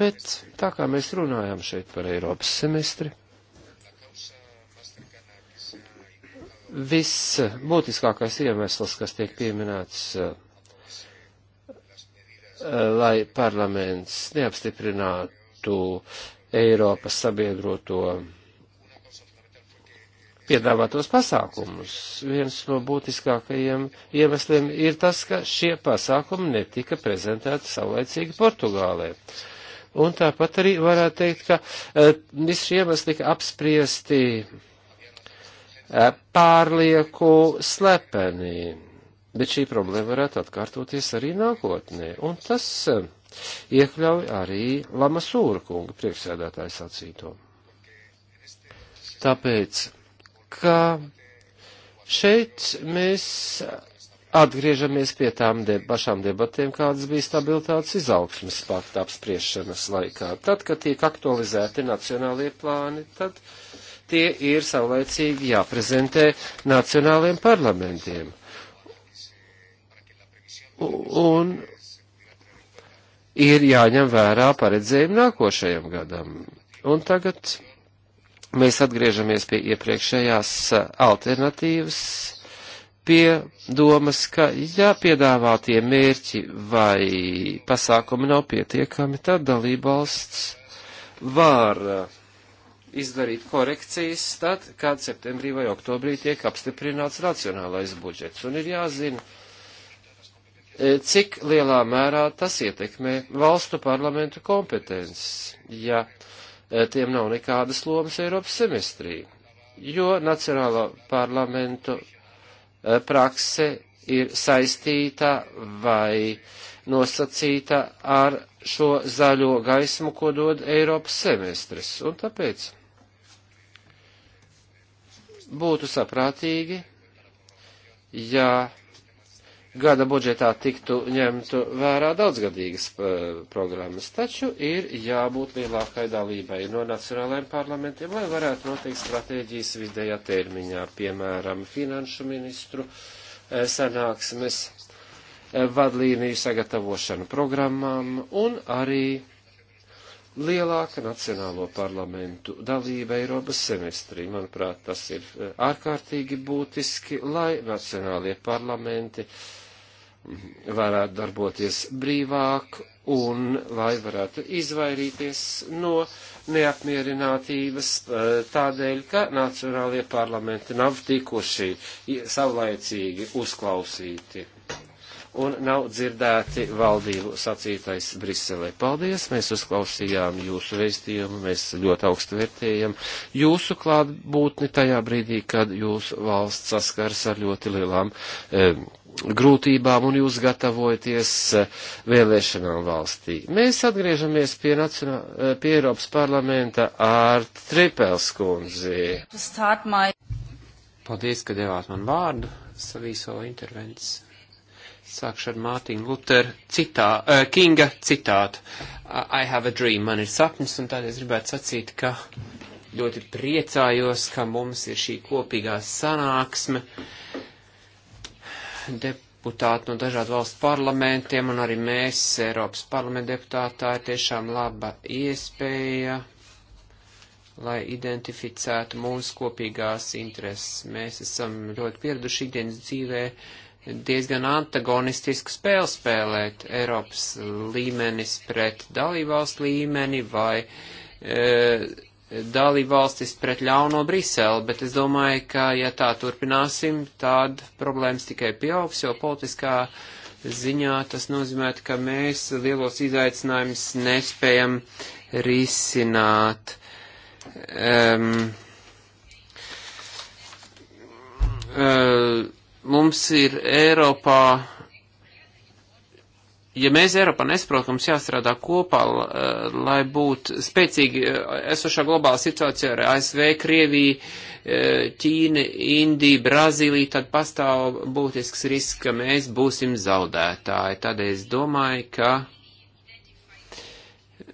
Bet tā kā mēs runājam šeit par Eiropas semestri, viss būtiskākais iemesls, kas tiek pieminēts, lai parlaments neapstiprinātu Eiropas sabiedroto piedāvātos pasākumus. Viens no būtiskākajiem iemesliem ir tas, ka šie pasākumi netika prezentēti saulaicīgi Portugālē. Un tāpat arī varētu teikt, ka uh, visi šie iemesli tika apspriesti uh, pārlieku slepenī. Bet šī problēma varētu atkārtoties arī nākotnē. Un tas uh, iekļauj arī Lamasūra kunga priekšsēdētāju sacīto. Tāpēc ka šeit mēs atgriežamies pie tām de pašām debatēm, kādas bija stabilitātes izaugsmes pakta apspriešanas laikā. Tad, kad tiek aktualizēti nacionālie plāni, tad tie ir savlaicīgi jāprezentē nacionāliem parlamentiem. Un ir jāņem vērā paredzējumi nākošajam gadam. Un tagad mēs atgriežamies pie iepriekšējās alternatīvas, pie domas, ka ja piedāvātie mērķi vai pasākumi nav pietiekami, tad dalībvalsts var izdarīt korekcijas tad, kad septembrī vai oktobrī tiek apstiprināts nacionālais budžets. Un ir jāzina, e, cik lielā mērā tas ietekmē valstu parlamentu kompetences. Ja uh, Eh, tiem nav nekādas lomas Eiropas semestrī, jo Nacionālo parlamentu eh, prakse ir saistīta vai nosacīta ar šo zaļo gaismu, ko dod Eiropas semestris. Un tāpēc būtu saprātīgi, ja gada budžetā tiktu ņemtu vērā daudzgadīgas eh, programmas, taču ir jābūt lielākai dalībai no nacionālajiem parlamentiem, lai varētu noteikt stratēģijas vidējā termiņā, piemēram, finanšu ministru eh, sanāksmes, eh, vadlīniju sagatavošanu programmām un arī lielāka nacionālo parlamentu dalība Eiropas semestrī. Manuprāt, tas ir ārkārtīgi būtiski, lai nacionālie parlamenti uh, varētu darboties brīvāk un lai varētu izvairīties no neapmierinātības eh, tādēļ, ka nacionālie parlamenti nav tikuši savlaicīgi uzklausīti un nav dzirdēti valdību sacītais Briselē. Paldies, mēs uzklausījām jūsu veistījumu, mēs ļoti augstu vērtējam jūsu klātbūtni tajā brīdī, kad jūsu valsts saskars ar ļoti lielām. Um, e, grūtībām un jūs gatavojaties eh, vēlēšanām valstī. Mēs atgriežamies pie, nacionā, eh, pie Eiropas parlamenta ar Tripelskundzi. My... Paldies, ka devāt man vārdu savīso intervenciju. Sākšu ar Mārtiņu Luteru citā, uh, Kinga citātu. I have a dream, man ir sapnis, un tādēļ es gribētu sacīt, ka ļoti priecājos, ka mums ir šī kopīgā sanāksme. Uh, deputāti no dažādu valstu parlamentiem un arī mēs, Eiropas parlamenta deputāti, tā ir tiešām laba iespēja, lai identificētu mūsu kopīgās intereses. Mēs esam ļoti pieraduši ikdienas dzīvē diezgan antagonistisku spēli spēlēt Eiropas līmenis pret dalībvalstu līmeni vai. E, dalībvalstis pret ļauno Briseli, bet es domāju, ka ja tā turpināsim, tad problēmas tikai pieaugs, jo politiskā ziņā tas nozīmē, ka mēs lielos izaicinājumus nespējam risināt. Um, uh, um, mums ir Eiropā ja mēs Eiropā nesaprotam, ka mums jāstrādā kopā, eh, lai būtu spēcīgi eh, esošā globāla situācija ar ASV, Krieviju, eh, Ķīnu, Indiju, Brazīliju, tad pastāv būtisks risks, ka mēs būsim zaudētāji. Tādēļ es domāju, ka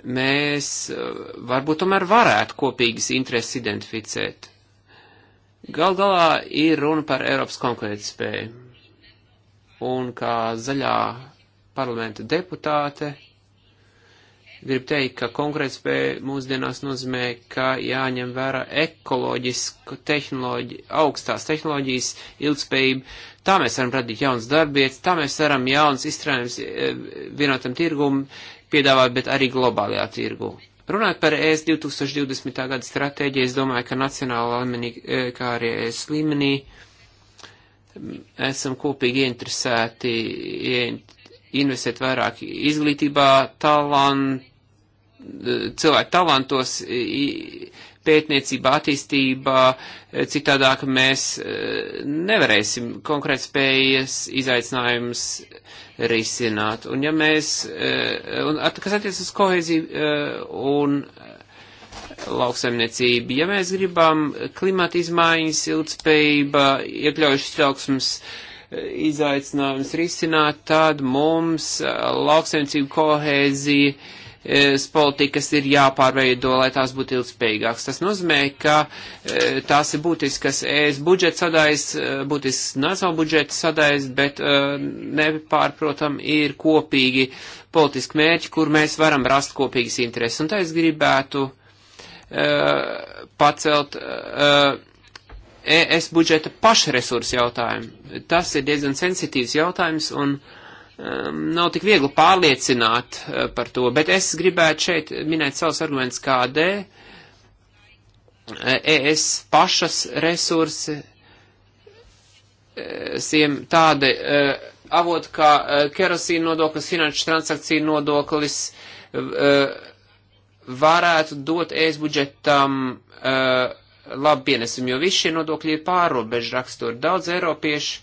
mēs varbūt tomēr varētu kopīgas intereses identificēt. Gal galā ir runa par Eiropas konkurētspēju. Un kā zaļā parlamenta deputāte. Gribu teikt, ka konkurētspēja mūsdienās nozīmē, ka jāņem vērā ekoloģisku tehnoloģiju, augstās tehnoloģijas, ilgspējību. Tā mēs varam radīt jaunas darbietas, tā mēs varam jaunas izstrādājumus e, vienotam tirgumu piedāvāt, bet arī globālajā tirgu. Runājot par e ES 2020. gada stratēģiju, es domāju, ka nacionālā līmenī, e, kā arī ES līmenī, esam kopīgi interesēti investēt vairāk izglītībā, talant, cilvēku talantos, pētniecībā, attīstībā, citādāk mēs e, nevarēsim konkrēt spējas izaicinājumus risināt. Un ja mēs, e, un kas attiec uz koheziju e, un lauksaimniecību, ja mēs gribam klimata izmaiņas, ilgspējība, iekļaujuši trauksmes, uh, izaicinājums risināt, tad mums eh, lauksaimniecību kohēzija eh, politikas ir jāpārveido, lai tās būtu ilgspējīgākas. Tas nozīmē, ka eh, tās ir būtiskas ES budžeta sadaļas, būtiskas nacionāla budžeta sadaļas, bet nepārprotam ir kopīgi politiski mērķi, kur mēs varam rast kopīgas intereses. Un tā es gribētu pacelt. Uh, ES budžeta pašresursu jautājumu. Tas ir diezgan sensitīvs jautājums un um, nav tik viegli pārliecināt uh, par to, bet es gribētu šeit minēt savus argumentus, kādēļ uh, ES pašas resursi uh, siem tādi uh, avoti kā uh, kerosīna nodoklis, finanšu transakciju nodoklis uh, varētu dot ES budžetam uh, labu pienesumu, jo visi šie nodokļi ir pārobežu raksturi. Daudz eiropiešu e,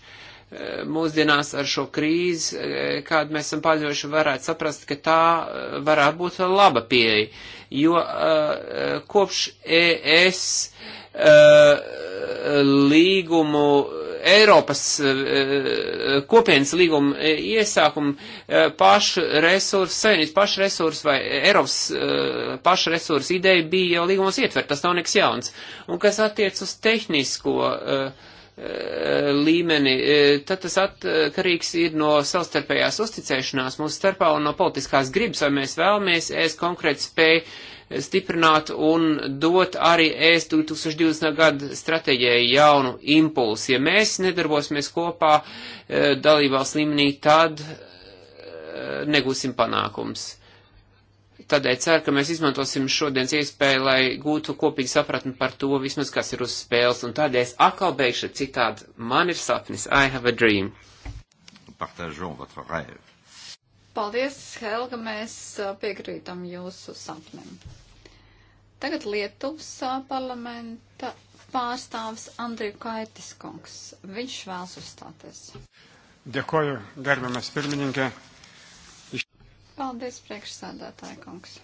mūsdienās ar šo krīzi, e, kādu mēs esam paļojuši, varētu saprast, ka tā e, varētu būt laba pieeja, jo kopš ES līgumu Eiropas eh, kopienas līguma eh, iesākumu eh, pašu resursu, savienības pašu resursu vai Eiropas pašu resursu ideja bija jau līgumos ietvert, tas nav nekas jauns. Un kas attiec uz tehnisko līmeni, tad tas atkarīgs ir no savstarpējās uzticēšanās mūsu starpā un no politiskās gribas, vai mēs vēlamies ēst konkrēti spēju stiprināt un dot arī ES 2020. gada stratēģijai jaunu impulsu. Ja mēs nedarbosimies kopā eh, dalībās līmenī, tad eh, negūsim panākums. Tādēļ ceru, ka mēs izmantosim šodienas iespēju, lai gūtu kopīgi sapratni par to vismaz, kas ir uz spēles. Un tādēļ es atkal beigšu citādi. Man ir sapnis. I have a dream. Partageons votre rêve. Paldies, Helga, mēs piekrītam jūsu sapnim. Tagad Lietuvas parlamenta pārstāvis Andriju Kaitiskungs. Viņš vēlas uzstāties. Dēkoju, garbamies pirmininkē. Iš... Paldies, priekšsēdētāji kungs.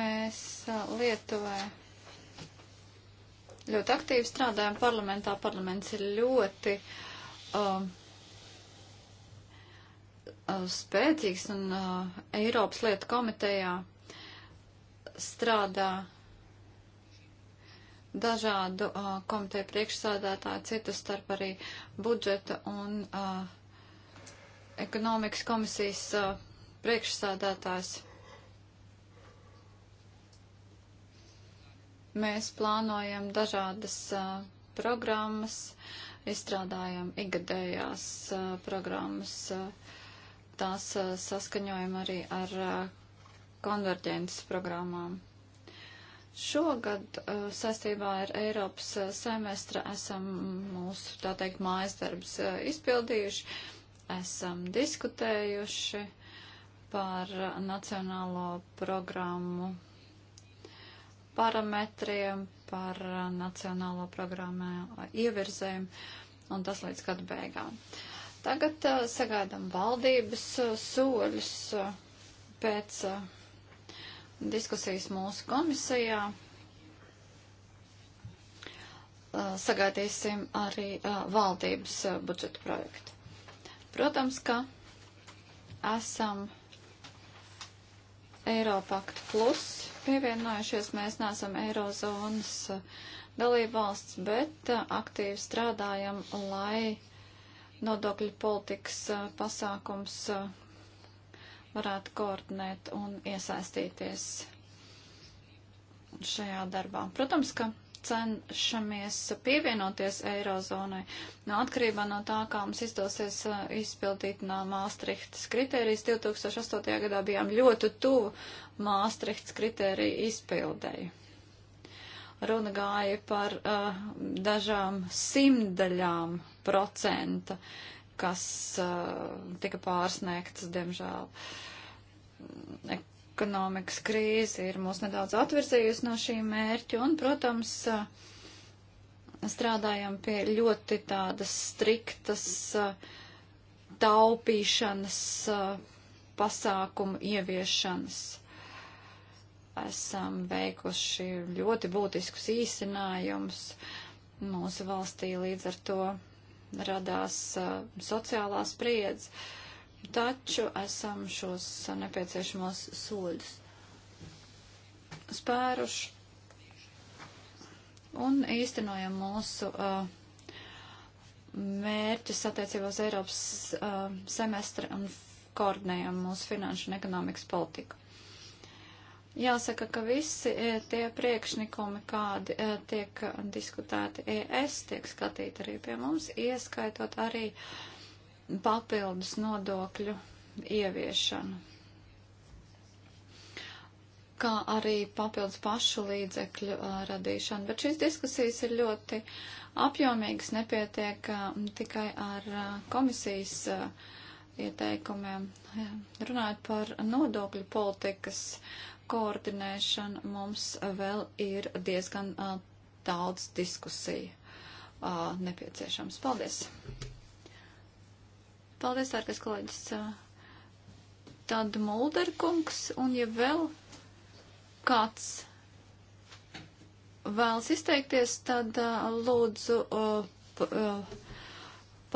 Mēs Lietuvai ļoti aktīvi strādājam parlamentā. Parlaments ir ļoti um, uh, spēcīgs un uh, Eiropas lietu komitejā strādā dažādu uh, komiteju priekšsādātāju, citu starp arī budžeta un uh, ekonomikas komisijas uh, priekšsādātājs. Mēs plānojam dažādas uh, programmas, izstrādājam igadējās uh, programmas, uh, tās uh, saskaņojam arī ar uh, konverģences programmām. Šogad uh, saistībā ar Eiropas uh, semestra esam mūsu, tā teikt, mājasdarbs uh, izpildījuši, esam diskutējuši par nacionālo programmu parametriem, par uh, nacionālo programmu uh, ievirzēm un tas līdz gada beigām. Tagad uh, sagaidām valdības soļus pēc diskusijas mūsu komisijā. Sagaidīsim arī valdības budžeta projektu. Protams, ka esam Eiropaktu plus pievienojušies. Mēs neesam Eirozonas uh, dalībvalsts, bet uh, aktīvi strādājam, lai nodokļu politikas uh, pasākums varētu koordinēt un iesaistīties šajā darbā. Protams, ka cenšamies pievienoties Eirozonai. No atkarībā no tā, kā mums izdosies uh, izpildīt no Māstrihtas kritērijas, 2008. gadā bijām ļoti tuvu Māstrihtas kritēriju izpildēju. Runa gāja par uh, dažām simdaļām procenta, kas uh, tika pārsniegtas, diemžēl. Uh, ekonomikas krīze ir mūs nedaudz atvirzījusi no šī mērķa un, protams, strādājam pie ļoti tādas striktas taupīšanas pasākumu ieviešanas. Esam veikuši ļoti būtiskus īsinājumus mūsu valstī līdz ar to radās sociālās priedzes taču esam šos nepieciešamos soļus spēruši un īstenojam mūsu uh, mērķus attiecībos Eiropas uh, semestri un koordinējam mūsu finanšu un ekonomikas politiku. Jāsaka, ka visi e, tie priekšnikumi, kādi e, tiek diskutēti ES, tiek skatīti arī pie mums, ieskaitot arī uh, papildus nodokļu ieviešanu, kā arī papildus pašu līdzekļu uh, radīšanu. Bet šīs diskusijas ir ļoti apjomīgas, nepietiek uh, tikai ar uh, komisijas uh, ieteikumiem. Jā. Runājot par nodokļu politikas koordinēšanu, mums vēl ir diezgan uh, daudz diskusiju uh, nepieciešams. Paldies! Paldies, ārkas kolēģis. Tad Mulderkungs, un ja vēl kāds vēlas izteikties, tad lūdzu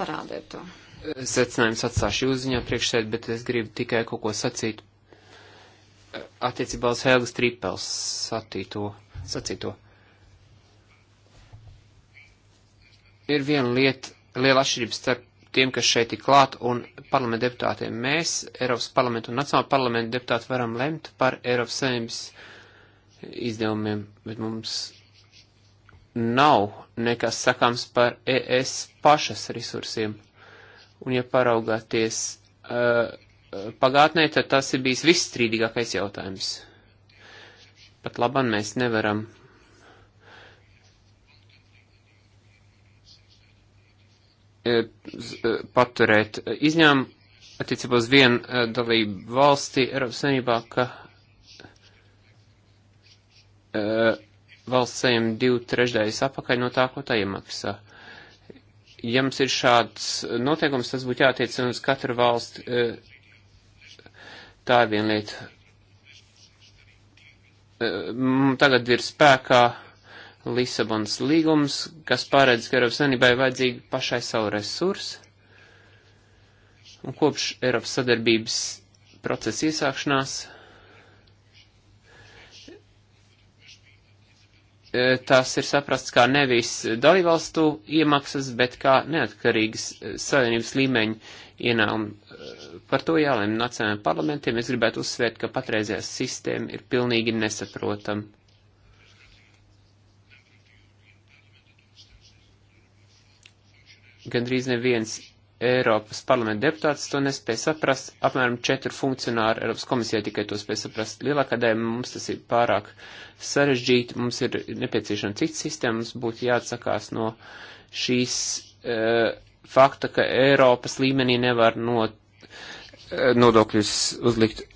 parādiet to. Secinājums atstāšu jūs ziņā priekšsēd, bet es gribu tikai kaut ko sacīt attiecībā uz Helgas Trīpels sacīto. sacīto. Ir viena lieta, liela atšķirība starp tiem, kas šeit ir klāt, un parlamenta deputātiem. Mēs, Eiropas parlamenta un Nacionāla parlamenta deputāti, varam lemt par Eiropas saimnības izdevumiem, bet mums nav nekas sakāms par ES pašas resursiem. Un, ja paraugāties uh, uh pagātnē, tad tas ir bijis visstrīdīgākais jautājums. Pat labam mēs nevaram E, e, paturēt izņēmumu attiecībā uz vienu e, dalību valsti Eiropas Savienībā, ka valsts saņem divu trešdaļas apakaļ no tā, ko tā iemaksā. Ja mums ir šāds noteikums, tas būtu jātiecina uz katru valsti. Tā ir viena lieta. Tagad ir spēkā Lisabons līgums, kas paredz, ka Eiropas Savienībai vajadzīgi pašai savu resursu. Un kopš Eiropas sadarbības procesa iesākšanās e, tās ir saprasts kā nevis dalībvalstu iemaksas, bet kā neatkarīgas e, savienības līmeņa ienākuma. E, par to jālēm nacionālajiem parlamentiem. Es gribētu uzsvērt, ka patreizējā sistēma ir pilnīgi nesaprotama. gandrīz neviens Eiropas parlamenta deputāts to nespēja saprast, apmēram četri funkcionāri Eiropas komisijā tikai to spēja saprast. Lielākā daļa mums tas ir pārāk sarežģīti, mums ir nepieciešama cita sistēma, mums būtu jāatsakās no šīs e, fakta, ka Eiropas līmenī nevar no, e, nodokļus uzlikt.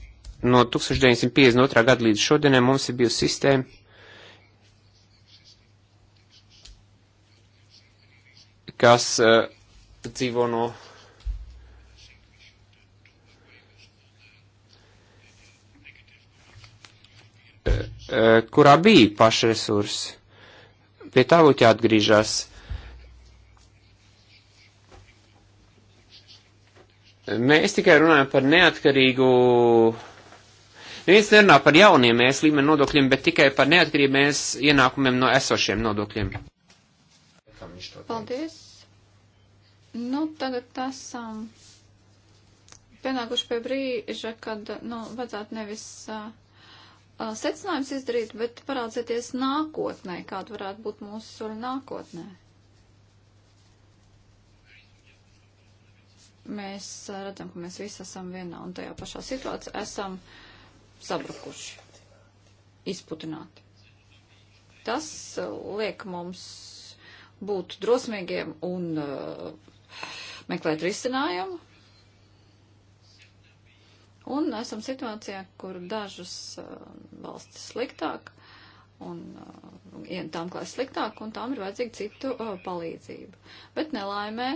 No 1952. gada līdz šodienai mums ir bijusi sistēma kas uh, dzīvo no. Uh, uh, kurā bija pašresursi. Pie tā būtu jāatgriežas. Mēs tikai runājam par neatkarīgu Neviens nerunā par jauniem ES līmeņa nodokļiem, bet tikai par neatkarību ES ienākumiem no esošiem nodokļiem. Paldies! Nu, tagad esam pienākuši pie brīža, kad, nu, vajadzētu nevis uh, secinājums izdarīt, bet parādzieties nākotnē, kāda varētu būt mūsu soļa nākotnē. Mēs uh, redzam, ka mēs visi esam vienā un tajā pašā situācijā esam sabrukuši, izputināti. Tas uh, liek mums būt drosmīgiem un uh, meklēt risinājumu. Un esam situācijā, kur dažas uh, valstis sliktāk un uh, tām klājas sliktāk, un tām ir vajadzīga citu uh, palīdzība. Bet nelaimē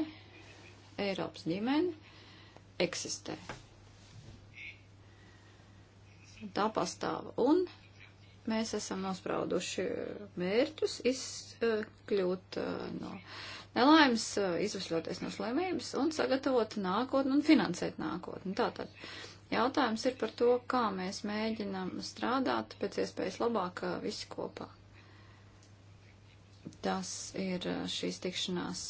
Eiropas ģimene eksistē. Tā pastāv. Un mēs esam nosprauduši mērķus izkļūt uh, no nelaimes, izvesļoties no slimības un sagatavot nākotni un finansēt nākotni. Tātad jautājums ir par to, kā mēs mēģinam strādāt pēc iespējas labāk visi kopā. Tas ir šīs tikšanās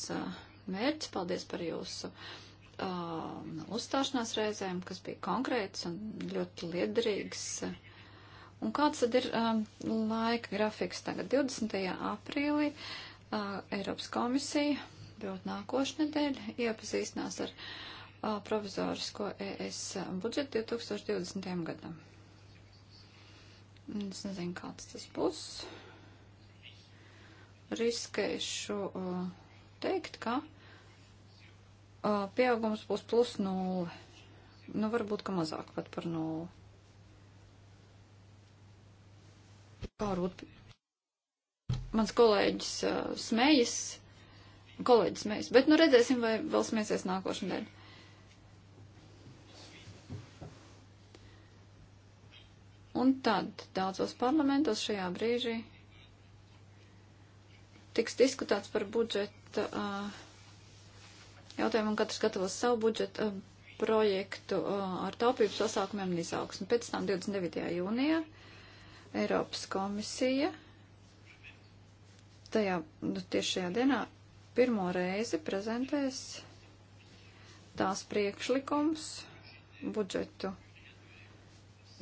mērķis. Paldies par jūsu uh, uzstāšanās reizēm, kas bija konkrēts un ļoti liederīgs. Un kāds tad ir um, laika grafiks tagad? 20. aprīlī Eiropas komisija, bet nākošnedēļ iepazīstinās ar provizorisko ES budžetu 2020. gadam. Es nezinu, kāds tas būs. Riskēšu teikt, ka pieaugums būs plus nulle. Nu, varbūt, ka mazāk pat par nulli. Kā rūt mans kolēģis uh, smējas, kolēģis smējas, bet nu redzēsim, vai vēl smēsies nākošanai. Un tad daudzos parlamentos šajā brīžī tiks diskutēts par budžeta uh, jautājumu, un katrs gatavos savu budžeta uh, projektu uh, ar taupības pasākumiem un izaugsmu. Pēc tam 29. jūnijā Eiropas komisija tajā, nu, tieši šajā dienā pirmo reizi prezentēs tās priekšlikums budžetu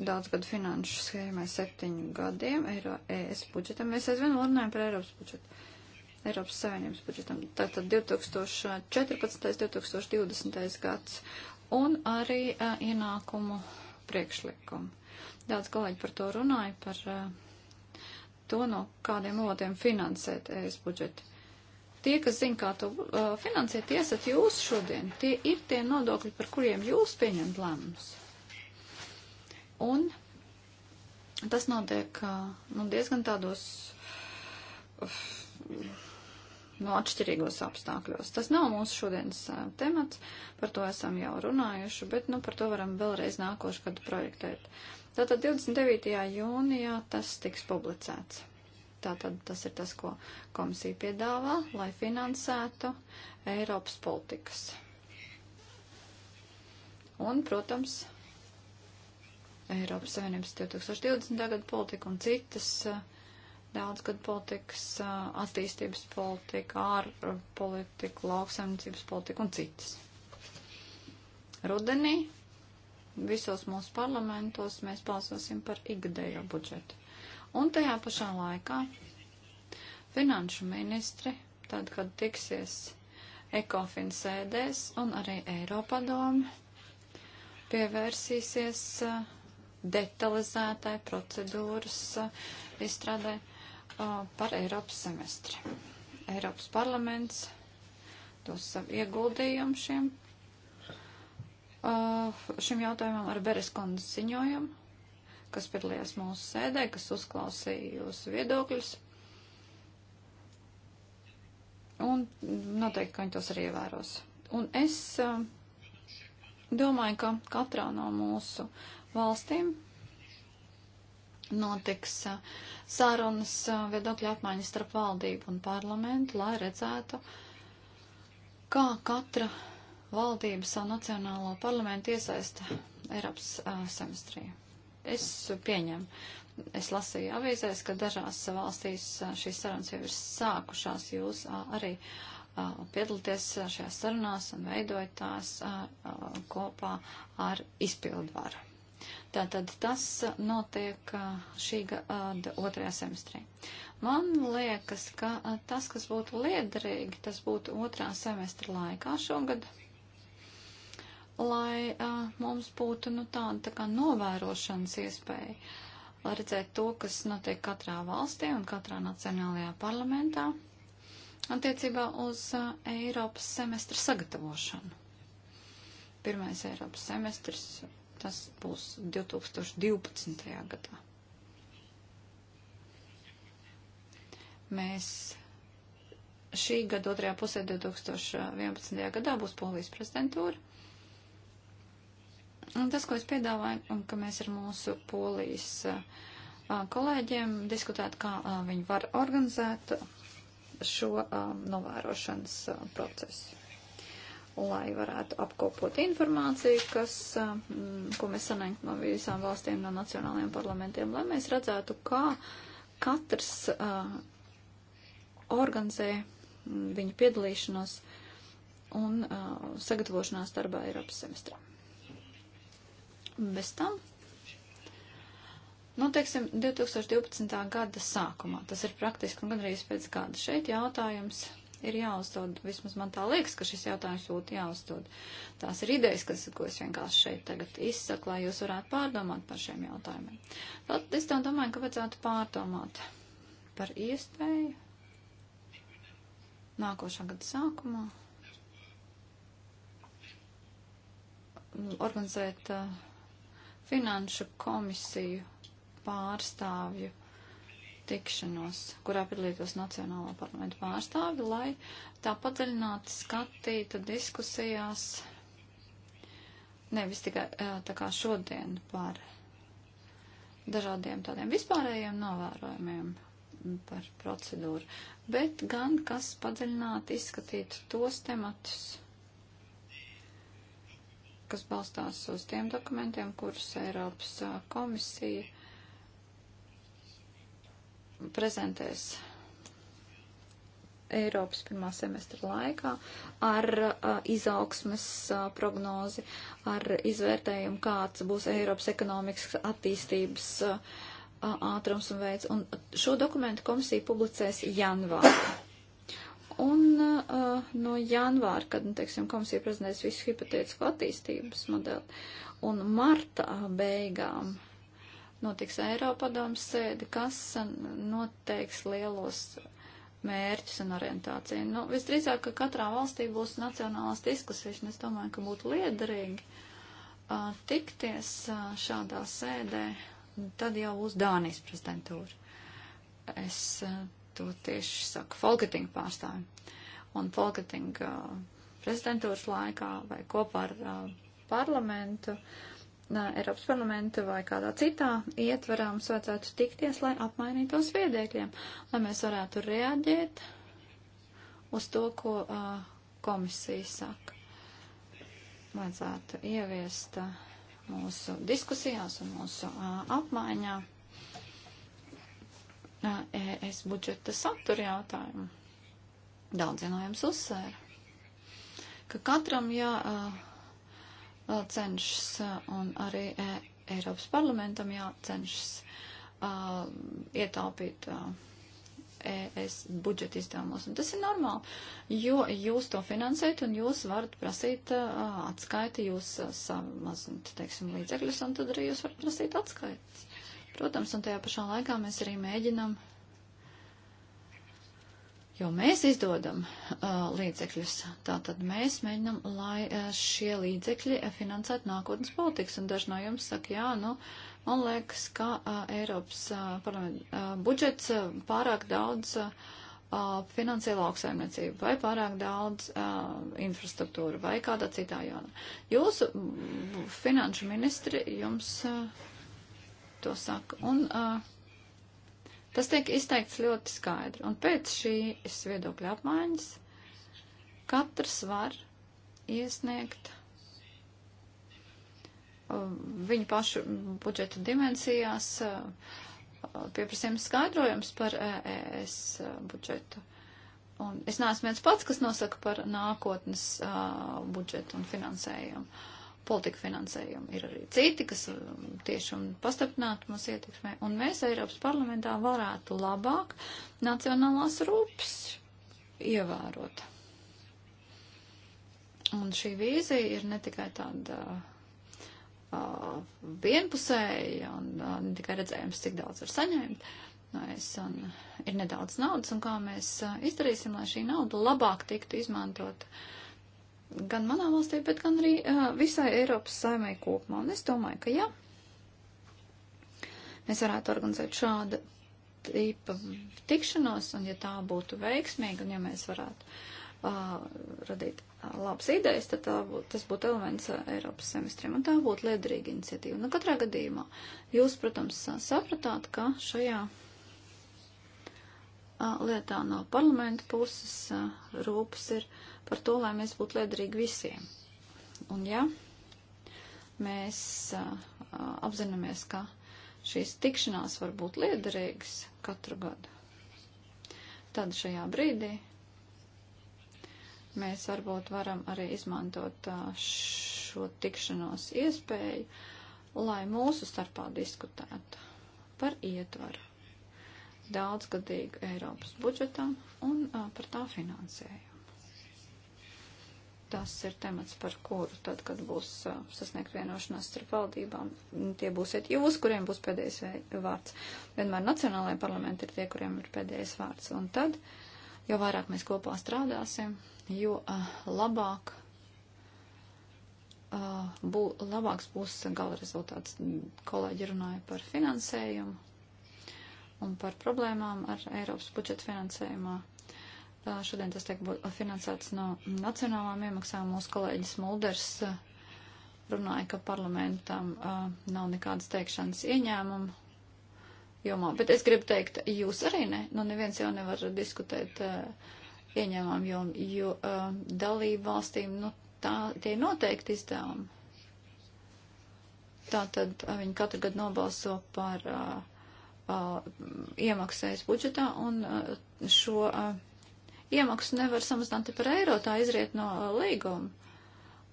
daudzgadu finanšu schēmai septiņu gadiem Eiro, ES budžetam. Mēs aizvien runājam par Eiropas budžetu. Eiropas Savienības budžetam. Tātad 2014. 2020. gads un arī uh, ienākumu priekšlikumu. Daudz kolēģi par to runāja, par uh, to, no kādiem avotiem finansēt ES budžeti. Tie, kas zina, kā to uh, finansēt, tie esat jūs šodien. Tie ir tie nodokļi, par kuriem jūs pieņemt lēmumus. Un tas notiek uh, nu, diezgan tādos uh, no nu, atšķirīgos apstākļos. Tas nav mūsu šodienas uh, temats, par to esam jau runājuši, bet nu, par to varam vēlreiz nākošu gadu projektēt. Uh, Tātad 29. jūnijā tas tiks publicēts. Tātad tas ir tas, ko komisija piedāvā, lai finansētu Eiropas politikas. Un, protams, Eiropas Savienības 2020. gada politika un citas eh, daudzgad politikas, eh, attīstības politika, ārpolitika, lauksaimniecības politika un citas. Rudenī visos mūsu parlamentos mēs balsosim par ikgadējo budžetu. Un tajā pašā laikā finanšu ministri, tad, kad tiksies ECOFIN sēdēs un arī Eiropadomi, pievērsīsies uh, detalizētai procedūras uh, izstrādē uh, par Eiropas semestri. Eiropas parlaments dos savu ieguldījumu šiem Uh, šim jautājumam ar Bereskondas ziņojumu, kas piedalījās mūsu sēdē, kas uzklausīja jūsu viedokļus. Un noteikti, ka viņi tos arī ievēros. Un es uh, domāju, ka katrā no mūsu valstīm notiks uh, sarunas viedokļa apmaiņas starp valdību un parlamentu, lai redzētu, kā katra valdības un nacionālo parlamentu iesaista Eiropas uh, semestrī. Es pieņemu. Es lasīju avīzēs, ka dažās valstīs šīs sarunas jau ir sākušās. Jūs uh, arī uh, piedalīties šajās sarunās un veidojat tās uh, kopā ar izpildvaru. Tātad tas notiek šī gada otrajā semestrī. Man liekas, ka tas, kas būtu liederīgi, tas būtu otrā semestra laikā šogad lai uh, mums būtu nu, tāda tā kā novērošanas iespēja, lai redzētu to, kas notiek katrā valstī un katrā nacionālajā parlamentā attiecībā uz uh, Eiropas semestra sagatavošanu. Pirmais Eiropas semestrs, tas būs 2012. gadā. Mēs šī gada otrajā pusē 2011. gadā būs Polijas prezidentūra Un tas, ko es piedāvāju, un ka mēs ar mūsu polijas kolēģiem diskutētu, kā viņi var organizēt šo novērošanas procesu, lai varētu apkopot informāciju, kas, ko mēs sanāktu no visām valstīm, no nacionālajiem parlamentiem, lai mēs redzētu, kā katrs organizē viņu piedalīšanos un sagatavošanās darbā Eiropas semestrā bez tam, nu, teiksim, 2012. gada sākumā, tas ir praktiski un gandrīz pēc gada, šeit jautājums ir jāuzdod, vismaz man tā liekas, ka šis jautājums būtu jāuzdod. Tās ir idejas, kas, ko es vienkārši šeit tagad izsaku, lai jūs varētu pārdomāt par šiem jautājumiem. Tad es tam domāju, ka vajadzētu pārdomāt par iespēju nākošā gada sākumā organizēt uh, finanšu komisiju pārstāvju tikšanos, kurā piedalītos Nacionālā parlamenta pārstāvi, lai tā padziļināti skatītu diskusijās nevis tikai tā kā šodien par dažādiem tādiem vispārējiem novērojumiem par procedūru, bet gan kas padziļināti izskatītu tos tematus, kas balstās uz tiem dokumentiem, kurus Eiropas komisija prezentēs Eiropas pirmā semestra laikā ar a, izaugsmes a, prognozi, ar izvērtējumu, kāds būs Eiropas ekonomikas attīstības a, ātrums un veids. Un šo dokumentu komisija publicēs janvārī. Un uh, no janvāra, kad, nu, teiksim, komisija prezentēs visu hipotētisku attīstības modeli, un marta eh, beigām notiks Eiropadomas sēde, kas eh, noteiks lielos mērķus un orientāciju. Nu, visdrīzāk, ka katrā valstī būs nacionālās diskusijas, un es domāju, ka būtu liederīgi uh, tikties uh, šādā sēdē, tad jau būs Dānijas prezidentūra. Es uh, to tieši saka Folketinga pārstāvji. Un Folketinga uh, prezidentūras laikā vai kopā ar uh, parlamentu, uh, Eiropas parlamentu vai kādā citā ietvarā mums vajadzētu tikties, lai apmainītos viedēkļiem, lai mēs varētu reaģēt uz to, ko komisija saka. Vajadzētu ieviest mūsu diskusijās un mūsu apmaiņā ES budžeta satura jautājumu. Daudziem no jums uzsvēra, ka katram jācenšas un arī Eiropas parlamentam jācenšas ietaupīt ES budžeta izdevumos. Un tas ir normāli, jo jūs to finansējat un jūs varat prasīt atskaiti, jūs samazinat, teiksim, līdzekļus un tad arī jūs varat prasīt atskaitas. Protams, un tajā pašā laikā mēs arī mēģinam, jo mēs izdodam uh, līdzekļus, tātad mēs mēģinam, lai uh, šie līdzekļi finansētu nākotnes politikas, un daži no jums saka, jā, nu, man liekas, ka uh, Eiropas uh, uh budžets uh, pārāk daudz uh, uh, finansē lauksaimniecību, vai pārāk daudz uh, infrastruktūru, vai kādā citā jomā. Jūsu mm, finanšu ministri jums. Uh, to saka. Un uh, tas tiek izteikts ļoti skaidri. Un pēc šīs viedokļa apmaiņas katrs var iesniegt uh, viņu pašu budžeta dimensijās uh, pieprasījums skaidrojums par ES budžetu. Un es neesmu viens pats, kas nosaka par nākotnes uh, budžetu un finansējumu. Uh, politika finansējumu. Ir arī citi, kas um, tieši un pastiprināti mūs ietekmē. Un mēs Eiropas parlamentā varētu labāk nacionālās rūpes ievērot. Un šī vīzija ir ne tikai tāda uh, vienpusēja un uh, ne tikai redzējums, cik daudz var saņemt. Mēs, un ir nedaudz naudas, un kā mēs uh, izdarīsim, lai šī nauda labāk tiktu izmantota uh, gan manā valstī, bet gan arī uh, visai Eiropas saimai kopumā. Un es domāju, ka jā, mēs varētu organizēt šādu tipa tikšanos, un ja tā būtu veiksmīga, un ja mēs varētu uh, radīt uh, labas idejas, tad būtu, tas būtu elements uh, Eiropas semestrim, un tā būtu liederīga iniciatīva. Nu, katrā gadījumā jūs, protams, sapratāt, ka šajā lietā no parlamenta puses rūpes ir par to, lai mēs būtu liederīgi visiem. Un ja mēs apzināmies, ka šīs tikšanās var būt liederīgas katru gadu, tad šajā brīdī mēs varbūt varam arī izmantot šo tikšanos iespēju, lai mūsu starpā diskutētu par ietvaru daudzgadīgu Eiropas budžetam un a, par tā finansējumu. Tas ir temats, par kuru tad, kad būs a, sasniegt vienošanās starp valdībām, tie būsiet jūs, kuriem būs pēdējais vārds. Vienmēr nacionālajiem parlamenti ir tie, kuriem ir pēdējais vārds. Un tad, jo vairāk mēs kopā strādāsim, jo a, labāk bū, labāks būs gala rezultāts. Kolēģi runāja par finansējumu, un par problēmām ar Eiropas budžeta finansējumā. Šodien tas tiek finansēts no nacionālām iemaksām. Mūsu kolēģis Mulders runāja, ka parlamentam nav nekādas teikšanas ieņēmumu jomā. Bet es gribu teikt, jūs arī ne. Nu, neviens jau nevar diskutēt ieņēmām, jo, jo dalību valstīm, nu, tā, tie noteikti izdevumi. Tātad viņi katru gadu nobalso par uh, iemaksājas budžetā un šo iemaksu nevar samazināt par eiro, tā izriet no līguma.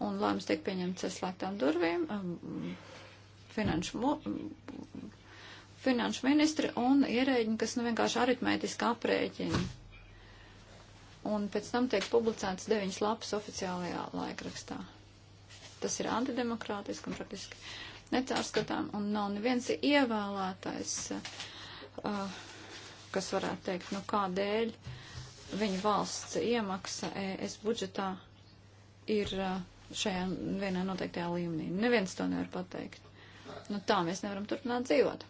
Un lēmums tiek pieņemts ar slēgtām durvīm, finanšu, finanšu ministri un ierēģi, kas nu vienkārši aritmētiski aprēķina. Un pēc tam tiek publicēts deviņas lapas oficiālajā laikrakstā. Tas ir antidemokrātiski un praktiski. Uh, necaurskatām un nav neviens ievēlētais, uh, kas varētu teikt, nu kādēļ viņa valsts iemaksa ES budžetā ir uh, šajā vienā noteiktajā līmenī. Neviens to nevar pateikt. Nu tā mēs nevaram turpināt dzīvot.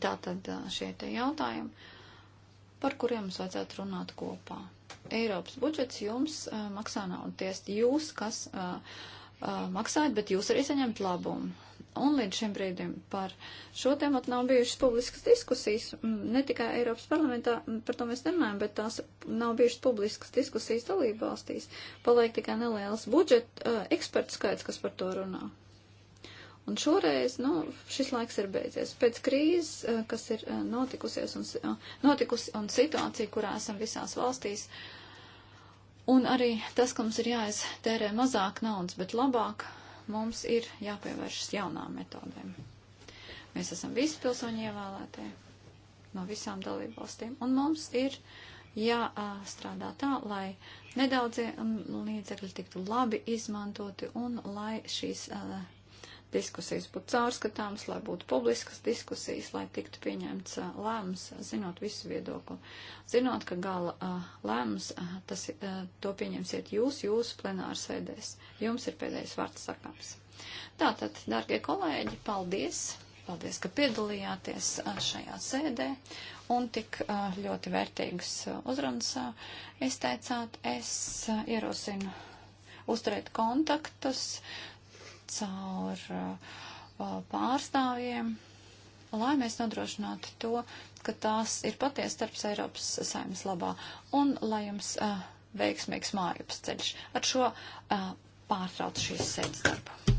Tātad eh, šie te jautājumi, par kuriem mums vajadzētu runāt kopā. Eiropas budžets jums uh, maksā naudu tiest jūs, kas uh, uh, maksājat, bet jūs arī saņemt labumu. Un līdz šim brīdim par šo tēmatu nav bijušas publiskas diskusijas, ne tikai Eiropas parlamentā, par to mēs nerunājam, bet tās nav bijušas publiskas diskusijas dalību valstīs. Paliek tikai neliels budžeta uh, ekspertu skaits, kas par to runā. Un šoreiz, nu, šis laiks ir beidzies. Pēc krīzes, uh, kas ir uh, notikusies un, uh, notikusi un situācija, kurā esam visās valstīs, uh, Un arī tas, ka mums ir jāiztērē mazāk naudas, bet labāk, mums ir jāpievēršas jaunām metodēm. Mēs esam visi pilsoņi ievēlētie no visām dalībvalstīm, un mums ir jāstrādā tā, lai nedaudzie um, līdzekļi tiktu labi izmantoti un lai šīs uh, diskusijas būtu caurskatāmas, lai būtu publiskas diskusijas, lai tiktu pieņemts lēmums, zinot visu viedokli. Zinot, ka gala lēmums, tas, to pieņemsiet jūs, jūsu plenāra sēdēs. Jums ir pēdējais vārds sakāms. Tātad, dārgie kolēģi, paldies! Paldies, ka piedalījāties šajā sēdē un tik ļoti vērtīgas uzrunas izteicāt. Es ierosinu uzturēt kontaktus, caur uh, pārstāvjiem, lai mēs nodrošinātu to, ka tās ir paties darbs Eiropas saimnes labā un lai jums uh, veiksmīgs mājups ceļš. Ar šo uh, pārtrauc šīs sēdes darbu.